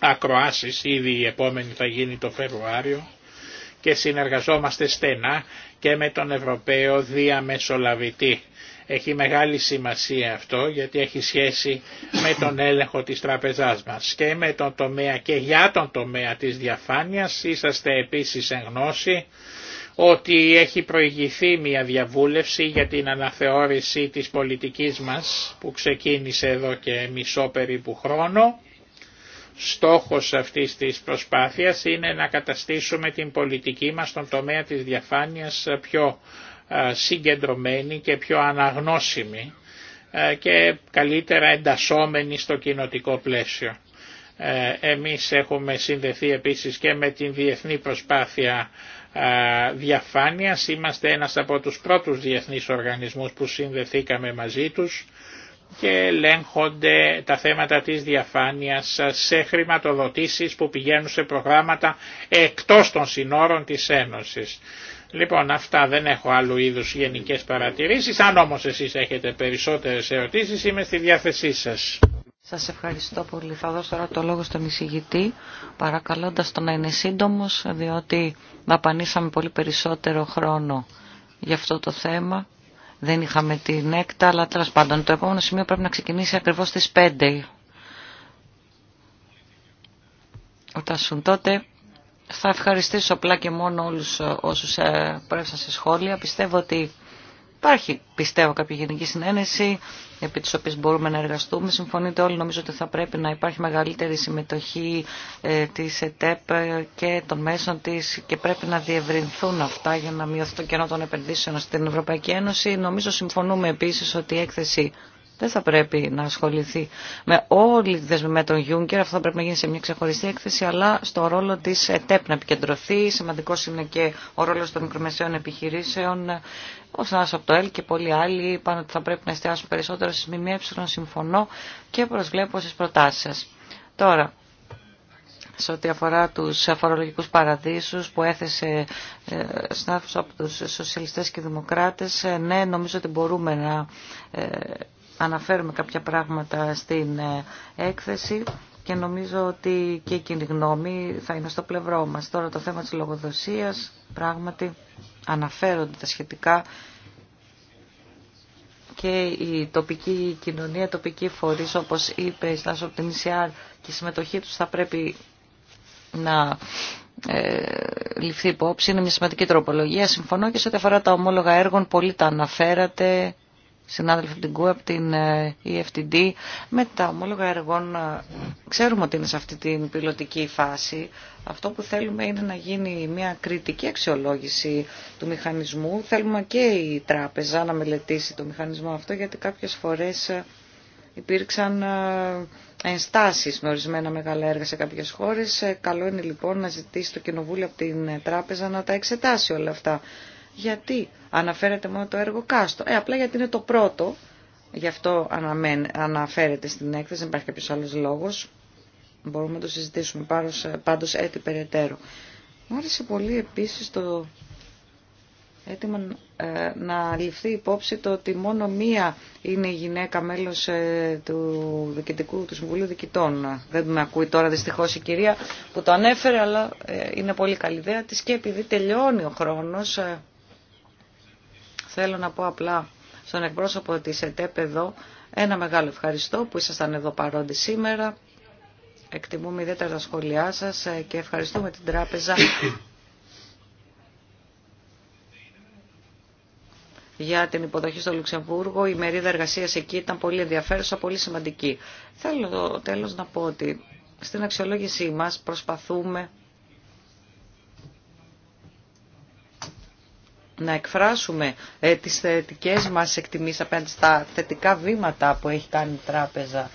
ακροάσεις, ήδη η επόμενη θα γίνει το Φεβρουάριο, και συνεργαζόμαστε στενά και με τον Ευρωπαίο Διαμεσολαβητή. Έχει μεγάλη σημασία αυτό γιατί έχει σχέση με τον έλεγχο της τραπεζάς μας και με τον τομέα και για τον τομέα της διαφάνειας είσαστε επίσης εν γνώση ότι έχει προηγηθεί μια διαβούλευση για την αναθεώρηση της πολιτικής μας που ξεκίνησε εδώ και μισό περίπου χρόνο Στόχος αυτής της προσπάθειας είναι να καταστήσουμε την πολιτική μας στον τομέα της διαφάνειας πιο ε, συγκεντρωμένη και πιο αναγνώσιμη ε, και καλύτερα εντασσόμενη στο κοινοτικό πλαίσιο. Ε, εμείς έχουμε συνδεθεί επίσης και με την διεθνή προσπάθεια διαφάνειας. Είμαστε ένας από τους πρώτους διεθνείς οργανισμούς που συνδεθήκαμε μαζί τους και ελέγχονται τα θέματα της διαφάνειας σε χρηματοδοτήσεις που πηγαίνουν σε προγράμματα εκτός των συνόρων της Ένωσης. Λοιπόν, αυτά δεν έχω άλλου είδους γενικές παρατηρήσεις. Αν όμως εσείς έχετε περισσότερες ερωτήσεις, είμαι στη διάθεσή σας. Σας ευχαριστώ πολύ. Θα δώσω τώρα το λόγο στον εισηγητή, παρακαλώντας τον να είναι σύντομο, διότι δαπανίσαμε πολύ περισσότερο χρόνο για αυτό το θέμα δεν είχαμε την έκτα, αλλά τέλο πάντων το επόμενο σημείο πρέπει να ξεκινήσει ακριβώ στι 5. Όταν σου τότε θα ευχαριστήσω απλά και μόνο όλου ε, όσου ε, προέβησαν σε σχόλια. Πιστεύω ότι Υπάρχει, πιστεύω, κάποια γενική συνένεση επί τη οποία μπορούμε να εργαστούμε. Συμφωνείτε όλοι, νομίζω ότι θα πρέπει να υπάρχει μεγαλύτερη συμμετοχή ε, της ΕΤΕΠ και των μέσων της και πρέπει να διευρυνθούν αυτά για να μειωθεί το κενό των επενδύσεων στην Ευρωπαϊκή Ένωση. Νομίζω συμφωνούμε επίσης ότι η έκθεση δεν θα πρέπει να ασχοληθεί με όλη τη δεσμευμένη τον Γιούγκερ, αυτό θα πρέπει να γίνει σε μια ξεχωριστή έκθεση, αλλά στο ρόλο τη ΕΤΕΠ να επικεντρωθεί. Σημαντικό είναι και ο ρόλο των μικρομεσαίων επιχειρήσεων. Ο Σνάσο από το ΕΛ και πολλοί άλλοι είπαν ότι θα πρέπει να εστιάσουν περισσότερο στι ΜΜΕ. Συμφωνώ και προσβλέπω στι προτάσει σα. Τώρα, σε ό,τι αφορά τους αφορολογικού παραδείσους που έθεσε ε, από τους σοσιαλιστές και δημοκράτες. Ε, ναι, νομίζω ότι μπορούμε να ε, αναφέρουμε κάποια πράγματα στην ε, έκθεση και νομίζω ότι και η κοινή γνώμη θα είναι στο πλευρό μας. Τώρα το θέμα της λογοδοσίας, πράγματι αναφέρονται τα σχετικά και η τοπική κοινωνία, η τοπική φορείς όπως είπε η Στάσο και η συμμετοχή τους θα πρέπει να ε, ληφθεί υπόψη. Είναι μια σημαντική τροπολογία. Συμφωνώ και σε ό,τι αφορά τα ομόλογα έργων πολύ τα αναφέρατε συνάδελφοι από την ΚΟΥ, από την ε, EFTD, με τα ομόλογα εργών ε, ξέρουμε ότι είναι σε αυτή την πιλωτική φάση. Αυτό που θέλουμε είναι να γίνει μια κριτική αξιολόγηση του μηχανισμού. Θέλουμε και η τράπεζα να μελετήσει το μηχανισμό αυτό, γιατί κάποιες φορές ε, υπήρξαν ενστάσεις με ορισμένα μεγάλα έργα σε κάποιες χώρες. Καλό είναι λοιπόν να ζητήσει το Κοινοβούλιο από την τράπεζα να τα εξετάσει όλα αυτά γιατί αναφέρεται μόνο το έργο Κάστο. Ε, απλά γιατί είναι το πρώτο, γι' αυτό αναφέρεται στην έκθεση, δεν υπάρχει κάποιο άλλο λόγο. Μπορούμε να το συζητήσουμε πάντω έτσι περαιτέρω. Μου άρεσε πολύ επίση το έτοιμο ε, να ληφθεί υπόψη το ότι μόνο μία είναι η γυναίκα μέλος ε, του Διοικητικού του Συμβουλίου Διοικητών. Δεν με ακούει τώρα δυστυχώς η κυρία που το ανέφερε, αλλά ε, είναι πολύ καλή ιδέα της και επειδή τελειώνει ο χρόνος, Θέλω να πω απλά στον εκπρόσωπο της ΕΤΕΠ εδώ ένα μεγάλο ευχαριστώ που ήσασταν εδώ παρόντι σήμερα. Εκτιμούμε ιδιαίτερα τα σχόλιά σας ε, και ευχαριστούμε την τράπεζα για την υποδοχή στο Λουξεμβούργο. Η μερίδα εργασίας εκεί ήταν πολύ ενδιαφέρουσα, πολύ σημαντική. Θέλω τέλος να πω ότι στην αξιολόγησή μας προσπαθούμε να εκφράσουμε ε, τις θετικές μας εκτιμήσεις απέναντι στα θετικά βήματα που έχει κάνει η τράπεζα.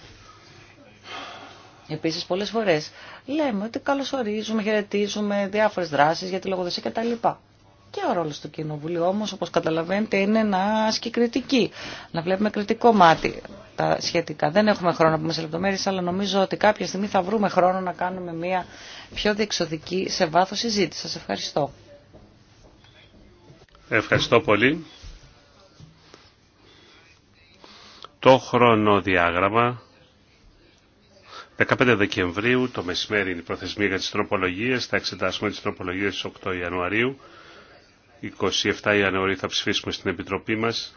Επίσης πολλές φορές λέμε ότι καλωσορίζουμε, χαιρετίζουμε διάφορες δράσεις για τη λογοδοσία κτλ. Και ο ρόλος του Κοινοβουλίου όμως, όπως καταλαβαίνετε, είναι να ασκεί κριτική. Να βλέπουμε κριτικό μάτι τα σχετικά. Δεν έχουμε χρόνο να πούμε σε λεπτομέρειες, αλλά νομίζω ότι κάποια στιγμή θα βρούμε χρόνο να κάνουμε μια πιο διεξοδική σε βάθος συζήτηση. Σας ευχαριστώ. Ευχαριστώ πολύ. Το χρονοδιάγραμμα 15 Δεκεμβρίου, το μεσημέρι είναι η προθεσμία για τις τροπολογίες, θα εξετάσουμε τις τροπολογίες 8 Ιανουαρίου, 27 Ιανουαρίου θα ψηφίσουμε στην Επιτροπή μας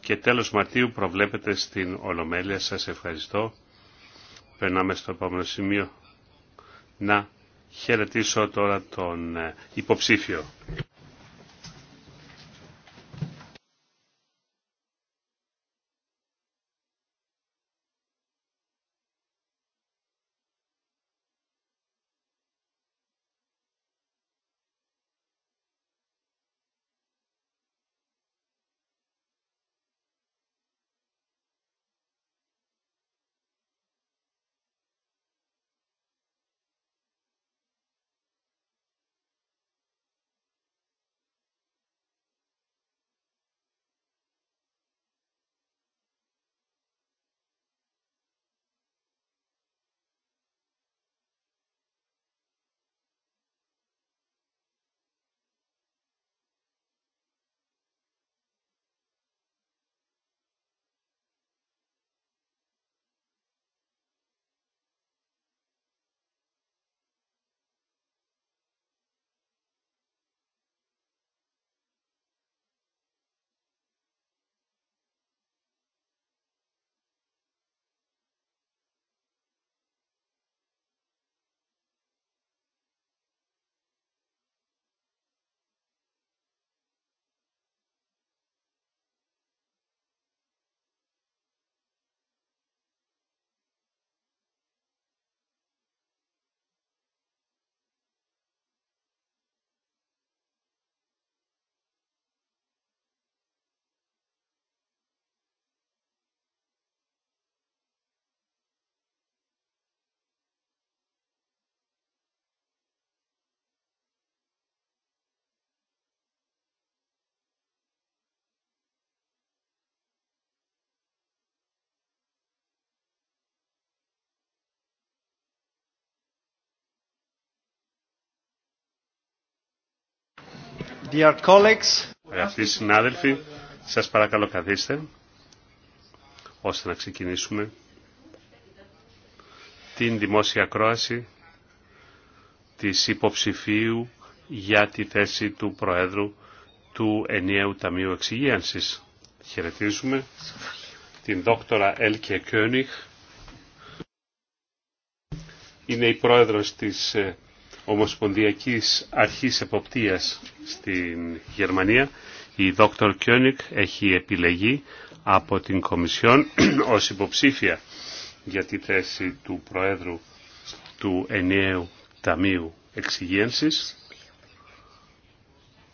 και τέλος Μαρτίου προβλέπετε στην Ολομέλεια. Σας ευχαριστώ. Περνάμε στο επόμενο σημείο. Να χαιρετήσω τώρα τον ε, υποψήφιο. Αγαπητοί συνάδελφοι, σας παρακαλώ καθίστε, ώστε να ξεκινήσουμε την δημόσια ακρόαση της υποψηφίου για τη θέση του Προέδρου του Ενιαίου Ταμείου Εξυγίανσης. Χαιρετίζουμε την Δόκτορα Έλκε Κιόνιχ. Είναι η πρόεδρος της ε, Ομοσπονδιακής Αρχής Εποπτείας στην Γερμανία, η Δόκτωρ Κιόνικ έχει επιλεγεί από την Κομισιόν *clears throat* ως υποψήφια για τη θέση του Προέδρου του Ενιαίου Ταμείου Εξυγένσης,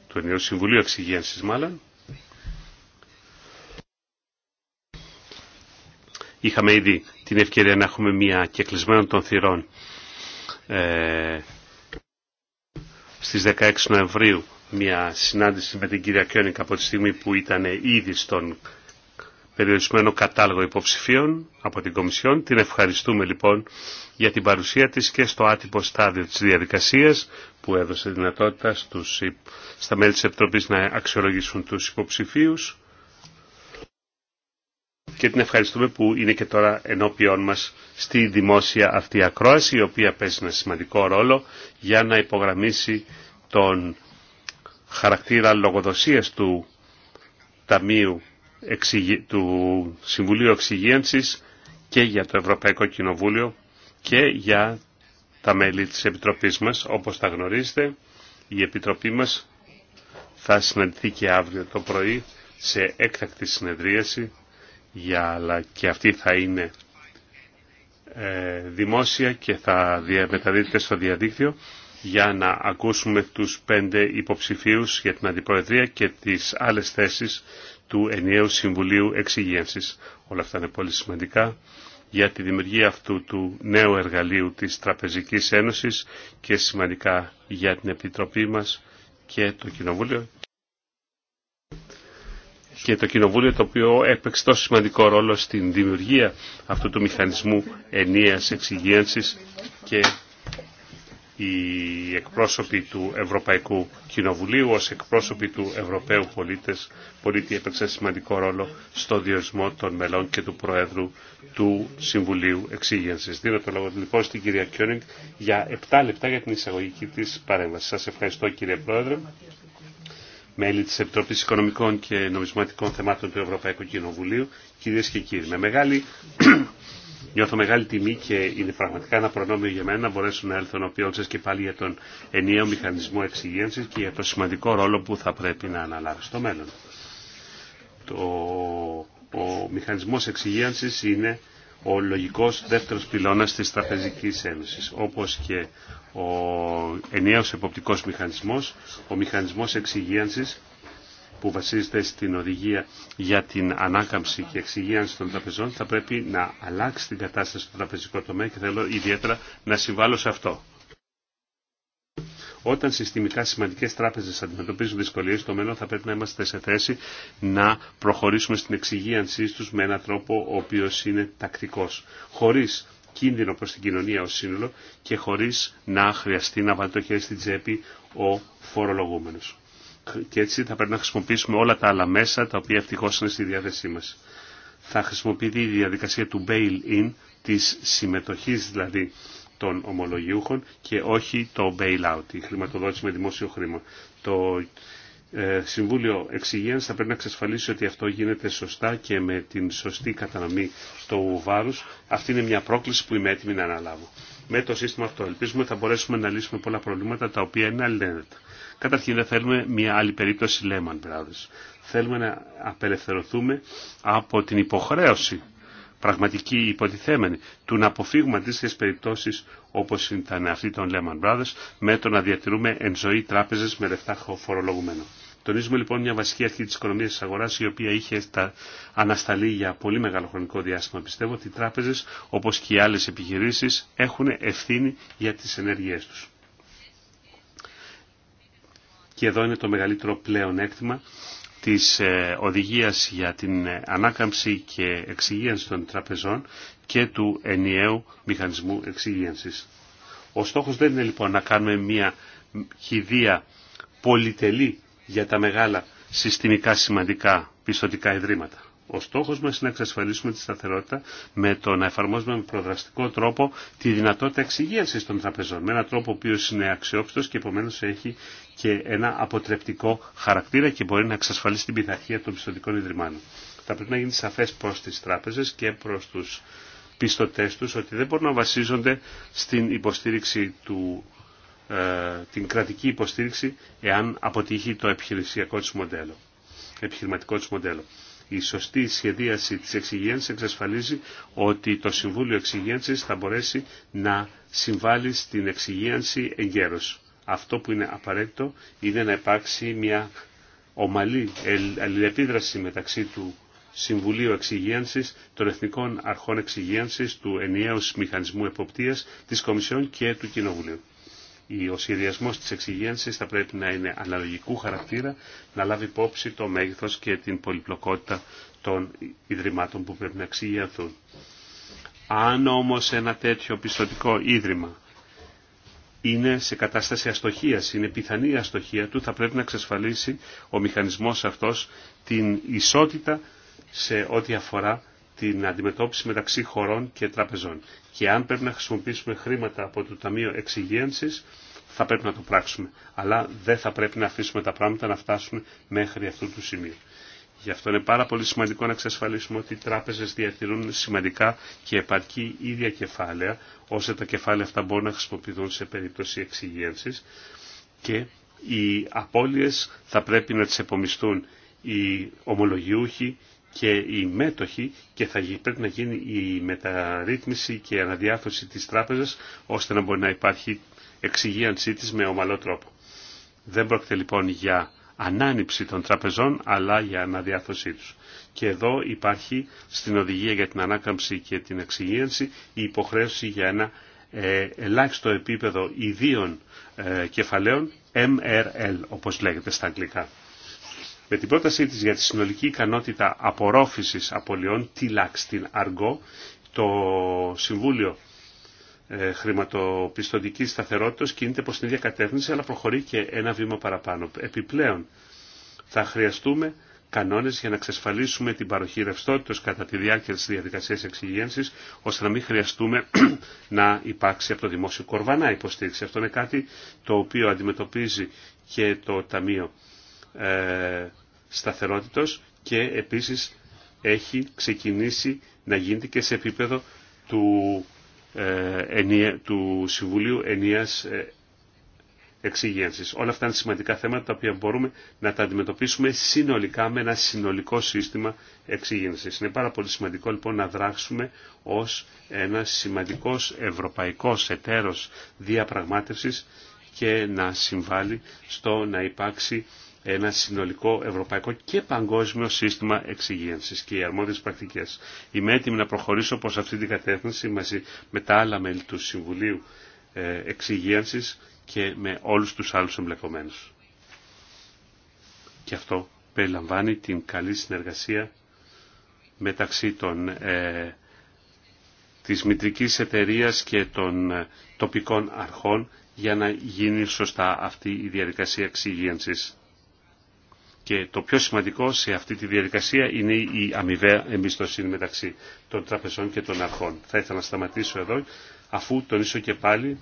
του Ενιαίου Συμβουλίου Εξυγένσης μάλλον. Είχαμε ήδη την ευκαιρία να έχουμε μια κεκλεισμένο των θυρών ε, στις 16 Νοεμβρίου μια συνάντηση με την κυρία Κιόνικ από τη στιγμή που ήταν ήδη στον περιορισμένο κατάλογο υποψηφίων από την Κομισιόν. Την ευχαριστούμε λοιπόν για την παρουσία της και στο άτυπο στάδιο της διαδικασίας που έδωσε δυνατότητα στους, στα μέλη της Επιτροπής να αξιολογήσουν τους υποψηφίους και την ευχαριστούμε που είναι και τώρα ενώπιόν μας στη δημόσια αυτή ακρόαση η οποία παίζει ένα σημαντικό ρόλο για να υπογραμμίσει τον χαρακτήρα λογοδοσίας του Ταμείου του Συμβουλίου Εξυγίανσης και για το Ευρωπαϊκό Κοινοβούλιο και για τα μέλη της Επιτροπής μας. Όπως τα γνωρίζετε, η Επιτροπή μας θα συναντηθεί και αύριο το πρωί σε έκτακτη συνεδρίαση για, αλλά και αυτή θα είναι ε, δημόσια και θα μεταδίδεται στο διαδίκτυο για να ακούσουμε τους πέντε υποψηφίους για την Αντιπροεδρία και τις άλλες θέσεις του ενιαίου Συμβουλίου Εξυγένσης. Όλα αυτά είναι πολύ σημαντικά για τη δημιουργία αυτού του νέου εργαλείου της Τραπεζικής Ένωσης και σημαντικά για την Επιτροπή μας και το Κοινοβούλιο και το Κοινοβούλιο το οποίο έπαιξε τόσο σημαντικό ρόλο στην δημιουργία αυτού του μηχανισμού ενίας εξυγίανσης και οι εκπρόσωποι του Ευρωπαϊκού Κοινοβουλίου ως εκπρόσωποι του Ευρωπαίου πολίτες, πολίτη έπαιξε σημαντικό ρόλο στο διορισμό των μελών και του Προέδρου του Συμβουλίου Εξήγησης. Δίνω το λόγο λοιπόν στην κυρία Κιόνιγκ για 7 λεπτά για την εισαγωγική της παρέμβαση. Σας ευχαριστώ κύριε Πρόεδρε μέλη της Επιτροπής Οικονομικών και Νομισματικών Θεμάτων του Ευρωπαϊκού Κοινοβουλίου, κυρίες και κύριοι. Με μεγάλη, *clears throat* νιώθω μεγάλη τιμή και είναι πραγματικά ένα προνόμιο για μένα να μπορέσουν να έλθουν ο σας και πάλι για τον ενιαίο μηχανισμό εξυγένσης και για το σημαντικό ρόλο που θα πρέπει να αναλάβει στο μέλλον. Το, ο μηχανισμός εξυγένσης είναι ο λογικός δεύτερος πυλώνας της Τραπεζικής Ένωσης, όπως και ο ενιαίος εποπτικός μηχανισμός, ο μηχανισμός εξυγίανσης που βασίζεται στην οδηγία για την ανάκαμψη και εξυγίανση των τραπεζών θα πρέπει να αλλάξει την κατάσταση στο τραπεζικό τομέα και θέλω ιδιαίτερα να συμβάλλω σε αυτό. Όταν συστημικά σημαντικέ τράπεζε αντιμετωπίζουν δυσκολίε, στο μέλλον θα πρέπει να είμαστε σε θέση να προχωρήσουμε στην εξυγίανσή του με έναν τρόπο ο οποίο είναι τακτικό. Χωρί κίνδυνο προς την κοινωνία ως σύνολο και χωρίς να χρειαστεί να βάλει το χέρι στην τσέπη ο φορολογούμενος. Και έτσι θα πρέπει να χρησιμοποιήσουμε όλα τα άλλα μέσα τα οποία ευτυχώ είναι στη διάθεσή μας. Θα χρησιμοποιηθεί η διαδικασία του bail-in, της συμμετοχής δηλαδή των ομολογιούχων και όχι το bail-out, η χρηματοδότηση με δημόσιο χρήμα. Το ε, Συμβούλιο Εξυγείας θα πρέπει να εξασφαλίσει ότι αυτό γίνεται σωστά και με την σωστή κατανομή στο βάρους. Αυτή είναι μια πρόκληση που είμαι έτοιμη να αναλάβω. Με το σύστημα αυτό ελπίζουμε θα μπορέσουμε να λύσουμε πολλά προβλήματα τα οποία είναι αλληλένετα. Καταρχήν δεν θέλουμε μια άλλη περίπτωση Lehman Brothers. Θέλουμε να απελευθερωθούμε από την υποχρέωση πραγματική υποτιθέμενη του να αποφύγουμε αντίστοιχε περιπτώσεις όπως ήταν αυτή των Lehman Brothers με το να διατηρούμε εν ζωή τράπεζες με λεφτά φορολογουμένων. Τονίζουμε λοιπόν μια βασική αρχή της οικονομίας της αγοράς η οποία είχε τα ανασταλεί για πολύ μεγάλο χρονικό διάστημα. Πιστεύω ότι οι τράπεζες όπως και οι άλλες επιχειρήσεις έχουν ευθύνη για τις ενέργειές τους. Και εδώ είναι το μεγαλύτερο πλέον έκτημα της ε, οδηγίας για την ε, ανάκαμψη και εξυγίανση των τραπεζών και του ενιαίου μηχανισμού εξυγίανσης. Ο στόχος δεν είναι λοιπόν να κάνουμε μια χιδία πολυτελή για τα μεγάλα συστημικά σημαντικά πιστοτικά ιδρύματα. Ο στόχος μας είναι να εξασφαλίσουμε τη σταθερότητα με το να εφαρμόζουμε με προδραστικό τρόπο τη δυνατότητα εξυγίανσης των τραπεζών. Με έναν τρόπο ο οποίος είναι αξιόπιστος και επομένως έχει και ένα αποτρεπτικό χαρακτήρα και μπορεί να εξασφαλίσει την πειθαρχία των πιστοτικών ιδρυμάτων. Θα πρέπει να γίνει σαφές προς τις τράπεζες και προς τους πιστωτές τους ότι δεν μπορούν να βασίζονται στην υποστήριξη του ε, την κρατική υποστήριξη εάν αποτύχει το μοντέλο, επιχειρηματικό της μοντέλο. Η σωστή σχεδίαση της εξυγένσης εξασφαλίζει ότι το Συμβούλιο Εξυγένσης θα μπορέσει να συμβάλλει στην εξυγένση εγκαίρως. Αυτό που είναι απαραίτητο είναι να υπάρξει μια ομαλή αλληλεπίδραση μεταξύ του Συμβουλίου Εξυγίανσης, των Εθνικών Αρχών Εξυγίανσης, του Ενιαίου Μηχανισμού Εποπτείας, της Κομισιόν και του Κοινοβουλίου ο σχεδιασμός της εξυγένσης θα πρέπει να είναι αναλογικού χαρακτήρα, να λάβει υπόψη το μέγεθος και την πολυπλοκότητα των ιδρυμάτων που πρέπει να εξηγιαθούν. Αν όμως ένα τέτοιο πιστοτικό ίδρυμα είναι σε κατάσταση αστοχίας, είναι πιθανή η αστοχία του, θα πρέπει να εξασφαλίσει ο μηχανισμός αυτός την ισότητα σε ό,τι αφορά την αντιμετώπιση μεταξύ χωρών και τραπεζών. Και αν πρέπει να χρησιμοποιήσουμε χρήματα από το Ταμείο Εξυγίανσης, θα πρέπει να το πράξουμε. Αλλά δεν θα πρέπει να αφήσουμε τα πράγματα να φτάσουν μέχρι αυτού του σημείου. Γι' αυτό είναι πάρα πολύ σημαντικό να εξασφαλίσουμε ότι οι τράπεζε διατηρούν σημαντικά και επαρκή ίδια κεφάλαια, ώστε τα κεφάλαια αυτά μπορούν να χρησιμοποιηθούν σε περίπτωση εξυγίανση και οι απώλειες θα πρέπει να τι επομιστούν οι ομολογιούχοι και οι μέτοχοι και θα πρέπει να γίνει η μεταρρύθμιση και η αναδιάθρωση της τράπεζας ώστε να μπορεί να υπάρχει εξυγίανσή της με ομαλό τρόπο. Δεν πρόκειται λοιπόν για ανάνυψη των τραπεζών αλλά για αναδιάθρωσή τους. Και εδώ υπάρχει στην οδηγία για την ανάκαμψη και την εξυγίανση η υποχρέωση για ένα ε, ελάχιστο επίπεδο ιδίων ε, κεφαλαίων MRL όπως λέγεται στα αγγλικά. Με την πρότασή της για τη συνολική ικανότητα απορρόφησης απολειών, TILAC την αργό, το Συμβούλιο ε, Χρηματοπιστωτικής Σταθερότητας κινείται προς την ίδια κατεύθυνση, αλλά προχωρεί και ένα βήμα παραπάνω. Επιπλέον, θα χρειαστούμε κανόνες για να εξασφαλίσουμε την παροχή ρευστότητα κατά τη διάρκεια της διαδικασίας εξυγένσης, ώστε να μην χρειαστούμε *clears throat* να υπάρξει από το δημόσιο κορβανά υποστήριξη. Αυτό είναι κάτι το οποίο αντιμετωπίζει και το Ταμείο ε, σταθερότητος και επίσης έχει ξεκινήσει να γίνεται και σε επίπεδο του, ε, ενία, του Συμβουλίου Ενίας Εξήγενσης. Όλα αυτά είναι σημαντικά θέματα τα οποία μπορούμε να τα αντιμετωπίσουμε συνολικά με ένα συνολικό σύστημα εξήγενσης. Είναι πάρα πολύ σημαντικό λοιπόν να δράξουμε ως ένα σημαντικός ευρωπαϊκός εταίρος διαπραγμάτευσης και να συμβάλλει στο να υπάρξει ένα συνολικό ευρωπαϊκό και παγκόσμιο σύστημα εξυγίανση και οι αρμόδιες πρακτικές. Είμαι έτοιμη να προχωρήσω πως αυτή την κατεύθυνση μαζί με τα άλλα μέλη του Συμβουλίου ε, Εξυγίανση και με όλους τους άλλου εμπλεκομένου. Και αυτό περιλαμβάνει την καλή συνεργασία μεταξύ των, ε, της μητρικής εταιρείας και των ε, τοπικών αρχών για να γίνει σωστά αυτή η διαδικασία εξυγίανσης. Και το πιο σημαντικό σε αυτή τη διαδικασία είναι η αμοιβαία εμπιστοσύνη μεταξύ των τραπεζών και των αρχών. Θα ήθελα να σταματήσω εδώ, αφού τονίσω και πάλι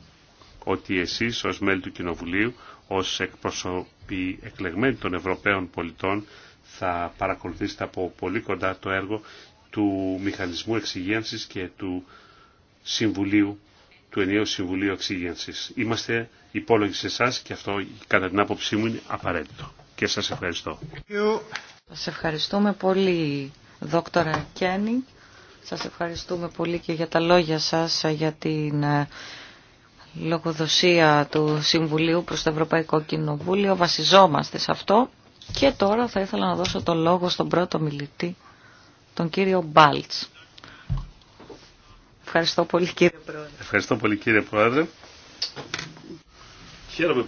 ότι εσείς ως μέλη του Κοινοβουλίου, ως εκπροσωποί εκλεγμένοι των Ευρωπαίων πολιτών, θα παρακολουθήσετε από πολύ κοντά το έργο του Μηχανισμού Εξυγένσης και του Συμβουλίου, του Ενίου Συμβουλίου Εξυγένσης. Είμαστε υπόλογοι σε εσά και αυτό κατά την άποψή μου είναι απαραίτητο και σας ευχαριστώ. Σας ευχαριστούμε πολύ δόκτωρα Κένι. Σας ευχαριστούμε πολύ και για τα λόγια σας για την ε, λογοδοσία του Συμβουλίου προς το Ευρωπαϊκό Κοινοβούλιο. Βασιζόμαστε σε αυτό. Και τώρα θα ήθελα να δώσω το λόγο στον πρώτο μιλητή, τον κύριο Μπάλτς. Ευχαριστώ πολύ κύριε Πρόεδρε. Ευχαριστώ πολύ κύριε Πρόεδρε. Χαίρομαι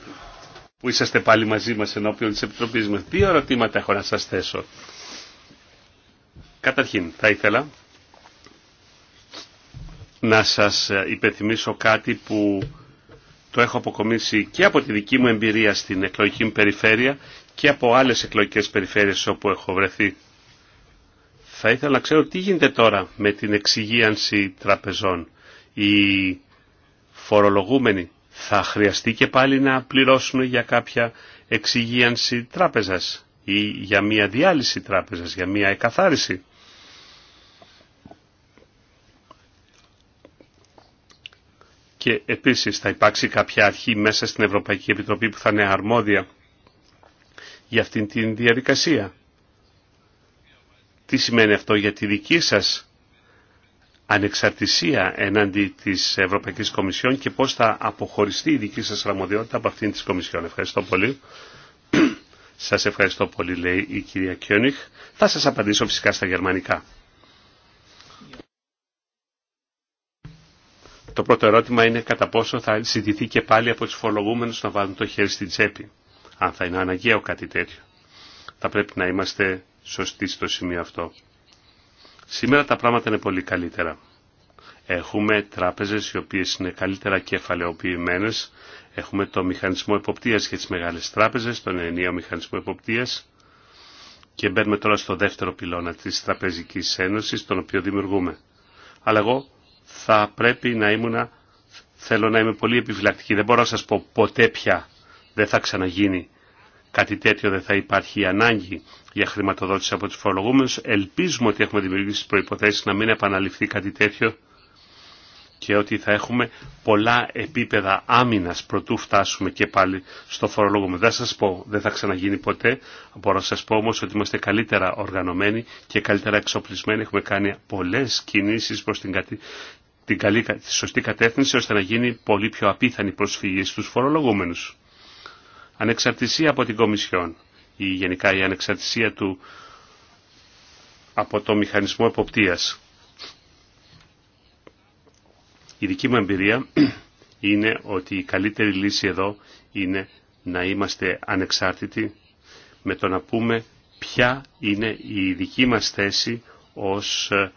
που είσαστε πάλι μαζί μας ενώπιον της Επιτροπής μας. Δύο ερωτήματα έχω να σας θέσω. Καταρχήν, θα ήθελα να σας υπενθυμίσω κάτι που το έχω αποκομίσει και από τη δική μου εμπειρία στην εκλογική μου περιφέρεια και από άλλες εκλογικές περιφέρειες όπου έχω βρεθεί. Θα ήθελα να ξέρω τι γίνεται τώρα με την εξυγίανση τραπεζών. Οι φορολογούμενοι θα χρειαστεί και πάλι να πληρώσουν για κάποια εξυγίανση τράπεζας ή για μια διάλυση τράπεζας, για μια εκαθάριση. Και επίσης θα υπάρξει κάποια αρχή μέσα στην Ευρωπαϊκή Επιτροπή που θα είναι αρμόδια για αυτήν την διαδικασία. Τι σημαίνει αυτό για τη δική σας ανεξαρτησία εναντί της Ευρωπαϊκής Κομισιόν και πώς θα αποχωριστεί η δική σας αρμοδιότητα από αυτήν της Κομισιόν. Ευχαριστώ πολύ. *clears throat* σας ευχαριστώ πολύ, λέει η κυρία Κιόνιχ. Θα σας απαντήσω φυσικά στα γερμανικά. Το πρώτο ερώτημα είναι κατά πόσο θα συντηθεί και πάλι από τους φορολογούμενους να βάλουν το χέρι στην τσέπη. Αν θα είναι αναγκαίο κάτι τέτοιο. Θα πρέπει να είμαστε σωστοί στο σημείο αυτό. Σήμερα τα πράγματα είναι πολύ καλύτερα. Έχουμε τράπεζες οι οποίες είναι καλύτερα κεφαλαιοποιημένες. Έχουμε το μηχανισμό εποπτείας για τις μεγάλες τράπεζες, τον ενιαίο μηχανισμό εποπτείας. Και μπαίνουμε τώρα στο δεύτερο πυλώνα της Τραπεζικής Ένωσης, τον οποίο δημιουργούμε. Αλλά εγώ θα πρέπει να ήμουν, θέλω να είμαι πολύ επιφυλακτική. Δεν μπορώ να σας πω ποτέ πια δεν θα ξαναγίνει κάτι τέτοιο δεν θα υπάρχει ανάγκη για χρηματοδότηση από τους φορολογούμενους. Ελπίζουμε ότι έχουμε δημιουργήσει τις προϋποθέσεις να μην επαναληφθεί κάτι τέτοιο και ότι θα έχουμε πολλά επίπεδα άμυνας προτού φτάσουμε και πάλι στο φορολογούμενο. Δεν σας πω, δεν θα ξαναγίνει ποτέ. Μπορώ να σας πω όμως ότι είμαστε καλύτερα οργανωμένοι και καλύτερα εξοπλισμένοι. Έχουμε κάνει πολλές κινήσεις προς την, την καλή, τη σωστή κατεύθυνση ώστε να γίνει πολύ πιο απίθανη προσφυγή στους φορολογούμενους ανεξαρτησία από την Κομισιόν ή γενικά η ανεξαρτησία του από το μηχανισμό εποπτείας. Η δική μου εμπειρία *clears throat* είναι ότι η καλύτερη λύση εδώ είναι να είμαστε ανεξάρτητοι με το να πούμε ποια είναι η δική μας θέση ως ε,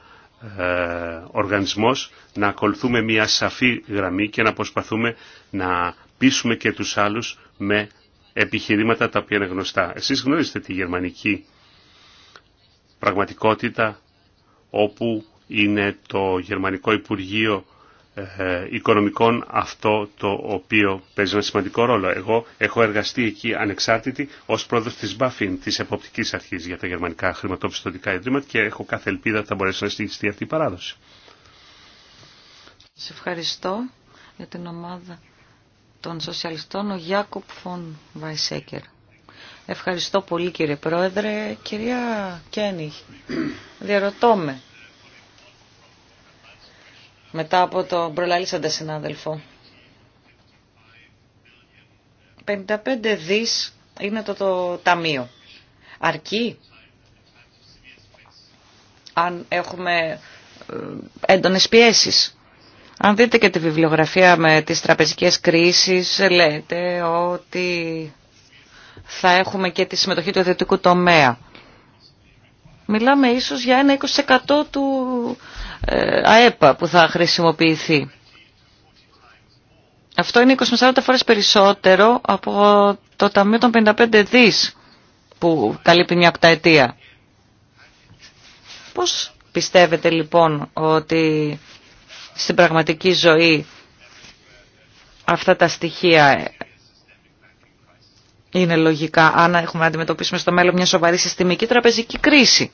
οργανισμός να ακολουθούμε μια σαφή γραμμή και να προσπαθούμε να πείσουμε και τους άλλους με επιχειρήματα τα οποία είναι γνωστά. Εσείς γνωρίζετε τη γερμανική πραγματικότητα όπου είναι το Γερμανικό Υπουργείο ε, Οικονομικών αυτό το οποίο παίζει ένα σημαντικό ρόλο. Εγώ έχω εργαστεί εκεί ανεξάρτητη ως πρόεδρος της BaFin, της Εποπτικής Αρχής για τα Γερμανικά Χρηματοπιστωτικά Ιδρύματα και έχω κάθε ελπίδα ότι θα μπορέσει να συνεχιστεί αυτή η παράδοση. Σε ευχαριστώ για την ομάδα των Σοσιαλιστών ο Φων Βαϊσέκερ. Ευχαριστώ πολύ κύριε Πρόεδρε. Κυρία Κένιχ, διαρωτώ με. Μετά από τον προλαλήσαντα συνάδελφο. 55 δις είναι το, το ταμείο. Αρκεί αν έχουμε ε, έντονες πιέσεις αν δείτε και τη βιβλιογραφία με τις τραπεζικές κρίσεις, λέτε ότι θα έχουμε και τη συμμετοχή του ιδιωτικού τομέα. Μιλάμε ίσως για ένα 20% του ε, ΑΕΠΑ που θα χρησιμοποιηθεί. Αυτό είναι 20 40 φορές περισσότερο από το Ταμείο των 55 δις που καλύπτει μια οκταετία. Πώς πιστεύετε λοιπόν ότι στην πραγματική ζωή αυτά τα στοιχεία είναι λογικά αν έχουμε να αντιμετωπίσουμε στο μέλλον μια σοβαρή συστημική τραπεζική κρίση.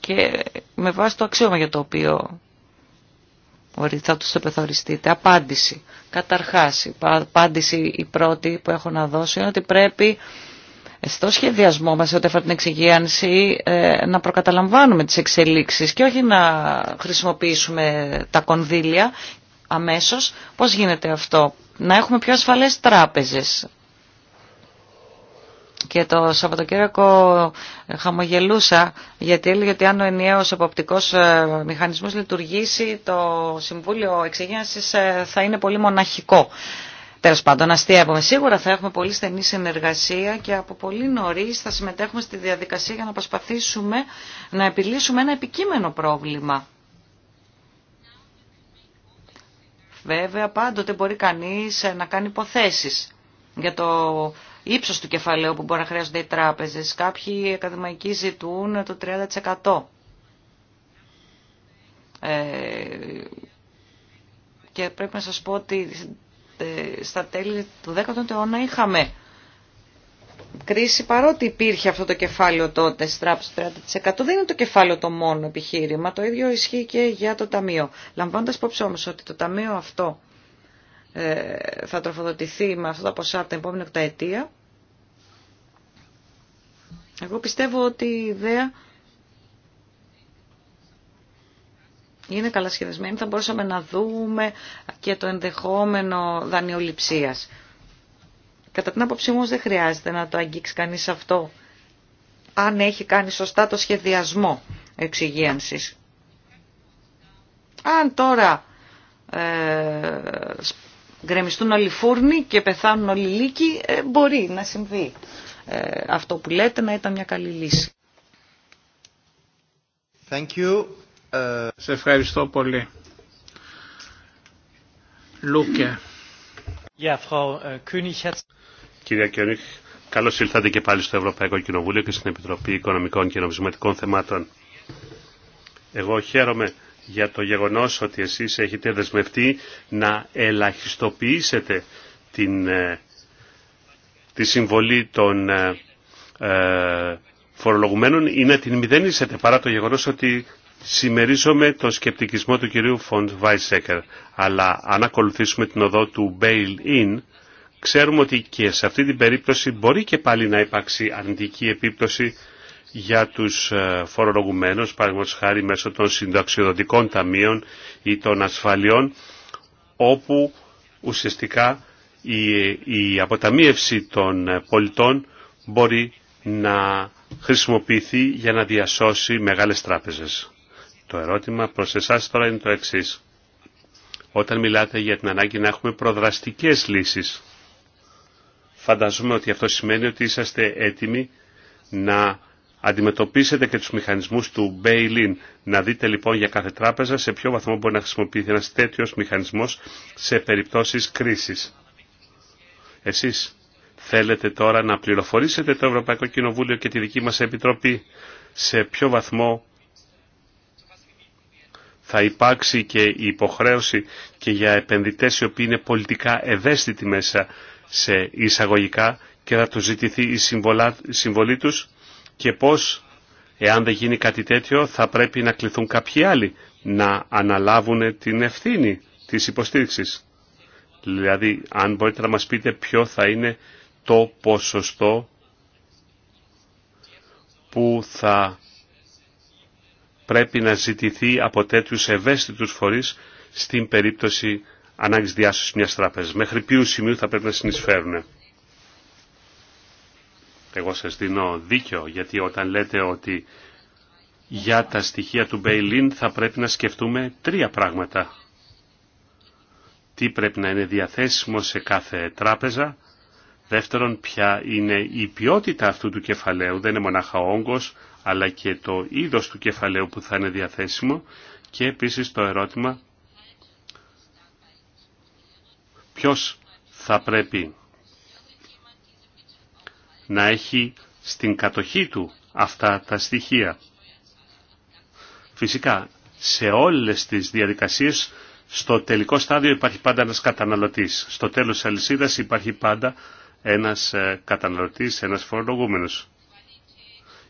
Και με βάση το αξίωμα για το οποίο θα τους επεθοριστείτε. Απάντηση. Καταρχάς, η απάντηση η πρώτη που έχω να δώσω είναι ότι πρέπει στο σχεδιασμό μας ό,τι αφορά την εξυγίανση ε, να προκαταλαμβάνουμε τις εξελίξεις και όχι να χρησιμοποιήσουμε τα κονδύλια αμέσως. Πώς γίνεται αυτό, να έχουμε πιο ασφαλές τράπεζες. Και το Σαββατοκύριακο χαμογελούσα γιατί έλεγε ότι αν ο ενιαίος εποπτικός ε, μηχανισμός λειτουργήσει το Συμβούλιο Εξυγίανσης ε, θα είναι πολύ μοναχικό. Τέλο πάντων, αστείευομαι. Σίγουρα θα έχουμε πολύ στενή συνεργασία και από πολύ νωρί θα συμμετέχουμε στη διαδικασία για να προσπαθήσουμε να επιλύσουμε ένα επικείμενο πρόβλημα. Βέβαια, πάντοτε μπορεί κανείς ε, να κάνει υποθέσει για το ύψος του κεφαλαίου που μπορεί να χρειάζονται οι τράπεζες. Κάποιοι ακαδημαϊκοί ζητούν το 30%. Ε, και πρέπει να σας πω ότι ε, στα τέλη του 10ου αιώνα είχαμε κρίση παρότι υπήρχε αυτό το κεφάλαιο τότε στράψη 30% δεν είναι το κεφάλαιο το μόνο επιχείρημα, το ίδιο ισχύει και για το ταμείο. Λαμβάνοντας υπόψη όμως ότι το ταμείο αυτό ε, θα τροφοδοτηθεί με αυτά τα ποσά από την επόμενη οκταετία, εγώ πιστεύω ότι η ιδέα είναι καλά θα μπορούσαμε να δούμε και το ενδεχόμενο δανειοληψίας. Κατά την άποψή μου δεν χρειάζεται να το αγγίξει κανείς αυτό, αν έχει κάνει σωστά το σχεδιασμό εξυγίανσης. Αν τώρα ε, γκρεμιστούν όλοι οι φούρνοι και πεθάνουν όλοι οι λύκοι, ε, μπορεί να συμβεί. Ε, αυτό που λέτε να ήταν μια καλή λύση. Thank σε ευχαριστώ πολύ. Λούκε. Uh, Κυρία Κιονίχ, καλώς ήλθατε και πάλι στο Ευρωπαϊκό Κοινοβούλιο και στην Επιτροπή Οικονομικών και Νομισματικών Θεμάτων. Εγώ χαίρομαι για το γεγονός ότι εσείς έχετε δεσμευτεί να ελαχιστοποιήσετε την, ε, τη συμβολή των ε, ε, φορολογουμένων ή να την μηδενίσετε παρά το γεγονός ότι Συμμερίζομαι το σκεπτικισμό του κυρίου Φοντ Βάισέκερ, αλλά αν ακολουθήσουμε την οδό του bail-in, ξέρουμε ότι και σε αυτή την περίπτωση μπορεί και πάλι να υπάρξει αρνητική επίπτωση για τους ε, φορολογουμένους, παραδείγματος χάρη μέσω των συνταξιοδοτικών ταμείων ή των ασφαλιών, όπου ουσιαστικά η, αποταμίευση των ε, πολιτών μπορεί να χρησιμοποιηθεί για να διασώσει μεγάλες τράπεζες. Το ερώτημα προς εσάς τώρα είναι το εξής. Όταν μιλάτε για την ανάγκη να έχουμε προδραστικές λύσεις, φανταζούμε ότι αυτό σημαίνει ότι είσαστε έτοιμοι να αντιμετωπίσετε και τους μηχανισμούς του bail-in. Να δείτε λοιπόν για κάθε τράπεζα σε ποιο βαθμό μπορεί να χρησιμοποιηθεί ένας τέτοιος μηχανισμός σε περιπτώσεις κρίσης. Εσείς θέλετε τώρα να πληροφορήσετε το Ευρωπαϊκό Κοινοβούλιο και τη δική μας Επιτροπή σε ποιο βαθμό θα υπάρξει και η υποχρέωση και για επενδυτές οι οποίοι είναι πολιτικά ευαίσθητοι μέσα σε εισαγωγικά και θα τους ζητηθεί η συμβολή τους και πώς, εάν δεν γίνει κάτι τέτοιο, θα πρέπει να κληθούν κάποιοι άλλοι να αναλάβουν την ευθύνη της υποστήριξης. Δηλαδή, αν μπορείτε να μας πείτε ποιο θα είναι το ποσοστό που θα πρέπει να ζητηθεί από τέτοιους ευαίσθητους φορείς στην περίπτωση ανάγκης διάσωσης μιας τράπεζας. Μέχρι ποιου σημείου θα πρέπει να συνεισφέρουν. Εγώ σας δίνω δίκιο γιατί όταν λέτε ότι για τα στοιχεία του Μπέιλιν θα πρέπει να σκεφτούμε τρία πράγματα. Τι πρέπει να είναι διαθέσιμο σε κάθε τράπεζα. Δεύτερον, ποια είναι η ποιότητα αυτού του κεφαλαίου. Δεν είναι μονάχα ο όγκος, αλλά και το είδος του κεφαλαίου που θα είναι διαθέσιμο και επίσης το ερώτημα ποιος θα πρέπει να έχει στην κατοχή του αυτά τα στοιχεία. Φυσικά, σε όλες τις διαδικασίες στο τελικό στάδιο υπάρχει πάντα ένας καταναλωτής. Στο τέλος της αλυσίδας υπάρχει πάντα ένας ε, καταναλωτής, ένας φορολογούμενος.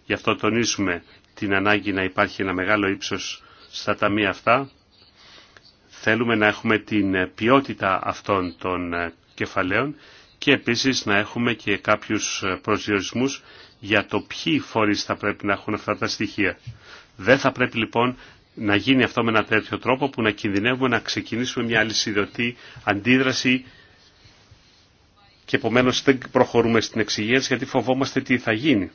Γι' αυτό τονίζουμε την ανάγκη να υπάρχει ένα μεγάλο ύψος στα ταμεία αυτά. Θέλουμε να έχουμε την ποιότητα αυτών των ε, κεφαλαίων και επίσης να έχουμε και κάποιους ε, προσδιορισμούς για το ποιοι φορείς θα πρέπει να έχουν αυτά τα στοιχεία. Δεν θα πρέπει λοιπόν να γίνει αυτό με ένα τέτοιο τρόπο που να κινδυνεύουμε να ξεκινήσουμε μια αλυσιδωτή αντίδραση και επομένως δεν προχωρούμε στην εξηγένση γιατί φοβόμαστε τι θα γίνει.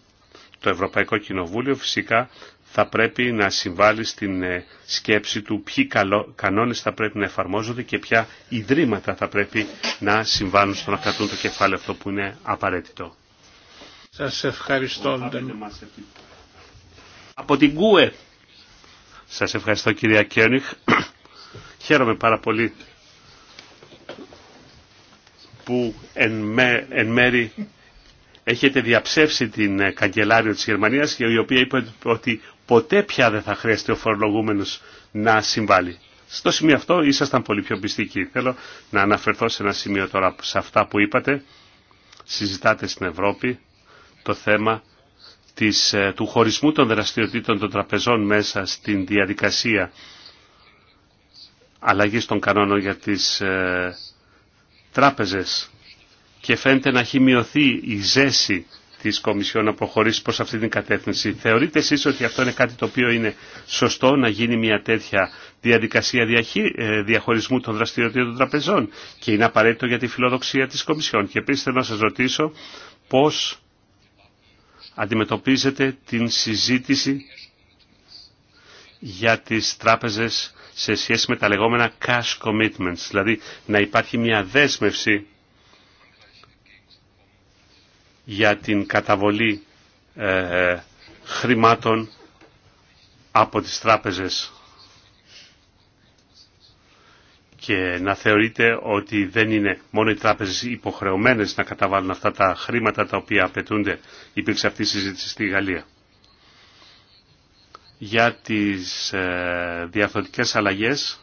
Το Ευρωπαϊκό Κοινοβούλιο φυσικά θα πρέπει να συμβάλλει στην ε, σκέψη του ποιοι κανόνες θα πρέπει να εφαρμόζονται και ποια ιδρύματα θα πρέπει να συμβάλλουν στο να κρατούν το κεφάλαιο αυτό που είναι απαραίτητο. Σας ευχαριστώ. Από την ΚΟΕ. Σας ευχαριστώ κυρία Κένιχ. Χαίρομαι πάρα πολύ που εν, μέρη έχετε διαψεύσει την ε, καγκελάριο της Γερμανίας η οποία είπε ότι ποτέ πια δεν θα χρειαστεί ο φορολογούμενος να συμβάλλει. Στο σημείο αυτό ήσασταν πολύ πιο πιστικοί. Θέλω να αναφερθώ σε ένα σημείο τώρα σε αυτά που είπατε. Συζητάτε στην Ευρώπη το θέμα της, ε, του χωρισμού των δραστηριοτήτων των τραπεζών μέσα στην διαδικασία αλλαγής των κανόνων για τις ε, τράπεζες και φαίνεται να έχει μειωθεί η ζέση της Κομισιόν να προχωρήσει προς αυτή την κατεύθυνση. Θεωρείτε εσείς ότι αυτό είναι κάτι το οποίο είναι σωστό να γίνει μια τέτοια διαδικασία ε, διαχωρισμού των δραστηριοτήτων των τραπεζών και είναι απαραίτητο για τη φιλοδοξία της Κομισιόν. Και επίσης θέλω να σας ρωτήσω πώς αντιμετωπίζετε την συζήτηση για τις τράπεζες σε σχέση με τα λεγόμενα cash commitments, δηλαδή να υπάρχει μια δέσμευση για την καταβολή ε, ε, χρημάτων από τις τράπεζες και να θεωρείτε ότι δεν είναι μόνο οι τράπεζες υποχρεωμένες να καταβάλουν αυτά τα χρήματα τα οποία απαιτούνται. Υπήρξε αυτή η συζήτηση στη Γαλλία. Για τις ε, αλλαγές,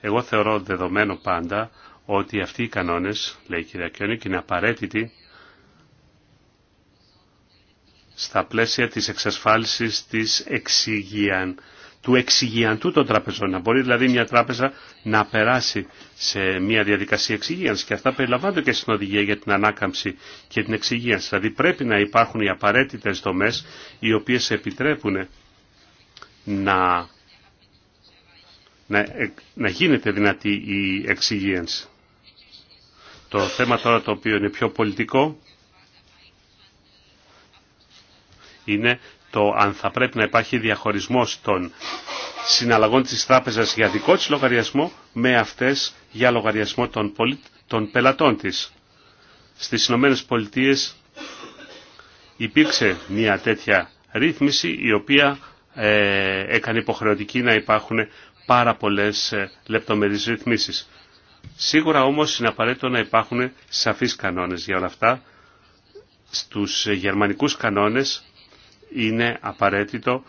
εγώ θεωρώ δεδομένο πάντα ότι αυτοί οι κανόνες, λέει η κυρία Κιόνικ, είναι απαραίτητοι στα πλαίσια της εξασφάλισης της εξυγίαν, του εξυγιαντού των τραπεζών. Να μπορεί δηλαδή μια τράπεζα να περάσει σε μια διαδικασία εξυγίανσης και αυτά περιλαμβάνονται και στην οδηγία για την ανάκαμψη και την εξυγίανση. Δηλαδή πρέπει να υπάρχουν οι απαραίτητες δομές οι οποίες επιτρέπουν να, να, να γίνεται δυνατή η εξυγίανση. Το θέμα τώρα το οποίο είναι πιο πολιτικό είναι το αν θα πρέπει να υπάρχει διαχωρισμός των συναλλαγών της τράπεζας για δικό της λογαριασμό με αυτές για λογαριασμό των, των πελατών της. Στις Ηνωμένες Πολιτείες υπήρξε μια τέτοια ρύθμιση η οποία ε, έκανε υποχρεωτική να υπάρχουν πάρα πολλές ε, λεπτομερείς ρυθμίσεις. Σίγουρα όμως είναι απαραίτητο να υπάρχουν σαφείς κανόνες για όλα αυτά. Στους γερμανικούς κανόνες είναι απαραίτητο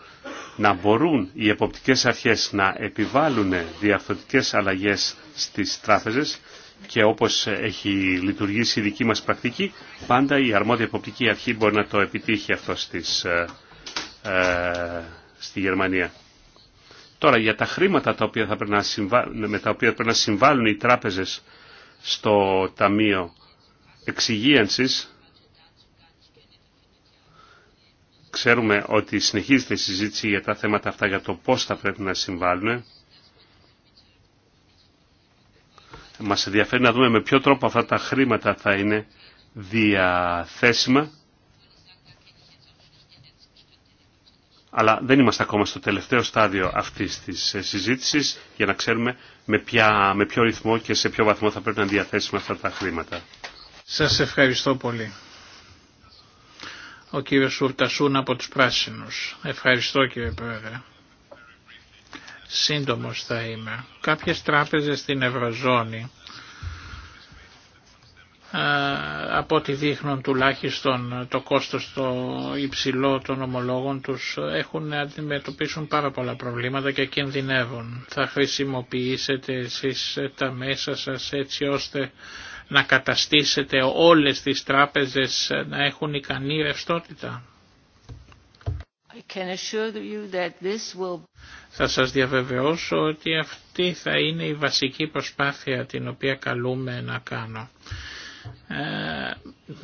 να μπορούν οι εποπτικές αρχές να επιβάλλουν διαφορετικές αλλαγές στις τράπεζες και όπως έχει λειτουργήσει η δική μας πρακτική, πάντα η αρμόδια εποπτική αρχή μπορεί να το επιτύχει αυτό στις, ε, ε, στη Γερμανία. Τώρα για τα χρήματα τα οποία θα πρέπει να με τα οποία πρέπει να συμβάλλουν οι τράπεζες στο Ταμείο Εξυγίανσης, Ξέρουμε ότι συνεχίζεται η συζήτηση για τα θέματα αυτά, για το πώς θα πρέπει να συμβάλλουν. Μας ενδιαφέρει να δούμε με ποιο τρόπο αυτά τα χρήματα θα είναι διαθέσιμα. Αλλά δεν είμαστε ακόμα στο τελευταίο στάδιο αυτής της συζήτησης για να ξέρουμε με, ποια, με ποιο ρυθμό και σε ποιο βαθμό θα πρέπει να διαθέσουμε αυτά τα χρήματα. Σας ευχαριστώ πολύ. Ο κύριος Ουρτασούν από τους Πράσινους. Ευχαριστώ κύριε Πρόεδρε. Σύντομος θα είμαι. Κάποιες τράπεζες στην Ευρωζώνη από ό,τι δείχνουν τουλάχιστον το κόστος το υψηλό των ομολόγων τους έχουν να αντιμετωπίσουν πάρα πολλά προβλήματα και κινδυνεύουν. Θα χρησιμοποιήσετε εσείς τα μέσα σας έτσι ώστε να καταστήσετε όλες τις τράπεζες να έχουν ικανή ρευστότητα. Θα σας διαβεβαιώσω ότι αυτή θα είναι η βασική προσπάθεια την οποία καλούμε να κάνω. Ε,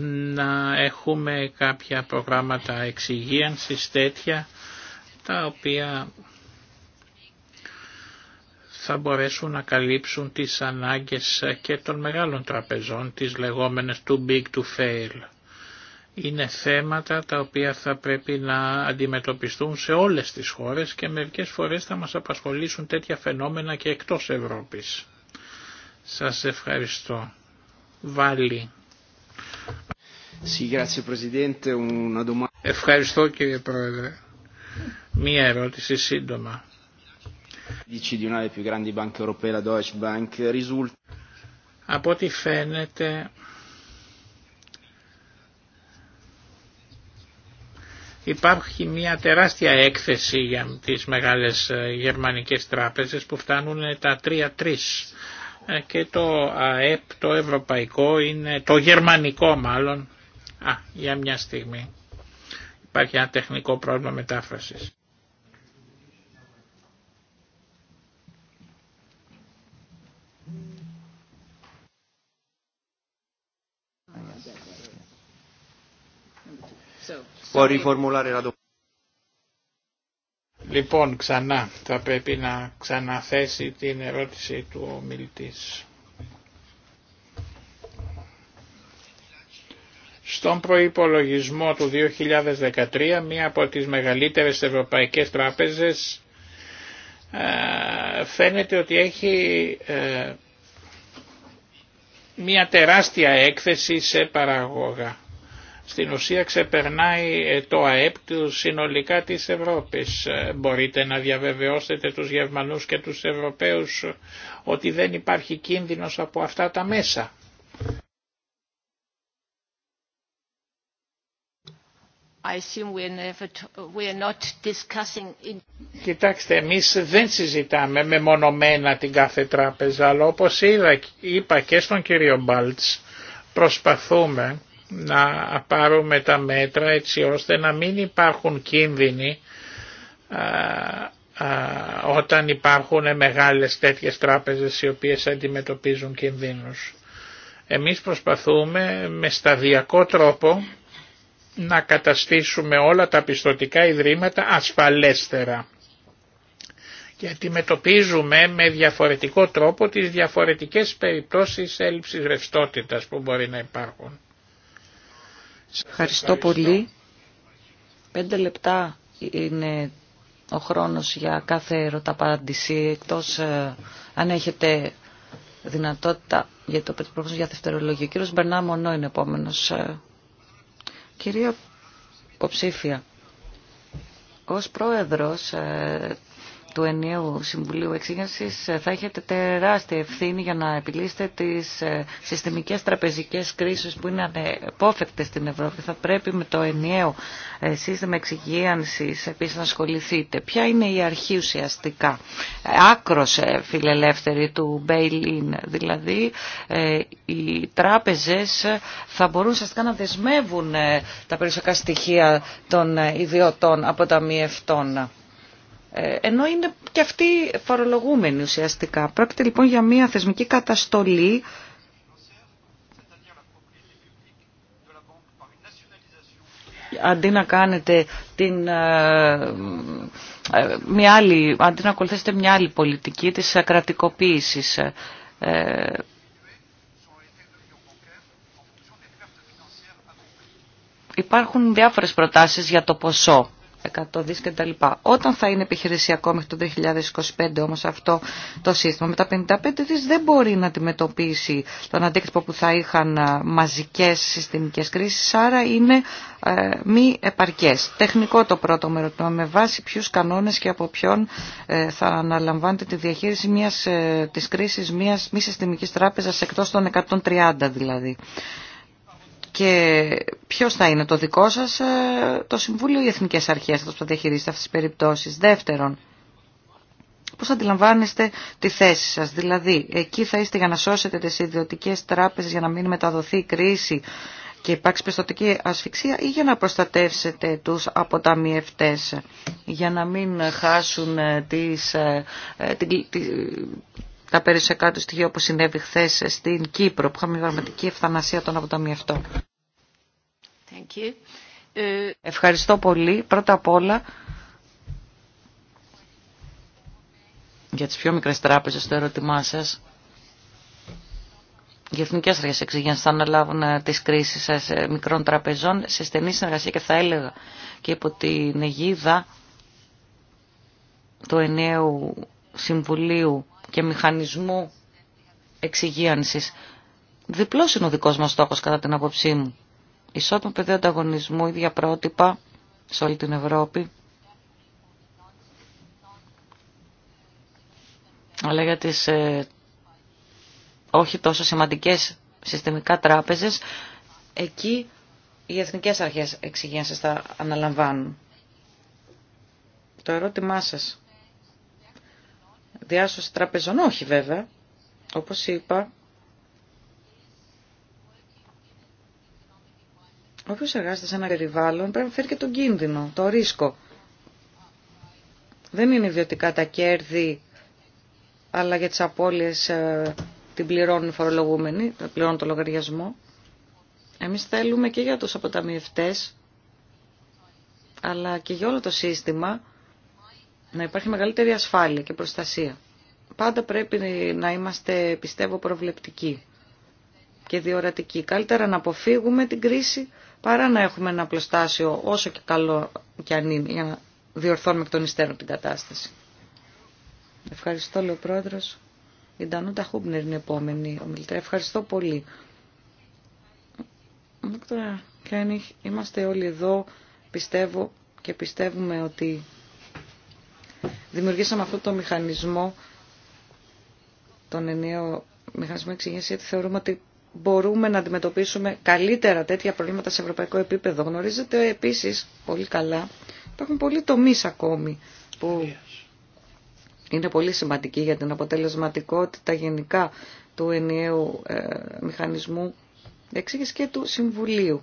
να έχουμε κάποια προγράμματα εξυγίανσης τέτοια τα οποία θα μπορέσουν να καλύψουν τις ανάγκες και των μεγάλων τραπεζών, τις λεγόμενες too big to fail. Είναι θέματα τα οποία θα πρέπει να αντιμετωπιστούν σε όλες τις χώρες και μερικές φορές θα μας απασχολήσουν τέτοια φαινόμενα και εκτός Ευρώπης. Σας ευχαριστώ. βάλει. Ευχαριστώ κύριε Πρόεδρε. Μία ερώτηση σύντομα. Από ό,τι φαίνεται υπάρχει μια τεράστια έκθεση για τις μεγάλες ε, γερμανικές τράπεζες που φτάνουν τα 3-3 ε, και το το ευρωπαϊκό είναι το γερμανικό μάλλον α, για μια στιγμή υπάρχει ένα τεχνικό πρόβλημα μετάφρασης Λοιπόν, ξανά θα πρέπει να ξαναθέσει την ερώτηση του ομιλητή. Στον προϋπολογισμό του 2013, μία από τις μεγαλύτερες ευρωπαϊκές τράπεζες ε, φαίνεται ότι έχει ε, μία τεράστια έκθεση σε παραγόγα στην ουσία ξεπερνάει ε, το ΑΕΠ του συνολικά της Ευρώπης. Ε, μπορείτε να διαβεβαιώσετε τους Γερμανούς και τους Ευρωπαίους ότι δεν υπάρχει κίνδυνος από αυτά τα μέσα. I we never, Κοιτάξτε, εμείς δεν συζητάμε μεμονωμένα την κάθε τράπεζα, αλλά όπως είδα, είπα και στον κύριο Μπάλτς, προσπαθούμε να πάρουμε τα μέτρα έτσι ώστε να μην υπάρχουν κίνδυνοι όταν υπάρχουν μεγάλες τέτοιες τράπεζες οι οποίες αντιμετωπίζουν κινδύνους. Εμείς προσπαθούμε με σταδιακό τρόπο να καταστήσουμε όλα τα πιστοτικά ιδρύματα ασφαλέστερα και αντιμετωπίζουμε με διαφορετικό τρόπο τις διαφορετικές περιπτώσεις έλλειψης ρευστότητας που μπορεί να υπάρχουν. Ευχαριστώ πολύ. Πέντε λεπτά είναι ο χρόνος για κάθε ερωταπάντηση, εκτός ε, αν έχετε δυνατότητα για το πρόβλημα για δευτερολογία. Ο κύριος Μπερνά Μονό είναι επόμενος. Ε, κυρία υποψήφια, ως πρόεδρος ε, του ενιαίου Συμβουλίου Εξήγησης ε, θα έχετε τεράστια ευθύνη για να επιλύσετε τις ε, συστημικές τραπεζικές κρίσεις που είναι ανεπόφευκτες στην Ευρώπη. Θα πρέπει με το ενιαίο ε, σύστημα εξυγίανσης επίση να ασχοληθείτε. Ποια είναι η αρχή ουσιαστικά, άκρος φιλελεύθερη του Μπέιλιν, δηλαδή οι τράπεζες θα μπορούν ουσιαστικά να δεσμεύουν τα περιουσιακά στοιχεία των ιδιωτών αποταμιευτών. Ε, ενώ είναι και αυτοί φορολογούμενοι ουσιαστικά. Πρόκειται λοιπόν για μια θεσμική καταστολή αντί να κάνετε την, ε, ε, μια άλλη, αντί να ακολουθήσετε μια άλλη πολιτική της κρατικοποίησης. υπάρχουν διάφορες προτάσεις για το ποσό 100 δις κτλ. Όταν θα είναι επιχειρησιακό μέχρι το 2025 όμως αυτό το σύστημα με τα 55 δις δεν μπορεί να αντιμετωπίσει τον αντίκτυπο που θα είχαν ε, μαζικές συστημικές κρίσεις, άρα είναι ε, μη επαρκές. Τεχνικό το πρώτο με ρωτήμα, με βάση ποιους κανόνες και από ποιον ε, θα αναλαμβάνετε τη διαχείριση μιας, της κρίσης μιας μη συστημικής τράπεζας εκτός των 130 δηλαδή. Και ποιος θα είναι το δικό σας, ε, το Συμβούλιο ή οι Εθνικές Αρχές θα το διαχειρίζετε αυτές τις περιπτώσεις. Δεύτερον, πώς αντιλαμβάνεστε τη θέση σας. Δηλαδή, εκεί θα είστε για να σώσετε τις ιδιωτικές τράπεζες για να μην μεταδοθεί η κρίση και υπάρξει πιστοτική ασφυξία ή για να προστατεύσετε τους αποταμιευτές για να μην χάσουν ε, τις, ε, τα περισσότερα του στοιχεία όπως συνέβη χθε στην Κύπρο που είχαμε πραγματική ευθανασία των αποταμιευτών. Thank you. Ε, Ευχαριστώ πολύ. Πρώτα απ' όλα για τις πιο μικρές τράπεζες το ερώτημά σας. Οι εθνικέ αρχέ εξηγήνε θα αναλάβουν ε, τι κρίσει μικρών τραπεζών σε στενή συνεργασία και θα έλεγα και υπό την αιγίδα του ενιαίου Συμβουλίου και μηχανισμού εξυγίανσης. Διπλός είναι ο δικός μας στόχος κατά την άποψή μου. Ισότιμο πεδίο ανταγωνισμού, ίδια πρότυπα σε όλη την Ευρώπη. Αλλά για τις ε, όχι τόσο σημαντικές συστημικά τράπεζες, εκεί οι εθνικές αρχές εξυγένσεις θα αναλαμβάνουν. Το ερώτημά σας διάσωση τραπεζών. Όχι βέβαια, όπως είπα, όποιος εργάζεται σε ένα περιβάλλον πρέπει να φέρει και τον κίνδυνο, το ρίσκο. Δεν είναι ιδιωτικά τα κέρδη, αλλά για τις απώλειες ε, την πληρώνουν οι φορολογούμενοι, ε, πληρώνουν το λογαριασμό. Εμείς θέλουμε και για τους αποταμιευτές, αλλά και για όλο το σύστημα, να υπάρχει μεγαλύτερη ασφάλεια και προστασία. Πάντα πρέπει να είμαστε, πιστεύω, προβλεπτικοί και διορατικοί. Καλύτερα να αποφύγουμε την κρίση παρά να έχουμε ένα πλωστάσιο όσο και καλό και αν είναι για να διορθώνουμε εκ των υστέρων την κατάσταση. Ευχαριστώ, λέει ο Πρόεδρος. Η Ντανούτα Χούμπνερ είναι η επόμενη ομιλητρία. Ευχαριστώ πολύ. Είμαστε όλοι εδώ, πιστεύω και πιστεύουμε ότι δημιουργήσαμε αυτό το μηχανισμό, τον ενιαίο μηχανισμό εξηγήσης, γιατί θεωρούμε ότι μπορούμε να αντιμετωπίσουμε καλύτερα τέτοια προβλήματα σε ευρωπαϊκό επίπεδο. Γνωρίζετε επίσης πολύ καλά, υπάρχουν πολλοί τομείς ακόμη που είναι πολύ σημαντικοί για την αποτελεσματικότητα γενικά του ενιαίου ε, μηχανισμού εξήγηση και του Συμβουλίου.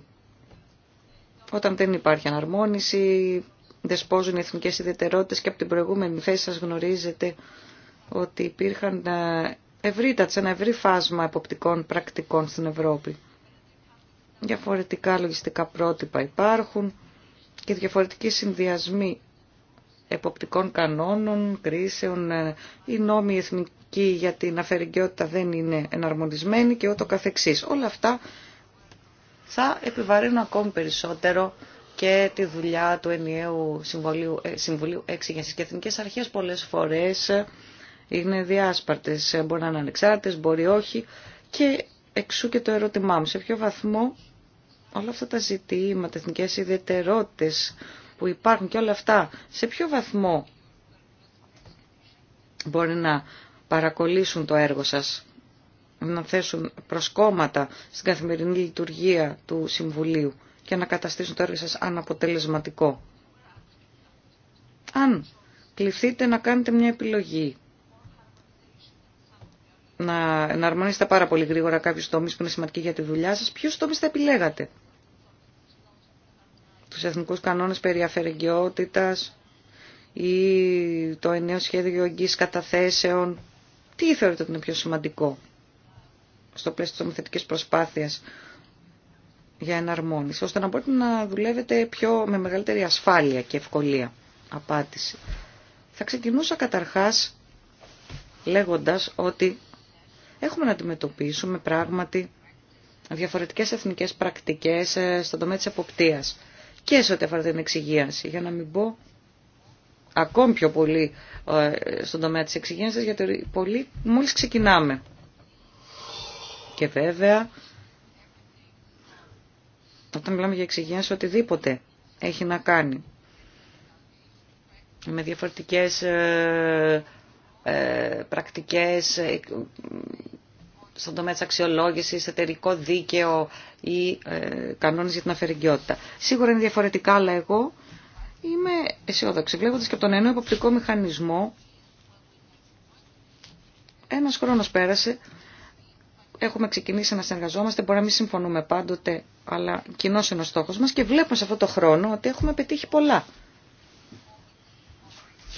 Όταν δεν υπάρχει αναρμόνιση, δεσπόζουν οι εθνικές ιδιαιτερότητες και από την προηγούμενη θέση σας γνωρίζετε ότι υπήρχαν ε, ευρύτατες, ένα ευρύ φάσμα εποπτικών πρακτικών στην Ευρώπη. Διαφορετικά λογιστικά πρότυπα υπάρχουν και διαφορετικοί συνδυασμοί εποπτικών κανόνων, κρίσεων, ε, οι νόμοι εθνικοί για την αφαιρεγκαιότητα δεν είναι εναρμονισμένοι και ούτω καθεξής. Όλα αυτά θα επιβαρύνουν ακόμη περισσότερο και τη δουλειά του ενιαίου ε, Συμβουλίου, Συμβουλίου και εθνικέ Αρχές πολλέ φορές είναι διάσπαρτες, μπορεί να είναι ανεξάρτητε, μπορεί όχι και εξού και το ερώτημά μου, σε ποιο βαθμό όλα αυτά τα ζητήματα, εθνικέ ιδιαιτερότητε που υπάρχουν και όλα αυτά, σε ποιο βαθμό μπορεί να παρακολύσουν το έργο σας, να θέσουν προσκόμματα στην καθημερινή λειτουργία του Συμβουλίου και να καταστήσουν το έργο σας αναποτελεσματικό. Αν κληθείτε να κάνετε μια επιλογή, να, να πάρα πολύ γρήγορα κάποιους τομείς που είναι σημαντικοί για τη δουλειά σας, ποιους τομείς θα επιλέγατε. Τους εθνικούς κανόνες περί ή το ενιαίο σχέδιο εγγύης καταθέσεων. Τι θεωρείτε ότι είναι πιο σημαντικό στο πλαίσιο της ομοθετικής προσπάθειας για εναρμόνιση, ώστε να μπορείτε να δουλεύετε πιο, με μεγαλύτερη ασφάλεια και ευκολία. Απάντηση. Θα ξεκινούσα καταρχάς λέγοντας ότι έχουμε να αντιμετωπίσουμε πράγματι διαφορετικές εθνικές πρακτικές ε, στον τομέα της εποπτείας και σε ό,τι αφορά την εξυγίανση, για να μην πω ακόμη πιο πολύ ε, στον τομέα της εξυγίανσης, γιατί πολύ μόλις ξεκινάμε. Και βέβαια όταν μιλάμε για εξυγίανση, οτιδήποτε έχει να κάνει με διαφορετικές ε, ε πρακτικές ε, στον τομέα της αξιολόγησης, εταιρικό δίκαιο ή ε, κανόνες για την αφαιρεγγιότητα. Σίγουρα είναι διαφορετικά, αλλά εγώ είμαι αισιόδοξη. Βλέποντας και από τον ενό υποπτικό μηχανισμό, ένας χρόνος πέρασε έχουμε ξεκινήσει να συνεργαζόμαστε, μπορεί να μην συμφωνούμε πάντοτε, αλλά κοινό είναι ο στόχος μας και βλέπουμε σε αυτό το χρόνο ότι έχουμε πετύχει πολλά.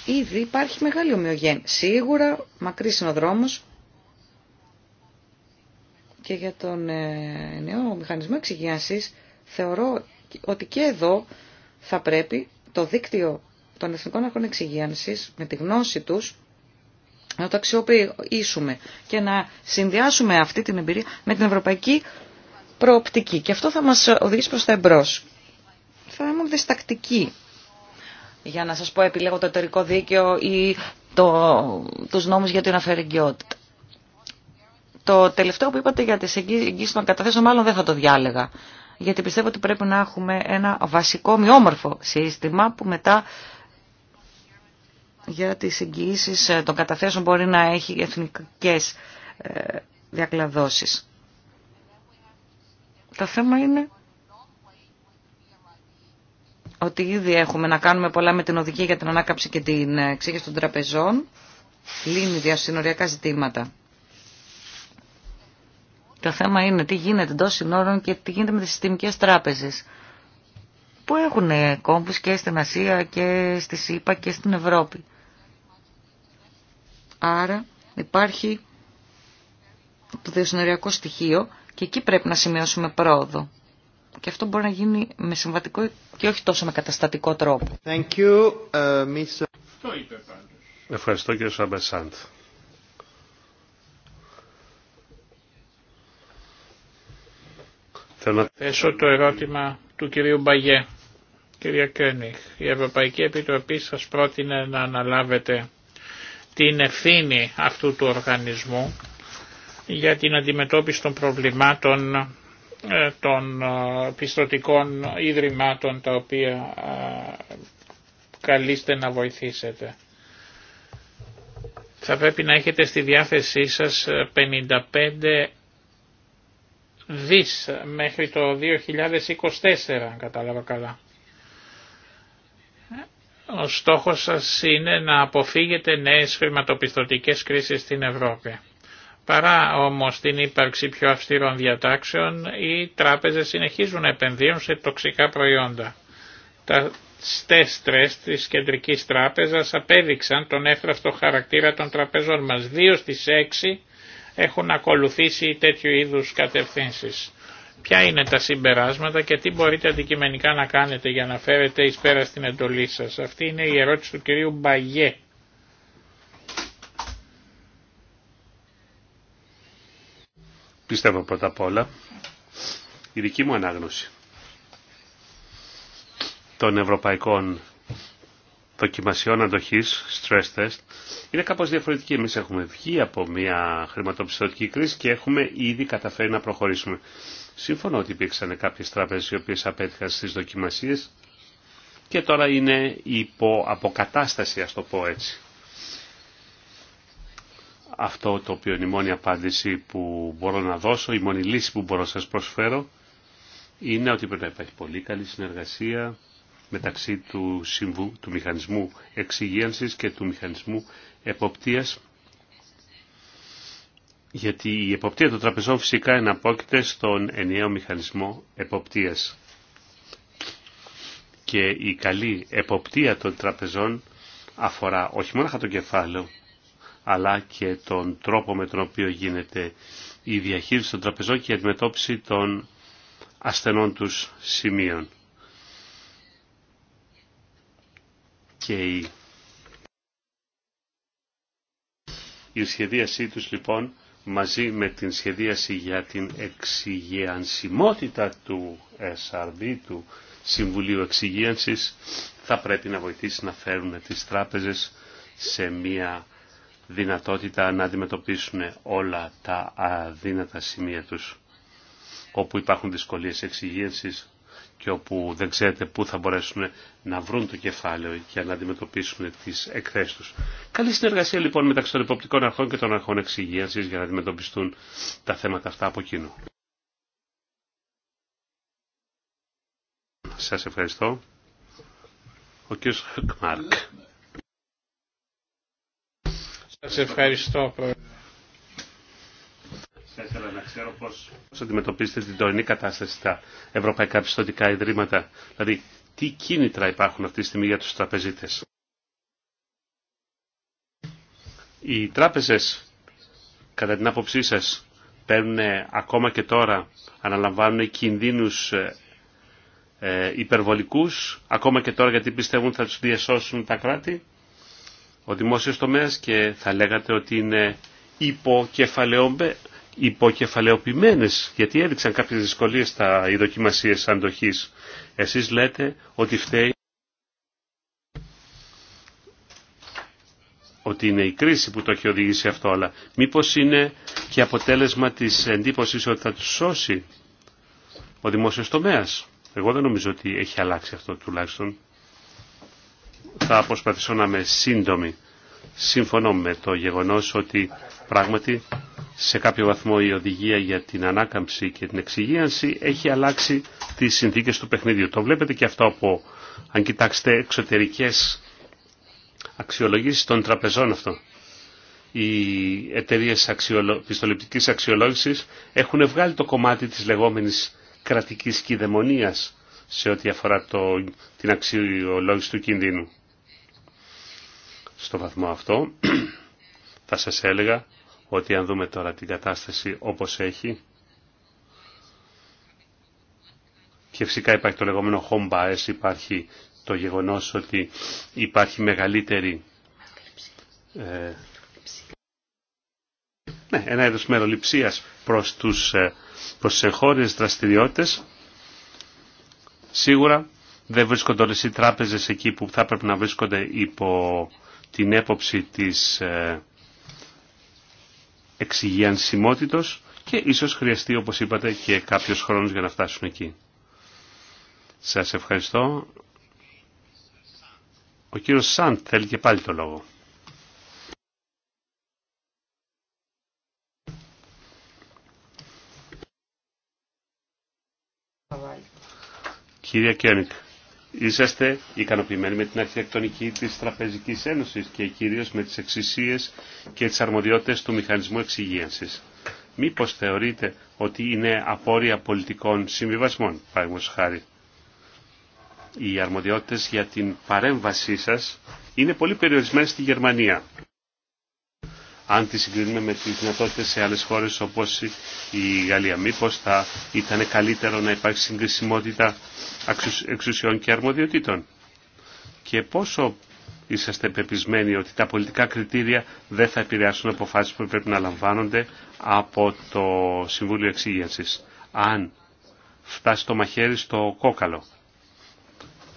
Ήδη υπάρχει μεγάλη ομοιογένεια. Σίγουρα μακρύ είναι ο δρόμος και για τον ε, νέο μηχανισμό εξυγίανση θεωρώ ότι και εδώ θα πρέπει το δίκτυο των Εθνικών Αρχών εξυγίανση με τη γνώση τους να το αξιοποιήσουμε και να συνδυάσουμε αυτή την εμπειρία με την ευρωπαϊκή προοπτική. Και αυτό θα μας οδηγήσει προς τα εμπρός. Θα ήμουν διστακτική για να σας πω επιλέγω το εταιρικό δίκαιο ή το, τους νόμους για την αφαιρεγγιότητα. Το τελευταίο που είπατε για τις εγγύσεις των καταθέσεων μάλλον δεν θα το διάλεγα. Γιατί πιστεύω ότι πρέπει να έχουμε ένα βασικό μειόμορφο σύστημα που μετά για τις εγγυήσεις ε, των καταθέσεων μπορεί να έχει εθνικές ε, διακλαδώσεις. Το θέμα είναι ότι ήδη έχουμε να κάνουμε πολλά με την οδική για την ανάκαψη και την εξήγηση των τραπεζών. Λύνει διασυνοριακά ζητήματα. Το θέμα είναι τι γίνεται εντό συνόρων και τι γίνεται με τις συστημικές τράπεζες που έχουν κόμπους και στην Ασία και στη ΣΥΠΑ και στην Ευρώπη. Άρα υπάρχει το διασυνοριακό στοιχείο και εκεί πρέπει να σημειώσουμε πρόοδο. Και αυτό μπορεί να γίνει με συμβατικό και όχι τόσο με καταστατικό τρόπο. Thank you, uh, Mr. Ευχαριστώ κύριε Σαμπεσάντ. Θέλω να θέσω το ερώτημα του κυρίου Μπαγιέ. Κυρία Κένιχ, η Ευρωπαϊκή Επιτροπή σας πρότεινε να αναλάβετε την ευθύνη αυτού του οργανισμού για την αντιμετώπιση των προβλημάτων ε, των ε, πιστοτικών ιδρυμάτων τα οποία ε, καλείστε να βοηθήσετε. Θα πρέπει να έχετε στη διάθεσή σας 55 δις μέχρι το 2024, κατάλαβα καλά. Ο στόχος σας είναι να αποφύγετε νέες χρηματοπιστωτικές κρίσεις στην Ευρώπη. Παρά όμως την ύπαρξη πιο αυστηρών διατάξεων, οι τράπεζες συνεχίζουν να επενδύουν σε τοξικά προϊόντα. Τα στέστρες της Κεντρικής Τράπεζας απέδειξαν τον έφραστο χαρακτήρα των τραπεζών μας. Δύο στις έξι έχουν ακολουθήσει τέτοιου είδους κατευθύνσεις ποια είναι τα συμπεράσματα και τι μπορείτε αντικειμενικά να κάνετε για να φέρετε εις πέρα στην εντολή σας. Αυτή είναι η ερώτηση του κυρίου Μπαγιέ. Πιστεύω πρώτα απ' όλα η δική μου ανάγνωση των ευρωπαϊκών δοκιμασιών αντοχής, stress test, είναι κάπως διαφορετική. Εμείς έχουμε βγει από μια χρηματοπιστωτική κρίση και έχουμε ήδη καταφέρει να προχωρήσουμε. Σύμφωνα ότι υπήρξαν κάποιες τράπεζες οι οποίες απέτυχαν στις δοκιμασίες και τώρα είναι υπό αποκατάσταση, ας το πω έτσι. Αυτό το οποίο είναι η μόνη απάντηση που μπορώ να δώσω, η μόνη λύση που μπορώ να σας προσφέρω, είναι ότι πρέπει να υπάρχει πολύ καλή συνεργασία μεταξύ του, συμβου, του μηχανισμού εξυγίανσης και του μηχανισμού εποπτείας γιατί η εποπτεία των τραπεζών φυσικά εναπόκειται στον ενιαίο μηχανισμό εποπτείας. Και η καλή εποπτεία των τραπεζών αφορά όχι μόνο το κεφάλαιο, αλλά και τον τρόπο με τον οποίο γίνεται η διαχείριση των τραπεζών και η αντιμετώπιση των ασθενών τους σημείων. Και η, η σχεδίασή τους λοιπόν μαζί με την σχεδίαση για την εξυγιανσιμότητα του SRB, του Συμβουλίου Εξυγίανσης, θα πρέπει να βοηθήσει να φέρουν τις τράπεζες σε μια δυνατότητα να αντιμετωπίσουν όλα τα αδύνατα σημεία τους όπου υπάρχουν δυσκολίες εξυγίανσης και όπου δεν ξέρετε πού θα μπορέσουν να βρουν το κεφάλαιο για να αντιμετωπίσουν τις εκθέσεις του. Καλή συνεργασία λοιπόν μεταξύ των υποπτικών αρχών και των αρχών εξυγίανση για να αντιμετωπιστούν τα θέματα αυτά από κοινού. Σα ευχαριστώ. Ο κ. Σας ευχαριστώ. Θα ήθελα να ξέρω πώς, αντιμετωπίζετε την τωρινή κατάσταση στα ευρωπαϊκά πιστοτικά ιδρύματα. Δηλαδή, τι κίνητρα υπάρχουν αυτή τη στιγμή για τους τραπεζίτες. Οι τράπεζες, κατά την άποψή σας, παίρνουν ακόμα και τώρα, αναλαμβάνουν κινδύνους ε, ε υπερβολικούς, ακόμα και τώρα γιατί πιστεύουν θα τους διασώσουν τα κράτη, ο δημόσιος τομέας και θα λέγατε ότι είναι υποκεφαλαιόμπε, υποκεφαλαιοποιημένες, γιατί έδειξαν κάποιες δυσκολίες στα, οι αντοχής. Εσείς λέτε ότι φταίει ότι είναι η κρίση που το έχει οδηγήσει αυτό, αλλά μήπως είναι και αποτέλεσμα της εντύπωσης ότι θα τους σώσει ο δημόσιος τομέας. Εγώ δεν νομίζω ότι έχει αλλάξει αυτό τουλάχιστον. Θα προσπαθήσω να είμαι σύντομη. με το γεγονός ότι πράγματι σε κάποιο βαθμό η οδηγία για την ανάκαμψη και την εξυγίανση έχει αλλάξει τις συνθήκες του παιχνιδιού. Το βλέπετε και αυτό από, αν κοιτάξετε, εξωτερικές αξιολογήσεις των τραπεζών αυτό. Οι εταιρείε πιστοληπτικής αξιολόγησης έχουν βγάλει το κομμάτι της λεγόμενης κρατικής κυδαιμονίας σε ό,τι αφορά το, την αξιολόγηση του κινδύνου. Στο βαθμό αυτό *clears throat* θα σας έλεγα ότι αν δούμε τώρα την κατάσταση όπως έχει και φυσικά υπάρχει το λεγόμενο home bias, υπάρχει το γεγονός ότι υπάρχει μεγαλύτερη ε, ναι, ένα είδος μεροληψίας προς, τους, ε, προς τους εγχώριες δραστηριότητες. Σίγουρα δεν βρίσκονται όλες οι τράπεζες εκεί που θα πρέπει να βρίσκονται υπό την έποψη της ε, εξυγιανσιμότητος και ίσως χρειαστεί, όπως είπατε, και κάποιος χρόνος για να φτάσουν εκεί. Σας ευχαριστώ. Ο κύριος Σαντ θέλει και πάλι το λόγο. Κυρία Κένικ είσαστε ικανοποιημένοι με την αρχιτεκτονική της Τραπεζικής Ένωσης και κυρίως με τις εξησίες και τις αρμοδιότητες του μηχανισμού εξυγίανσης. Μήπως θεωρείτε ότι είναι απόρρια πολιτικών συμβιβασμών, παραδείγματος χάρη. Οι αρμοδιότητες για την παρέμβασή σας είναι πολύ περιορισμένες στη Γερμανία αν τη συγκρίνουμε με τις δυνατότητες σε άλλες χώρες όπως η Γαλλία. Μήπως θα ήταν καλύτερο να υπάρχει συγκρισιμότητα εξουσιών και αρμοδιοτήτων. Και πόσο είσαστε πεπισμένοι ότι τα πολιτικά κριτήρια δεν θα επηρεάσουν αποφάσεις που πρέπει να λαμβάνονται από το Συμβούλιο Εξήγησης. Αν φτάσει το μαχαίρι στο κόκαλο,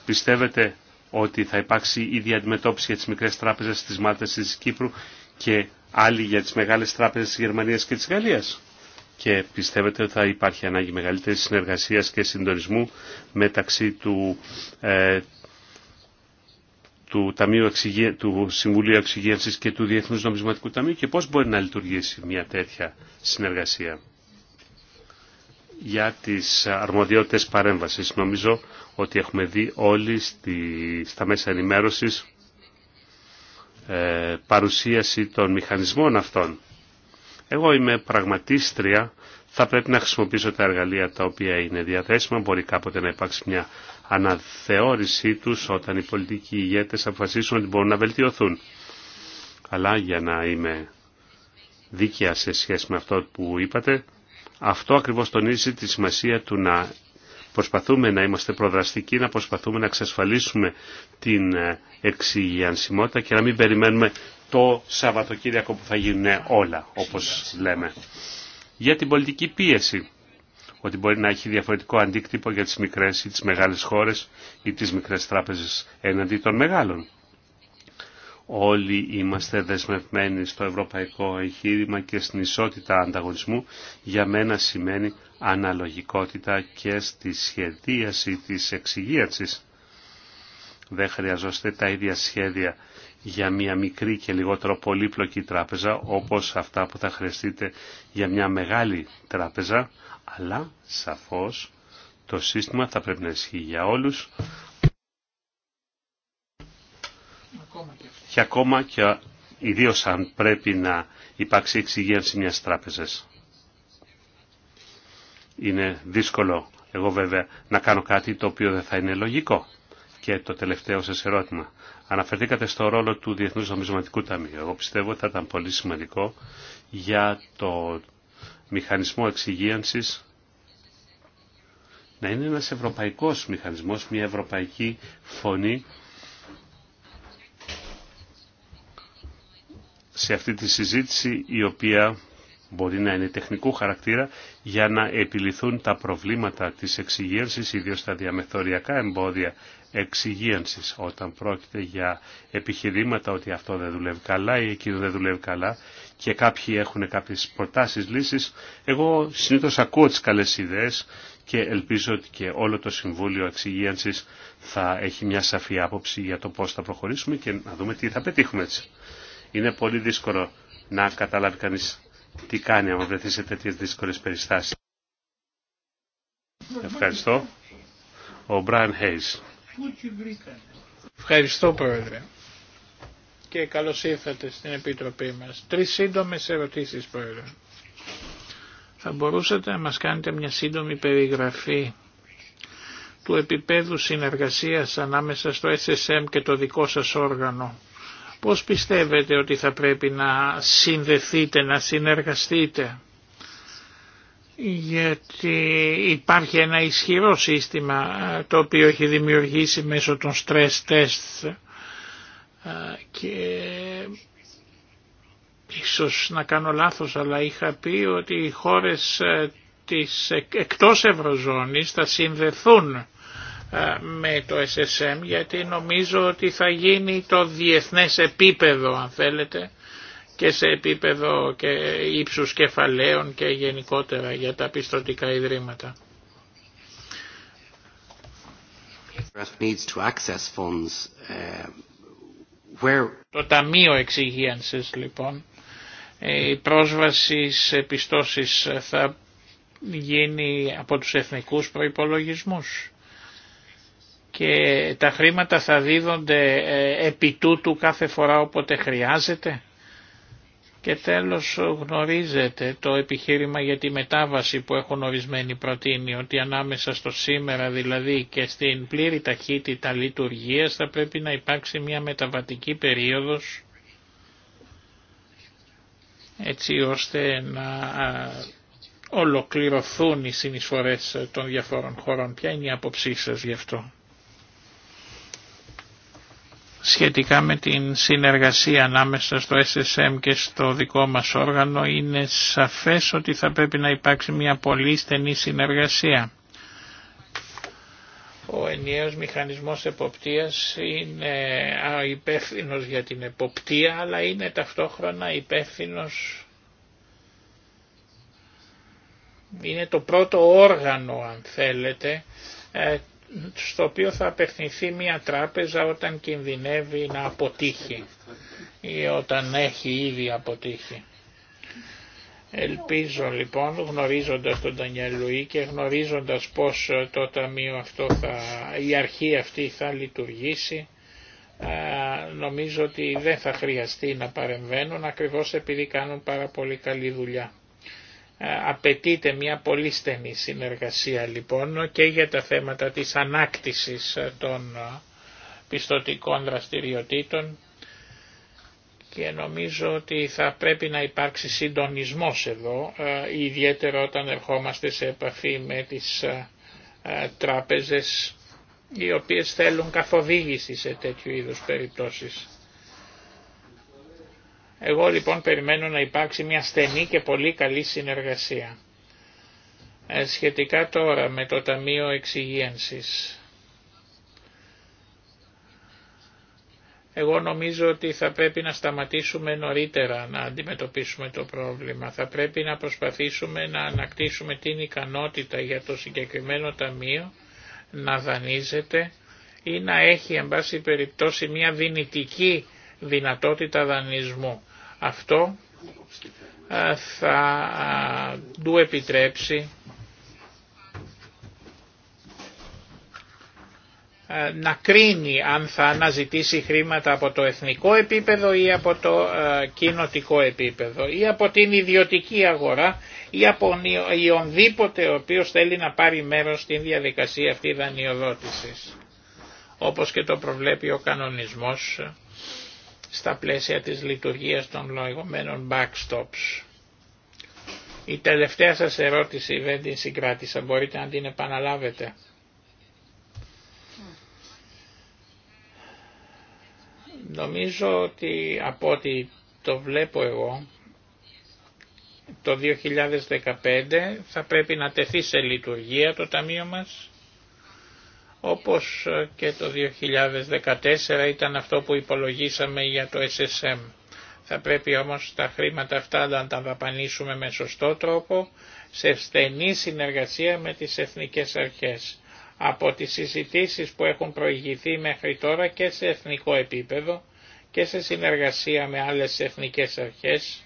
πιστεύετε ότι θα υπάρξει ίδια αντιμετώπιση για τις μικρές τράπεζες της Μάλτας της Κύπρου και άλλοι για τις μεγάλες τράπεζες της Γερμανίας και της Γαλλίας. Και πιστεύετε ότι θα υπάρχει ανάγκη μεγαλύτερη συνεργασίας και συντονισμού μεταξύ του, ε, Ταμείου Εξυγε... του Συμβουλίου Εξυγίανσης και του Διεθνούς Νομισματικού Ταμείου και πώς μπορεί να λειτουργήσει μια τέτοια συνεργασία για τις αρμοδιότητες παρέμβασης. Νομίζω ότι έχουμε δει όλοι στα μέσα ενημέρωσης ε, παρουσίαση των μηχανισμών αυτών. Εγώ είμαι πραγματίστρια, θα πρέπει να χρησιμοποιήσω τα εργαλεία τα οποία είναι διαθέσιμα, μπορεί κάποτε να υπάρξει μια αναθεώρησή τους όταν οι πολιτικοί ηγέτες αποφασίσουν ότι μπορούν να βελτιωθούν. Αλλά για να είμαι δίκαια σε σχέση με αυτό που είπατε, αυτό ακριβώς τονίζει τη σημασία του να Προσπαθούμε να είμαστε προδραστικοί, να προσπαθούμε να εξασφαλίσουμε την ε, εξυγιανσιμότητα και να μην περιμένουμε το Σαββατοκύριακο που θα γίνουν όλα, όπως λέμε. Για την πολιτική πίεση, ότι μπορεί να έχει διαφορετικό αντίκτυπο για τις μικρές ή τις μεγάλες χώρες ή τις μικρές τράπεζες έναντι των μεγάλων όλοι είμαστε δεσμευμένοι στο ευρωπαϊκό εγχείρημα και στην ισότητα ανταγωνισμού, για μένα σημαίνει αναλογικότητα και στη σχεδίαση της εξυγίατσης. Δεν χρειαζόστε τα ίδια σχέδια για μια μικρή και λιγότερο πολύπλοκη τράπεζα, όπως αυτά που θα χρειαστείτε για μια μεγάλη τράπεζα, αλλά σαφώς το σύστημα θα πρέπει να ισχύει για όλους, και ακόμα και ιδίω αν πρέπει να υπάρξει εξυγίανση μιας τράπεζας. Είναι δύσκολο εγώ βέβαια να κάνω κάτι το οποίο δεν θα είναι λογικό. Και το τελευταίο σας ερώτημα. Αναφερθήκατε στο ρόλο του Διεθνούς Νομισματικού Ταμείου. Εγώ πιστεύω ότι θα ήταν πολύ σημαντικό για το μηχανισμό εξυγίανσης να είναι ένας ευρωπαϊκός μηχανισμός, μια ευρωπαϊκή φωνή σε αυτή τη συζήτηση η οποία μπορεί να είναι τεχνικού χαρακτήρα για να επιληθούν τα προβλήματα της εξυγίανσης, ιδίως τα διαμεθοριακά εμπόδια εξυγίανσης όταν πρόκειται για επιχειρήματα ότι αυτό δεν δουλεύει καλά ή εκείνο δεν δουλεύει καλά και κάποιοι έχουν κάποιες προτάσεις, λύσεις. Εγώ συνήθως ακούω τις καλές ιδέες και ελπίζω ότι και όλο το Συμβούλιο Εξυγίανσης θα έχει μια σαφή άποψη για το πώς θα προχωρήσουμε και να δούμε τι θα πετύχουμε έτσι. Είναι πολύ δύσκολο να καταλάβει κανείς τι κάνει άμα βρεθεί σε τέτοιες δύσκολες περιστάσεις. Ευχαριστώ. Ο Μπράιν Χέις. Ευχαριστώ Πρόεδρε. Και καλώς ήρθατε στην Επιτροπή μας. Τρεις σύντομες ερωτήσεις Πρόεδρε. Θα μπορούσατε να μας κάνετε μια σύντομη περιγραφή του επίπεδου συνεργασίας ανάμεσα στο SSM και το δικό σας όργανο Πώς πιστεύετε ότι θα πρέπει να συνδεθείτε, να συνεργαστείτε γιατί υπάρχει ένα ισχυρό σύστημα ε, το οποίο έχει δημιουργήσει μέσω των stress tests ε, και ίσως να κάνω λάθος αλλά είχα πει ότι οι χώρες ε, της εκτός Ευρωζώνης θα συνδεθούν ε, με το SSM γιατί νομίζω ότι θα γίνει το διεθνές επίπεδο αν θέλετε και σε επίπεδο και ύψους κεφαλαίων και γενικότερα για τα πιστοτικά ιδρύματα. Uh, το Ταμείο Εξυγίανσης λοιπόν, η πρόσβαση σε πιστώσεις θα γίνει από τους εθνικούς προϋπολογισμούς και τα χρήματα θα δίδονται ε, επί τούτου κάθε φορά όποτε χρειάζεται. Και τέλος γνωρίζετε το επιχείρημα για τη μετάβαση που έχουν ορισμένοι προτείνει ότι ανάμεσα στο σήμερα δηλαδή και στην πλήρη ταχύτητα λειτουργίας θα πρέπει να υπάρξει μια μεταβατική περίοδος έτσι ώστε να ολοκληρωθούν οι συνεισφορές των διαφόρων χωρών. Ποια είναι η άποψή σας γι' αυτό σχετικά με την συνεργασία ανάμεσα στο SSM και στο δικό μας όργανο είναι σαφές ότι θα πρέπει να υπάρξει μια πολύ στενή συνεργασία. Ο ενιαίος μηχανισμός εποπτείας είναι υπεύθυνο για την εποπτεία αλλά είναι ταυτόχρονα υπεύθυνο είναι το πρώτο όργανο αν θέλετε ε, στο οποίο θα απευθυνθεί μια τράπεζα όταν κινδυνεύει να αποτύχει ή όταν έχει ήδη αποτύχει. Ελπίζω λοιπόν γνωρίζοντας τον Τανιέλ Λουί και γνωρίζοντας πως ε, το ταμείο αυτό θα, η αρχή αυτή θα λειτουργήσει ε, νομίζω ότι δεν θα χρειαστεί να παρεμβαίνουν ακριβώς επειδή κάνουν πάρα πολύ καλή δουλειά. Ε, απαιτείται μια πολύ στενή συνεργασία λοιπόν και για τα θέματα της ανάκτησης ε, των ε, πιστοτικών δραστηριοτήτων και νομίζω ότι θα πρέπει να υπάρξει συντονισμός εδώ, ιδιαίτερα όταν ερχόμαστε σε επαφή με τις τράπεζες οι οποίες θέλουν καθοδήγηση σε τέτοιου είδους περιπτώσεις. Εγώ λοιπόν περιμένω να υπάρξει μια στενή και πολύ καλή συνεργασία. Ε, σχετικά τώρα με το Ταμείο Εξυγίανσης. Εγώ νομίζω ότι θα πρέπει να σταματήσουμε νωρίτερα να αντιμετωπίσουμε το πρόβλημα. Θα πρέπει να προσπαθήσουμε να ανακτήσουμε την ικανότητα για το συγκεκριμένο ταμείο να δανείζεται ή να έχει εν πάση περιπτώσει μια δυνητική δυνατότητα δανεισμού. Αυτό ε, θα ε, του επιτρέψει ε, να κρίνει αν θα αναζητήσει χρήματα από το εθνικό επίπεδο ή από το κοινοτικό επίπεδο ή από την ιδιωτική αγορά ή από ονδήποτε ο οποίος θέλει να πάρει μέρος στην διαδικασία αυτή δανειοδότησης. Όπως και το προβλέπει ο κανονισμός στα πλαίσια της λειτουργίας των λογωμένων backstops. Η τελευταία σας ερώτηση δεν την συγκράτησα, μπορείτε να την επαναλάβετε. Νομίζω ότι από ό,τι το βλέπω εγώ, το 2015 θα πρέπει να τεθεί σε λειτουργία το Ταμείο μας όπως ε, και το 2014 ήταν αυτό που υπολογίσαμε για το SSM. Θα πρέπει όμως τα χρήματα αυτά να τα δαπανίσουμε με σωστό τρόπο, σε στενή συνεργασία με τις εθνικές αρχές. Από τις συζητήσεις που έχουν προηγηθεί μέχρι τώρα και σε εθνικό επίπεδο και σε συνεργασία με άλλες εθνικές αρχές,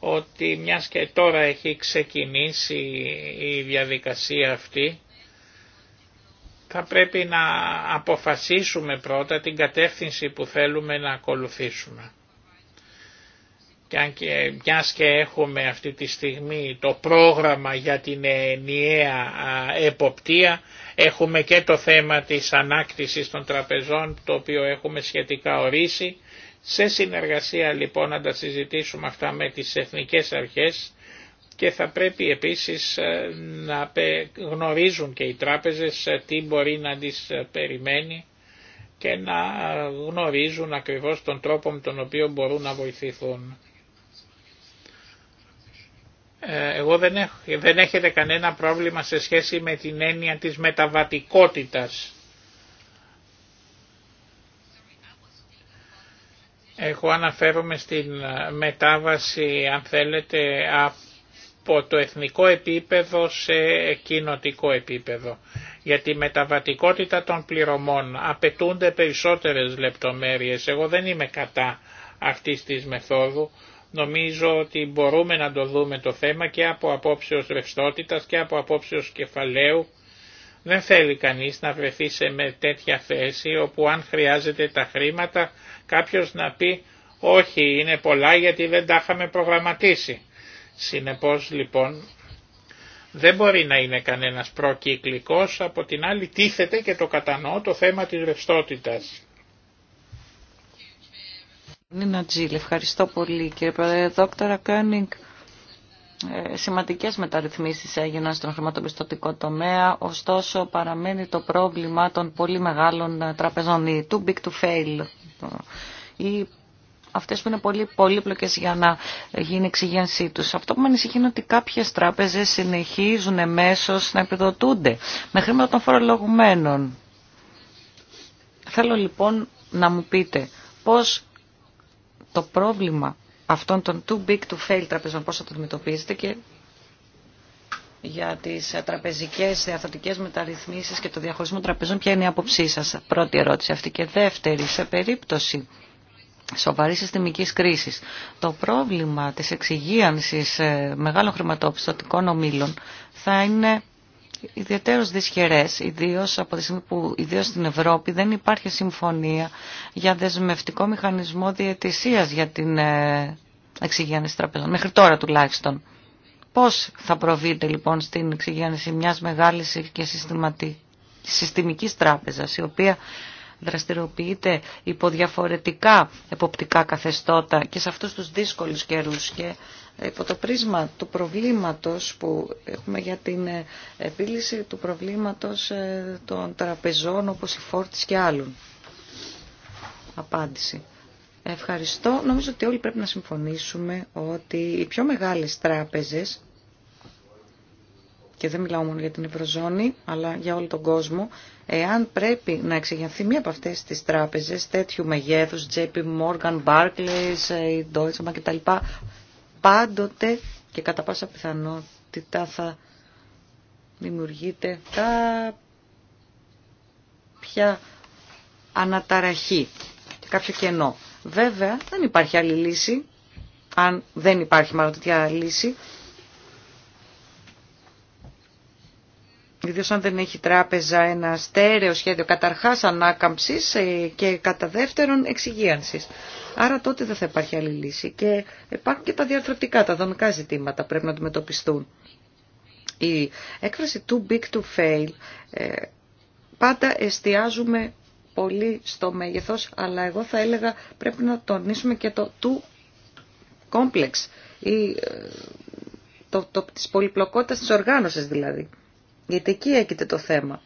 ότι μιας και τώρα έχει ξεκινήσει η διαδικασία αυτή, θα πρέπει να αποφασίσουμε πρώτα την κατεύθυνση που θέλουμε να ακολουθήσουμε. Και αν και μιας και έχουμε αυτή τη στιγμή το πρόγραμμα για την ενιαία εποπτεία, έχουμε και το θέμα της ανάκτησης των τραπεζών, το οποίο έχουμε σχετικά ορίσει. Σε συνεργασία λοιπόν να τα συζητήσουμε αυτά με τις εθνικές αρχές και θα πρέπει επίσης ε, να γνωρίζουν και οι τράπεζες ε, τι μπορεί να τις ε, περιμένει και να γνωρίζουν ακριβώς τον τρόπο με τον οποίο μπορούν να βοηθηθούν. Εγώ δεν, δεν έχετε κανένα πρόβλημα σε σχέση με την έννοια της μεταβατικότητας. Εγώ αναφέρομαι στην μετάβαση, αν θέλετε, από από το εθνικό επίπεδο σε κοινοτικό επίπεδο. Για τη μεταβατικότητα των πληρωμών απαιτούνται περισσότερες λεπτομέρειες. Εγώ δεν είμαι κατά αυτής της μεθόδου. Νομίζω ότι μπορούμε να το δούμε το θέμα και από απόψεως ρευστότητας και από απόψεως κεφαλαίου. Δεν θέλει κανείς να βρεθεί σε με τέτοια θέση όπου αν χρειάζεται τα χρήματα κάποιος να πει όχι είναι πολλά γιατί δεν τα είχαμε προγραμματίσει. Συνεπώς λοιπόν δεν μπορεί να είναι κανένας προκυκλικός, από την άλλη τίθεται και το κατανοώ το θέμα της ρευστότητα. Νίνα Τζίλ, ευχαριστώ πολύ κύριε Πρόεδρε. Δόκτωρα Κέρνιγκ, ε, σημαντικές μεταρρυθμίσεις έγιναν στον χρηματοπιστωτικό τομέα, ωστόσο παραμένει το πρόβλημα των πολύ μεγάλων ε, τραπεζών, too big to fail. Η αυτές που είναι πολύ πολύπλοκες για να γίνει εξηγένσή τους. Αυτό που με ανησυχεί είναι ότι κάποιες τράπεζες συνεχίζουν εμέσως να επιδοτούνται με χρήματα των φορολογουμένων. Θέλω λοιπόν να μου πείτε πώς το πρόβλημα αυτών των too big to fail τραπεζών, πώς θα το αντιμετωπίζετε και για τις τραπεζικές διαθωτικές μεταρρυθμίσεις και το διαχωρισμό τραπεζών, ποια είναι η άποψή σας. Πρώτη ερώτηση αυτή και δεύτερη, σε περίπτωση Σοβαρή συστημική κρίση. Το πρόβλημα της εξυγίανση ε, μεγάλων χρηματοπιστωτικών ομήλων θα είναι ιδιαίτερως δυσχερέ, ιδίω από τη στιγμή που στην Ευρώπη δεν υπάρχει συμφωνία για δεσμευτικό μηχανισμό διαιτησία για την ε, εξυγίανση τραπεζών, μέχρι τώρα τουλάχιστον. Πώς θα προβείτε λοιπόν στην εξυγίανση μιας μεγάλη και συστημική συστημικής τράπεζας, η οποία δραστηριοποιείται υπό διαφορετικά εποπτικά καθεστώτα και σε αυτούς τους δύσκολους καιρούς και ε, υπό το πρίσμα του προβλήματος που έχουμε για την ε, επίλυση του προβλήματος ε, των τραπεζών όπως η Φόρτις και άλλων. Απάντηση. Ευχαριστώ. Νομίζω ότι όλοι πρέπει να συμφωνήσουμε ότι οι πιο μεγάλες τράπεζες και δεν μιλάω μόνο για την Ευρωζώνη, αλλά για όλο τον κόσμο, εάν πρέπει να εξηγενθεί μία από αυτές τις τράπεζες τέτοιου μεγέθους, JP Morgan, Barclays, ε, Deutsche Bank κτλ, πάντοτε και κατά πάσα πιθανότητα θα δημιουργείται τα πια αναταραχή και κάποιο κενό. Βέβαια δεν υπάρχει άλλη λύση, αν δεν υπάρχει μάλλον τέτοια λύση, Ιδίως αν δεν έχει τράπεζα ένα στέρεο σχέδιο καταρχάς ανάκαμψης ε, και κατά δεύτερον εξυγίανσης. Άρα τότε δεν θα υπάρχει άλλη λύση. Και υπάρχουν και τα διαρθρωτικά, τα δομικά ζητήματα πρέπει να αντιμετωπιστούν. Η έκφραση too big to fail ε, πάντα εστιάζουμε πολύ στο μέγεθος, αλλά εγώ θα έλεγα πρέπει να τονίσουμε και το too complex ή ε, το, το, της πολυπλοκότητας της οργάνωσης δηλαδή. Γιατί εκεί έκειται το θέμα.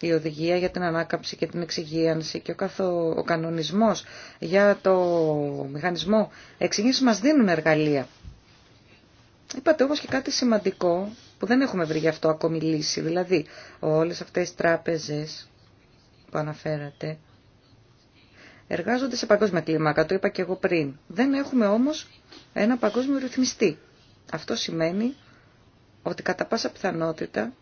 Η οδηγία για την ανάκαμψη και την εξυγίανση και ο, καθο... ο για το μηχανισμό εξυγίανσης μας δίνουν εργαλεία. Είπατε όμως και κάτι σημαντικό που δεν έχουμε βρει γι' αυτό ακόμη λύση. Δηλαδή, όλες αυτές οι τράπεζες που αναφέρατε εργάζονται σε παγκόσμια κλίμακα, το είπα και εγώ πριν. Δεν έχουμε όμως ένα παγκόσμιο ρυθμιστή. Αυτό σημαίνει ότι κατά πάσα πιθανότητα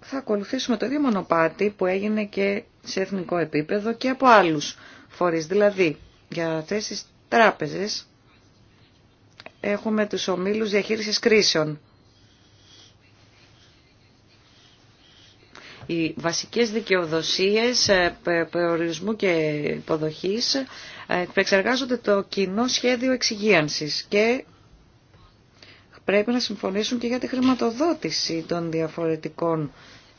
θα ακολουθήσουμε το ίδιο μονοπάτι που έγινε και σε εθνικό επίπεδο και από άλλους φορείς. Δηλαδή, για θέσεις τράπεζες έχουμε τους ομίλους διαχείρισης κρίσεων. Οι βασικές δικαιοδοσίες ε, προορισμού και υποδοχής ε, εξεργάζονται το κοινό σχέδιο εξυγίανσης και πρέπει να συμφωνήσουν και για τη χρηματοδότηση των διαφορετικών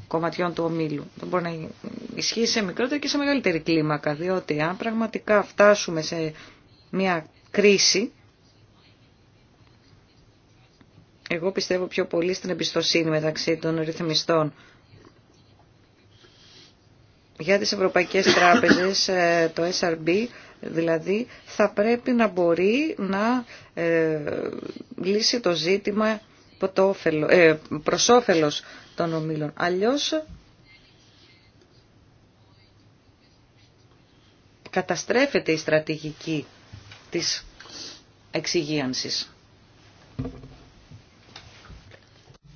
κομματιών του ομίλου. Δεν μπορεί να ισχύει σε μικρότερη και σε μεγαλύτερη κλίμακα, διότι αν πραγματικά φτάσουμε σε μια κρίση, εγώ πιστεύω πιο πολύ στην εμπιστοσύνη μεταξύ των ρυθμιστών. Για τις Ευρωπαϊκές Τράπεζες, ε, το SRB Δηλαδή θα πρέπει να μπορεί να ε, λύσει το ζήτημα προ ε, προς όφελος των ομίλων. Αλλιώς καταστρέφεται η στρατηγική της εξυγίανσης.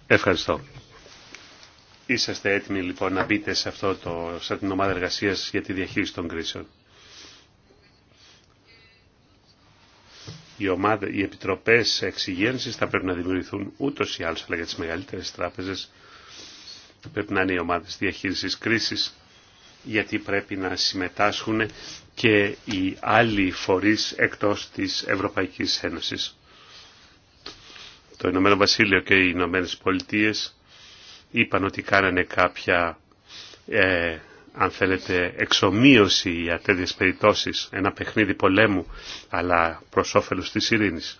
Ευχαριστώ. Είσαστε έτοιμοι λοιπόν να μπείτε σε, αυτό το, σε την ομάδα εργασίας για τη διαχείριση των κρίσεων. οι, ομάδες, οι επιτροπές εξυγένσης θα πρέπει να δημιουργηθούν ούτως ή άλλως, αλλά για τις μεγαλύτερες τράπεζες πρέπει να είναι οι ομάδες διαχείρισης κρίσης, γιατί πρέπει να συμμετάσχουν και οι άλλοι φορείς εκτός της Ευρωπαϊκής Ένωσης. Το Ηνωμένο Βασίλειο και οι Ηνωμένε Πολιτείε είπαν ότι κάνανε κάποια ε, αν θέλετε, εξομοίωση για τέτοιες περιπτώσεις, ένα παιχνίδι πολέμου, αλλά προς όφελος της ειρήνης.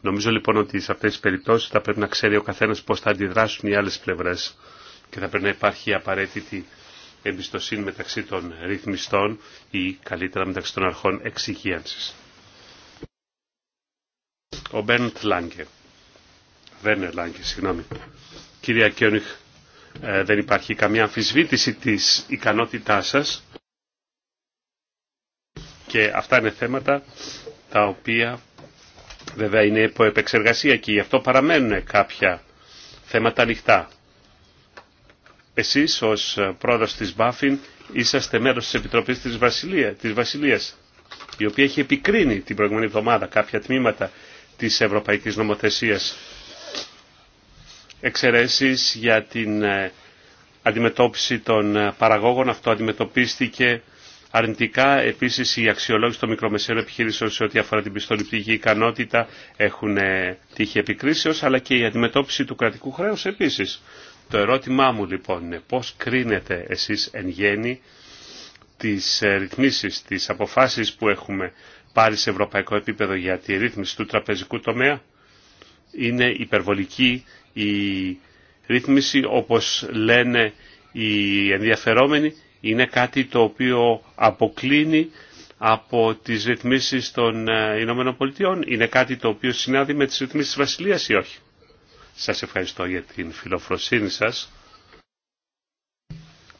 Νομίζω λοιπόν ότι σε αυτές τις περιπτώσεις θα πρέπει να ξέρει ο καθένας πώς θα αντιδράσουν οι άλλες πλευρές και θα πρέπει να υπάρχει απαραίτητη εμπιστοσύνη μεταξύ των ρυθμιστών ή καλύτερα μεταξύ των αρχών εξυγίανσης. Ο Μπέρντ Λάγκε, Βέρνερ Λάγκε, συγγνώμη. Κυρία Κιόνιχ, ε, δεν υπάρχει καμία αμφισβήτηση της ικανότητάς σας και αυτά είναι θέματα τα οποία βέβαια είναι υπό επεξεργασία και γι' αυτό παραμένουν κάποια θέματα ανοιχτά. Εσείς ως πρόεδρος της Μπάφιν είσαστε μέρος της Επιτροπής της, Βασιλεία, της Βασιλείας η οποία έχει επικρίνει την προηγούμενη εβδομάδα κάποια τμήματα της Ευρωπαϊκής Νομοθεσίας εξαιρέσεις για την ε, αντιμετώπιση των ε, παραγόγων. Αυτό αντιμετωπίστηκε αρνητικά. Επίσης οι αξιολόγηση των μικρομεσαίων επιχειρήσεων σε ό,τι αφορά την πιστοληπτική ικανότητα έχουν ε, τύχει επικρίσεως, αλλά και η αντιμετώπιση του κρατικού χρέους επίσης. Το ερώτημά μου λοιπόν είναι πώς κρίνετε εσείς εν γέννη τις ρυθμίσεις, τις αποφάσεις που έχουμε πάρει σε ευρωπαϊκό επίπεδο για τη ρύθμιση του τραπεζικού τομέα. Είναι υπερβολική η ρύθμιση όπως λένε οι ενδιαφερόμενοι είναι κάτι το οποίο αποκλίνει από τις ρυθμίσεις των ε, Ηνωμένων Είναι κάτι το οποίο συνάδει με τις ρυθμίσεις της Βασιλείας ή όχι. Σας ευχαριστώ για την φιλοφροσύνη σας.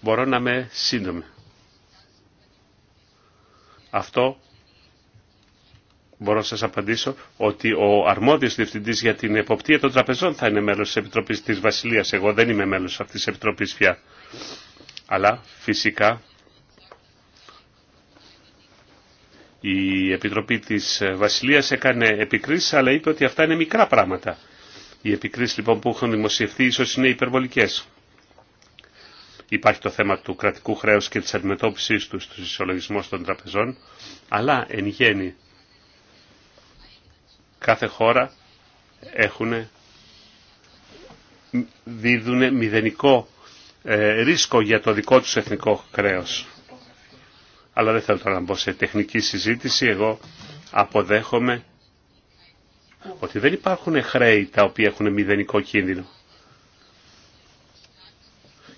Μπορώ να είμαι σύντομη. Αυτό μπορώ να σας απαντήσω ότι ο αρμόδιος διευθυντής για την εποπτεία των τραπεζών θα είναι μέλος της Επιτροπής της Βασιλείας. Εγώ δεν είμαι μέλος αυτής της Επιτροπής πια. Αλλά φυσικά η Επιτροπή της Βασιλείας έκανε επικρίσεις αλλά είπε ότι αυτά είναι μικρά πράγματα. Οι επικρίσεις λοιπόν που έχουν δημοσιευθεί ίσως είναι υπερβολικές. Υπάρχει το θέμα του κρατικού χρέους και της αντιμετώπισης του στους ισολογισμούς των τραπεζών, αλλά εν γέννη κάθε χώρα έχουν, δίδουν μηδενικό ε, ρίσκο για το δικό τους εθνικό κρέος. Αλλά δεν θέλω τώρα να μπω σε τεχνική συζήτηση. Εγώ αποδέχομαι ότι δεν υπάρχουν χρέη τα οποία έχουν μηδενικό κίνδυνο.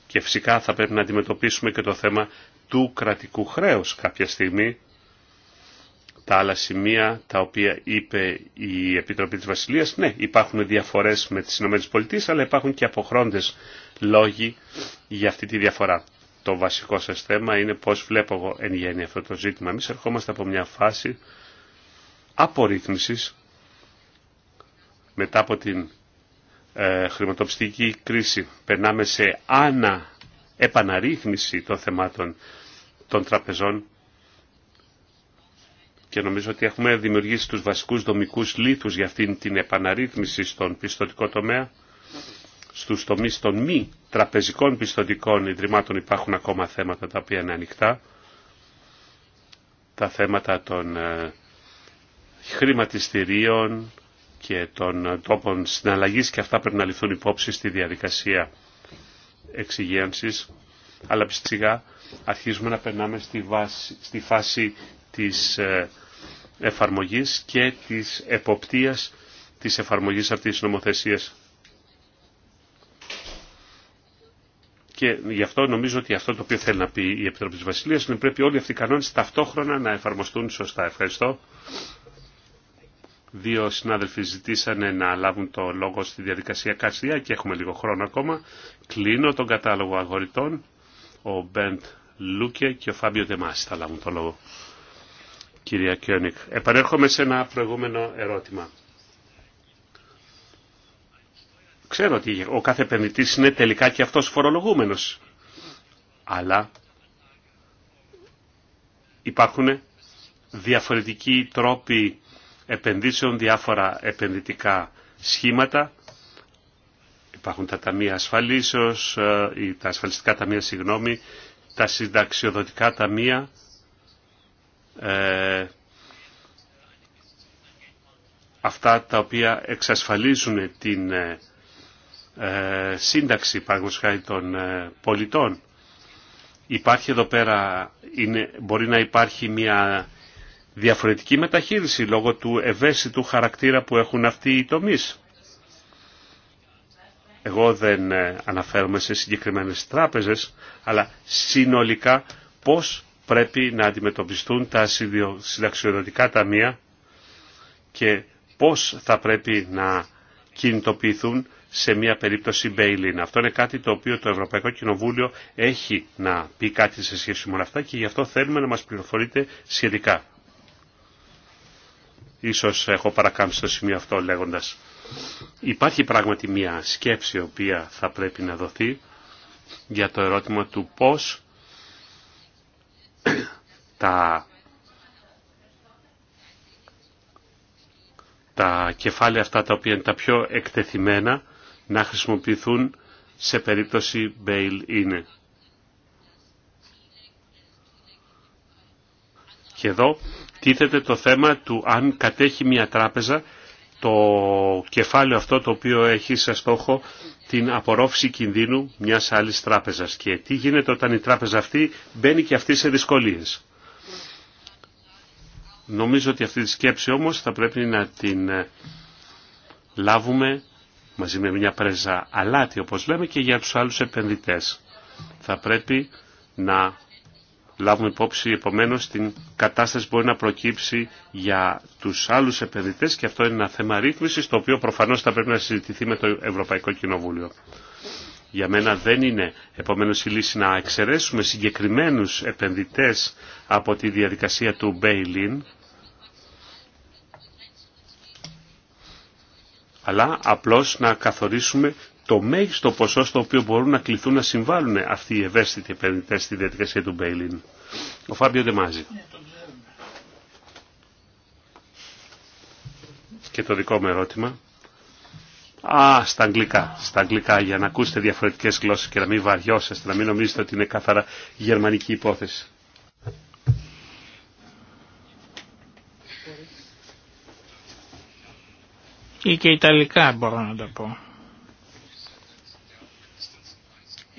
Και φυσικά θα πρέπει να αντιμετωπίσουμε και το θέμα του κρατικού χρέους κάποια στιγμή τα άλλα σημεία τα οποία είπε η Επιτροπή της Βασιλείας. Ναι, υπάρχουν διαφορές με τις ΗΠΑ, αλλά υπάρχουν και αποχρόντες λόγοι για αυτή τη διαφορά. Το βασικό σας θέμα είναι πώς βλέπω εγώ εν γέννη αυτό το ζήτημα. Εμείς ερχόμαστε από μια φάση απορρίθμισης μετά από την ε, χρηματοπιστική κρίση. Περνάμε σε άνα επαναρρύθμιση των θεμάτων των τραπεζών και νομίζω ότι έχουμε δημιουργήσει τους βασικούς δομικούς λίθους για αυτήν την επαναρρύθμιση στον πιστοτικό τομέα. Στους τομείς των μη τραπεζικών πιστοτικών ιδρυμάτων υπάρχουν ακόμα θέματα τα οποία είναι ανοιχτά. Τα θέματα των ε, χρηματιστηρίων και των τόπων συναλλαγής και αυτά πρέπει να ληφθούν υπόψη στη διαδικασία εξυγένσης. Αλλά πιστικά αρχίζουμε να περνάμε στη, βάση, στη φάση της ε, εφαρμογής και της εποπτείας της εφαρμογής αυτής της νομοθεσίας. Και γι' αυτό νομίζω ότι αυτό το οποίο θέλει να πει η Επιτροπή της Βασιλείας είναι πρέπει όλοι αυτοί οι κανόνες ταυτόχρονα να εφαρμοστούν σωστά. Ευχαριστώ. Δύο συνάδελφοι ζητήσανε να λάβουν το λόγο στη διαδικασία κασία και έχουμε λίγο χρόνο ακόμα. Κλείνω τον κατάλογο αγορητών. Ο Μπεντ Λούκε και ο Φάμπιο Δεμάση θα λάβουν το λόγο κυρία Κιόνικ. Επανέρχομαι σε ένα προηγούμενο ερώτημα. Ξέρω ότι ο κάθε επενδυτή είναι τελικά και αυτός φορολογούμενος. Αλλά υπάρχουν διαφορετικοί τρόποι επενδύσεων, διάφορα επενδυτικά σχήματα. Υπάρχουν τα ταμεία ασφαλίσεως, ε, τα ασφαλιστικά ταμεία, συγγνώμη, τα συνταξιοδοτικά ταμεία ε, αυτά τα οποία εξασφαλίζουν την ε, ε, σύνταξη παραγωγικά των πολιτών. Υπάρχει εδώ πέρα, είναι, μπορεί να υπάρχει μια διαφορετική μεταχείριση λόγω του ευαίσθητου χαρακτήρα που έχουν αυτοί οι τομείς. Εγώ δεν αναφέρομαι σε συγκεκριμένες τράπεζες, αλλά συνολικά πώς πρέπει να αντιμετωπιστούν τα συνταξιοδοτικά ταμεία και πώς θα πρέπει να κινητοποιηθούν σε μια περίπτωση bail-in. Αυτό είναι κάτι το οποίο το Ευρωπαϊκό Κοινοβούλιο έχει να πει κάτι σε σχέση με όλα αυτά και γι' αυτό θέλουμε να μας πληροφορείτε σχετικά. Ίσως έχω παρακάμψει το σημείο αυτό λέγοντας. Υπάρχει πράγματι μια σκέψη η οποία θα πρέπει να δοθεί για το ερώτημα του πώς τα, κεφάλαια αυτά τα οποία είναι τα πιο εκτεθειμένα να χρησιμοποιηθούν σε περίπτωση bail είναι. Και εδώ τίθεται το θέμα του αν κατέχει μια τράπεζα το κεφάλαιο αυτό το οποίο έχει σε στόχο την απορρόφηση κινδύνου μιας άλλης τράπεζας. Και τι γίνεται όταν η τράπεζα αυτή μπαίνει και αυτή σε δυσκολίες. Νομίζω ότι αυτή τη σκέψη όμως θα πρέπει να την ε, λάβουμε μαζί με μια πρέζα αλάτι όπως λέμε και για τους άλλους επενδυτές. Θα πρέπει να λάβουμε υπόψη επομένως την κατάσταση που μπορεί να προκύψει για τους άλλους επενδυτές και αυτό είναι ένα θέμα ρύθμισης το οποίο προφανώς θα πρέπει να συζητηθεί με το Ευρωπαϊκό Κοινοβούλιο. Για μένα δεν είναι επομένως η λύση να εξαιρέσουμε συγκεκριμένους επενδυτές από τη διαδικασία του bail αλλά απλώς να καθορίσουμε το μέγιστο ποσό στο οποίο μπορούν να κληθούν να συμβάλλουν αυτοί οι ευαίσθητοι επενδυτέ στη διαδικασία του Μπέιλιν. Ο Φάμπιο Ντεμάζη. Και το δικό μου ερώτημα. Α, στα αγγλικά. Στα αγγλικά για να ακούσετε διαφορετικές γλώσσες και να μην βαριώσετε, να μην νομίζετε ότι είναι καθαρά γερμανική υπόθεση. Ή και ιταλικά μπορώ να το πω.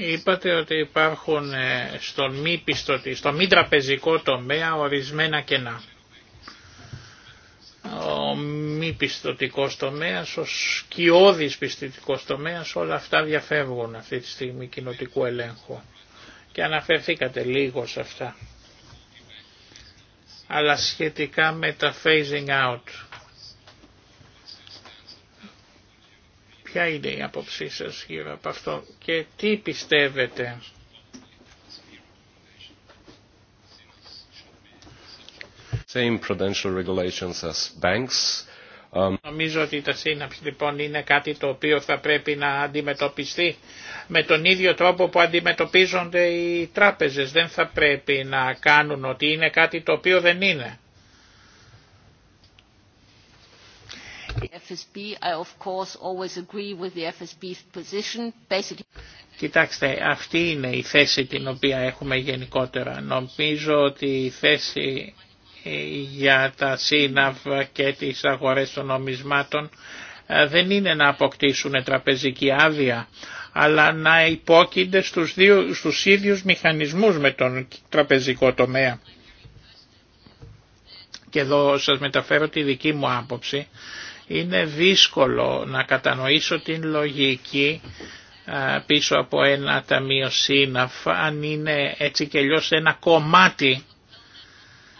Είπατε ότι υπάρχουν ε, στον μη στο μη τραπεζικό τομέα ορισμένα κενά. Ο μη πιστοτικός τομέας, ο σκιώδης πιστοτικός τομέας, όλα αυτά διαφεύγουν αυτή τη στιγμή κοινοτικού ελέγχου. Και αναφερθήκατε λίγο σε αυτά. Αλλά σχετικά με τα phasing out, Ποια είναι η άποψή σας γύρω από αυτό και τι πιστεύετε Same prudential regulations as banks. Um, Νομίζω ότι τα σύναψη λοιπόν είναι κάτι το οποίο θα πρέπει να αντιμετωπιστεί με τον ίδιο τρόπο που αντιμετωπίζονται οι τράπεζες. Δεν θα πρέπει να κάνουν ότι είναι κάτι το οποίο δεν είναι. Κοιτάξτε, αυτή είναι η θέση την οποία έχουμε γενικότερα. Νομίζω ότι η θέση ε, για τα ΣΥΝΑΒ και τις αγορές των νομισμάτων ε, δεν είναι να αποκτήσουν τραπεζική άδεια, αλλά να υπόκεινται στους, δύο, στους ίδιους μηχανισμούς με τον τραπεζικό τομέα. Και εδώ σας μεταφέρω τη δική μου άποψη είναι δύσκολο να κατανοήσω την λογική πίσω από ένα ταμείο σύναφ αν είναι έτσι και αλλιώς ένα κομμάτι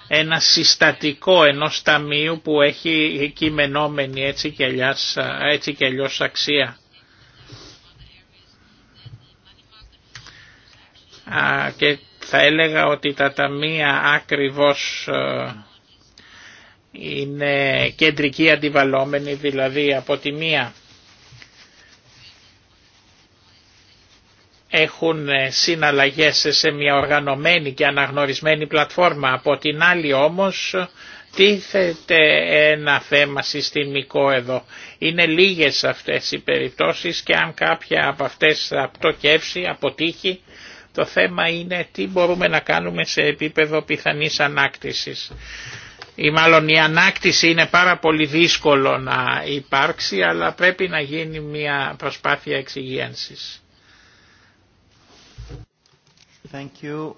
ένα συστατικό ενός ταμείου που έχει κειμενόμενη έτσι και, αλλιώς, έτσι και αλλιώς αξία. και θα έλεγα ότι τα ταμεία ακριβώς είναι κεντρική αντιβαλόμενη δηλαδή από τη μία έχουν συναλλαγές σε μια οργανωμένη και αναγνωρισμένη πλατφόρμα από την άλλη όμως τίθεται ένα θέμα συστημικό εδώ. Είναι λίγες αυτές οι περιπτώσεις και αν κάποια από αυτές απτοκεύσει, αποτύχει, το θέμα είναι τι μπορούμε να κάνουμε σε επίπεδο πιθανής ανάκτησης ή μάλλον η ανάκτηση είναι πάρα πολύ δύσκολο να υπάρξει αλλά πρέπει να γίνει μια προσπάθεια εξυγένσης. Thank you.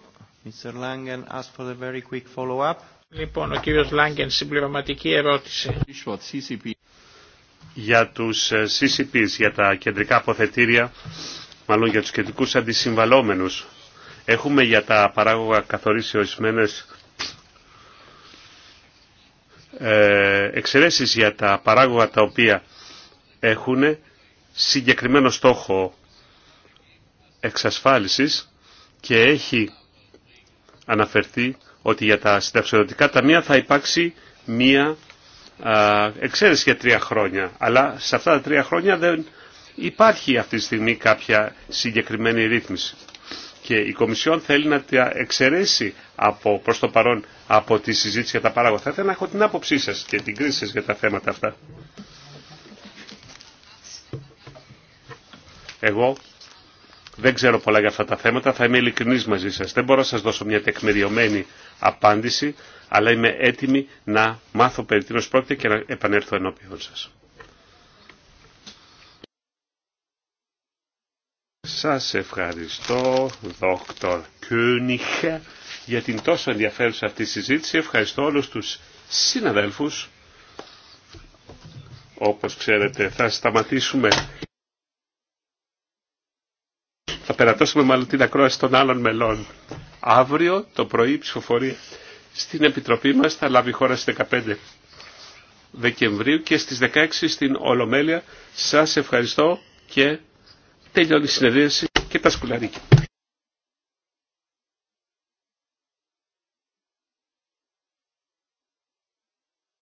Mr. Langen for very quick follow-up. Λοιπόν, ο κύριος Λάγκεν, συμπληρωματική ερώτηση. Για τους ε, CCPs, για τα κεντρικά αποθετήρια, μάλλον για τους κεντρικούς αντισυμβαλόμενους, έχουμε για τα παράγωγα καθορίσει ορισμένε. Ε, εξαιρέσεις για τα παράγωγα τα οποία έχουν συγκεκριμένο στόχο εξασφάλισης και έχει αναφερθεί ότι για τα τα ταμεία θα υπάρξει μία εξαίρεση για τρία χρόνια. Αλλά σε αυτά τα τρία χρόνια δεν υπάρχει αυτή τη στιγμή κάποια συγκεκριμένη ρύθμιση. Και η Κομισιόν θέλει να τα εξαιρέσει από προς το παρόν από τη συζήτηση για τα παράγωγα. Θα ήθελα να έχω την άποψή σας και την κρίση σας για τα θέματα αυτά. Εγώ δεν ξέρω πολλά για αυτά τα θέματα, θα είμαι ειλικρινής μαζί σας. Δεν μπορώ να σας δώσω μια τεκμηριωμένη απάντηση, αλλά είμαι έτοιμη να μάθω περί τίνος πρόκειται και να επανέλθω ενώπιον σας. Σας ευχαριστώ, Δόκτωρ Κούνιχε για την τόσο ενδιαφέρουσα αυτή τη συζήτηση. Ευχαριστώ όλους τους συναδέλφους. Όπως ξέρετε θα σταματήσουμε. Θα περατώσουμε μάλλον την ακρόαση των άλλων μελών. Αύριο το πρωί ψηφοφορία στην Επιτροπή μας θα λάβει χώρα στις 15 Δεκεμβρίου και στις 16 στην Ολομέλεια. Σας ευχαριστώ και τελειώνει η συνεδρίαση και τα σκουλαρίκια.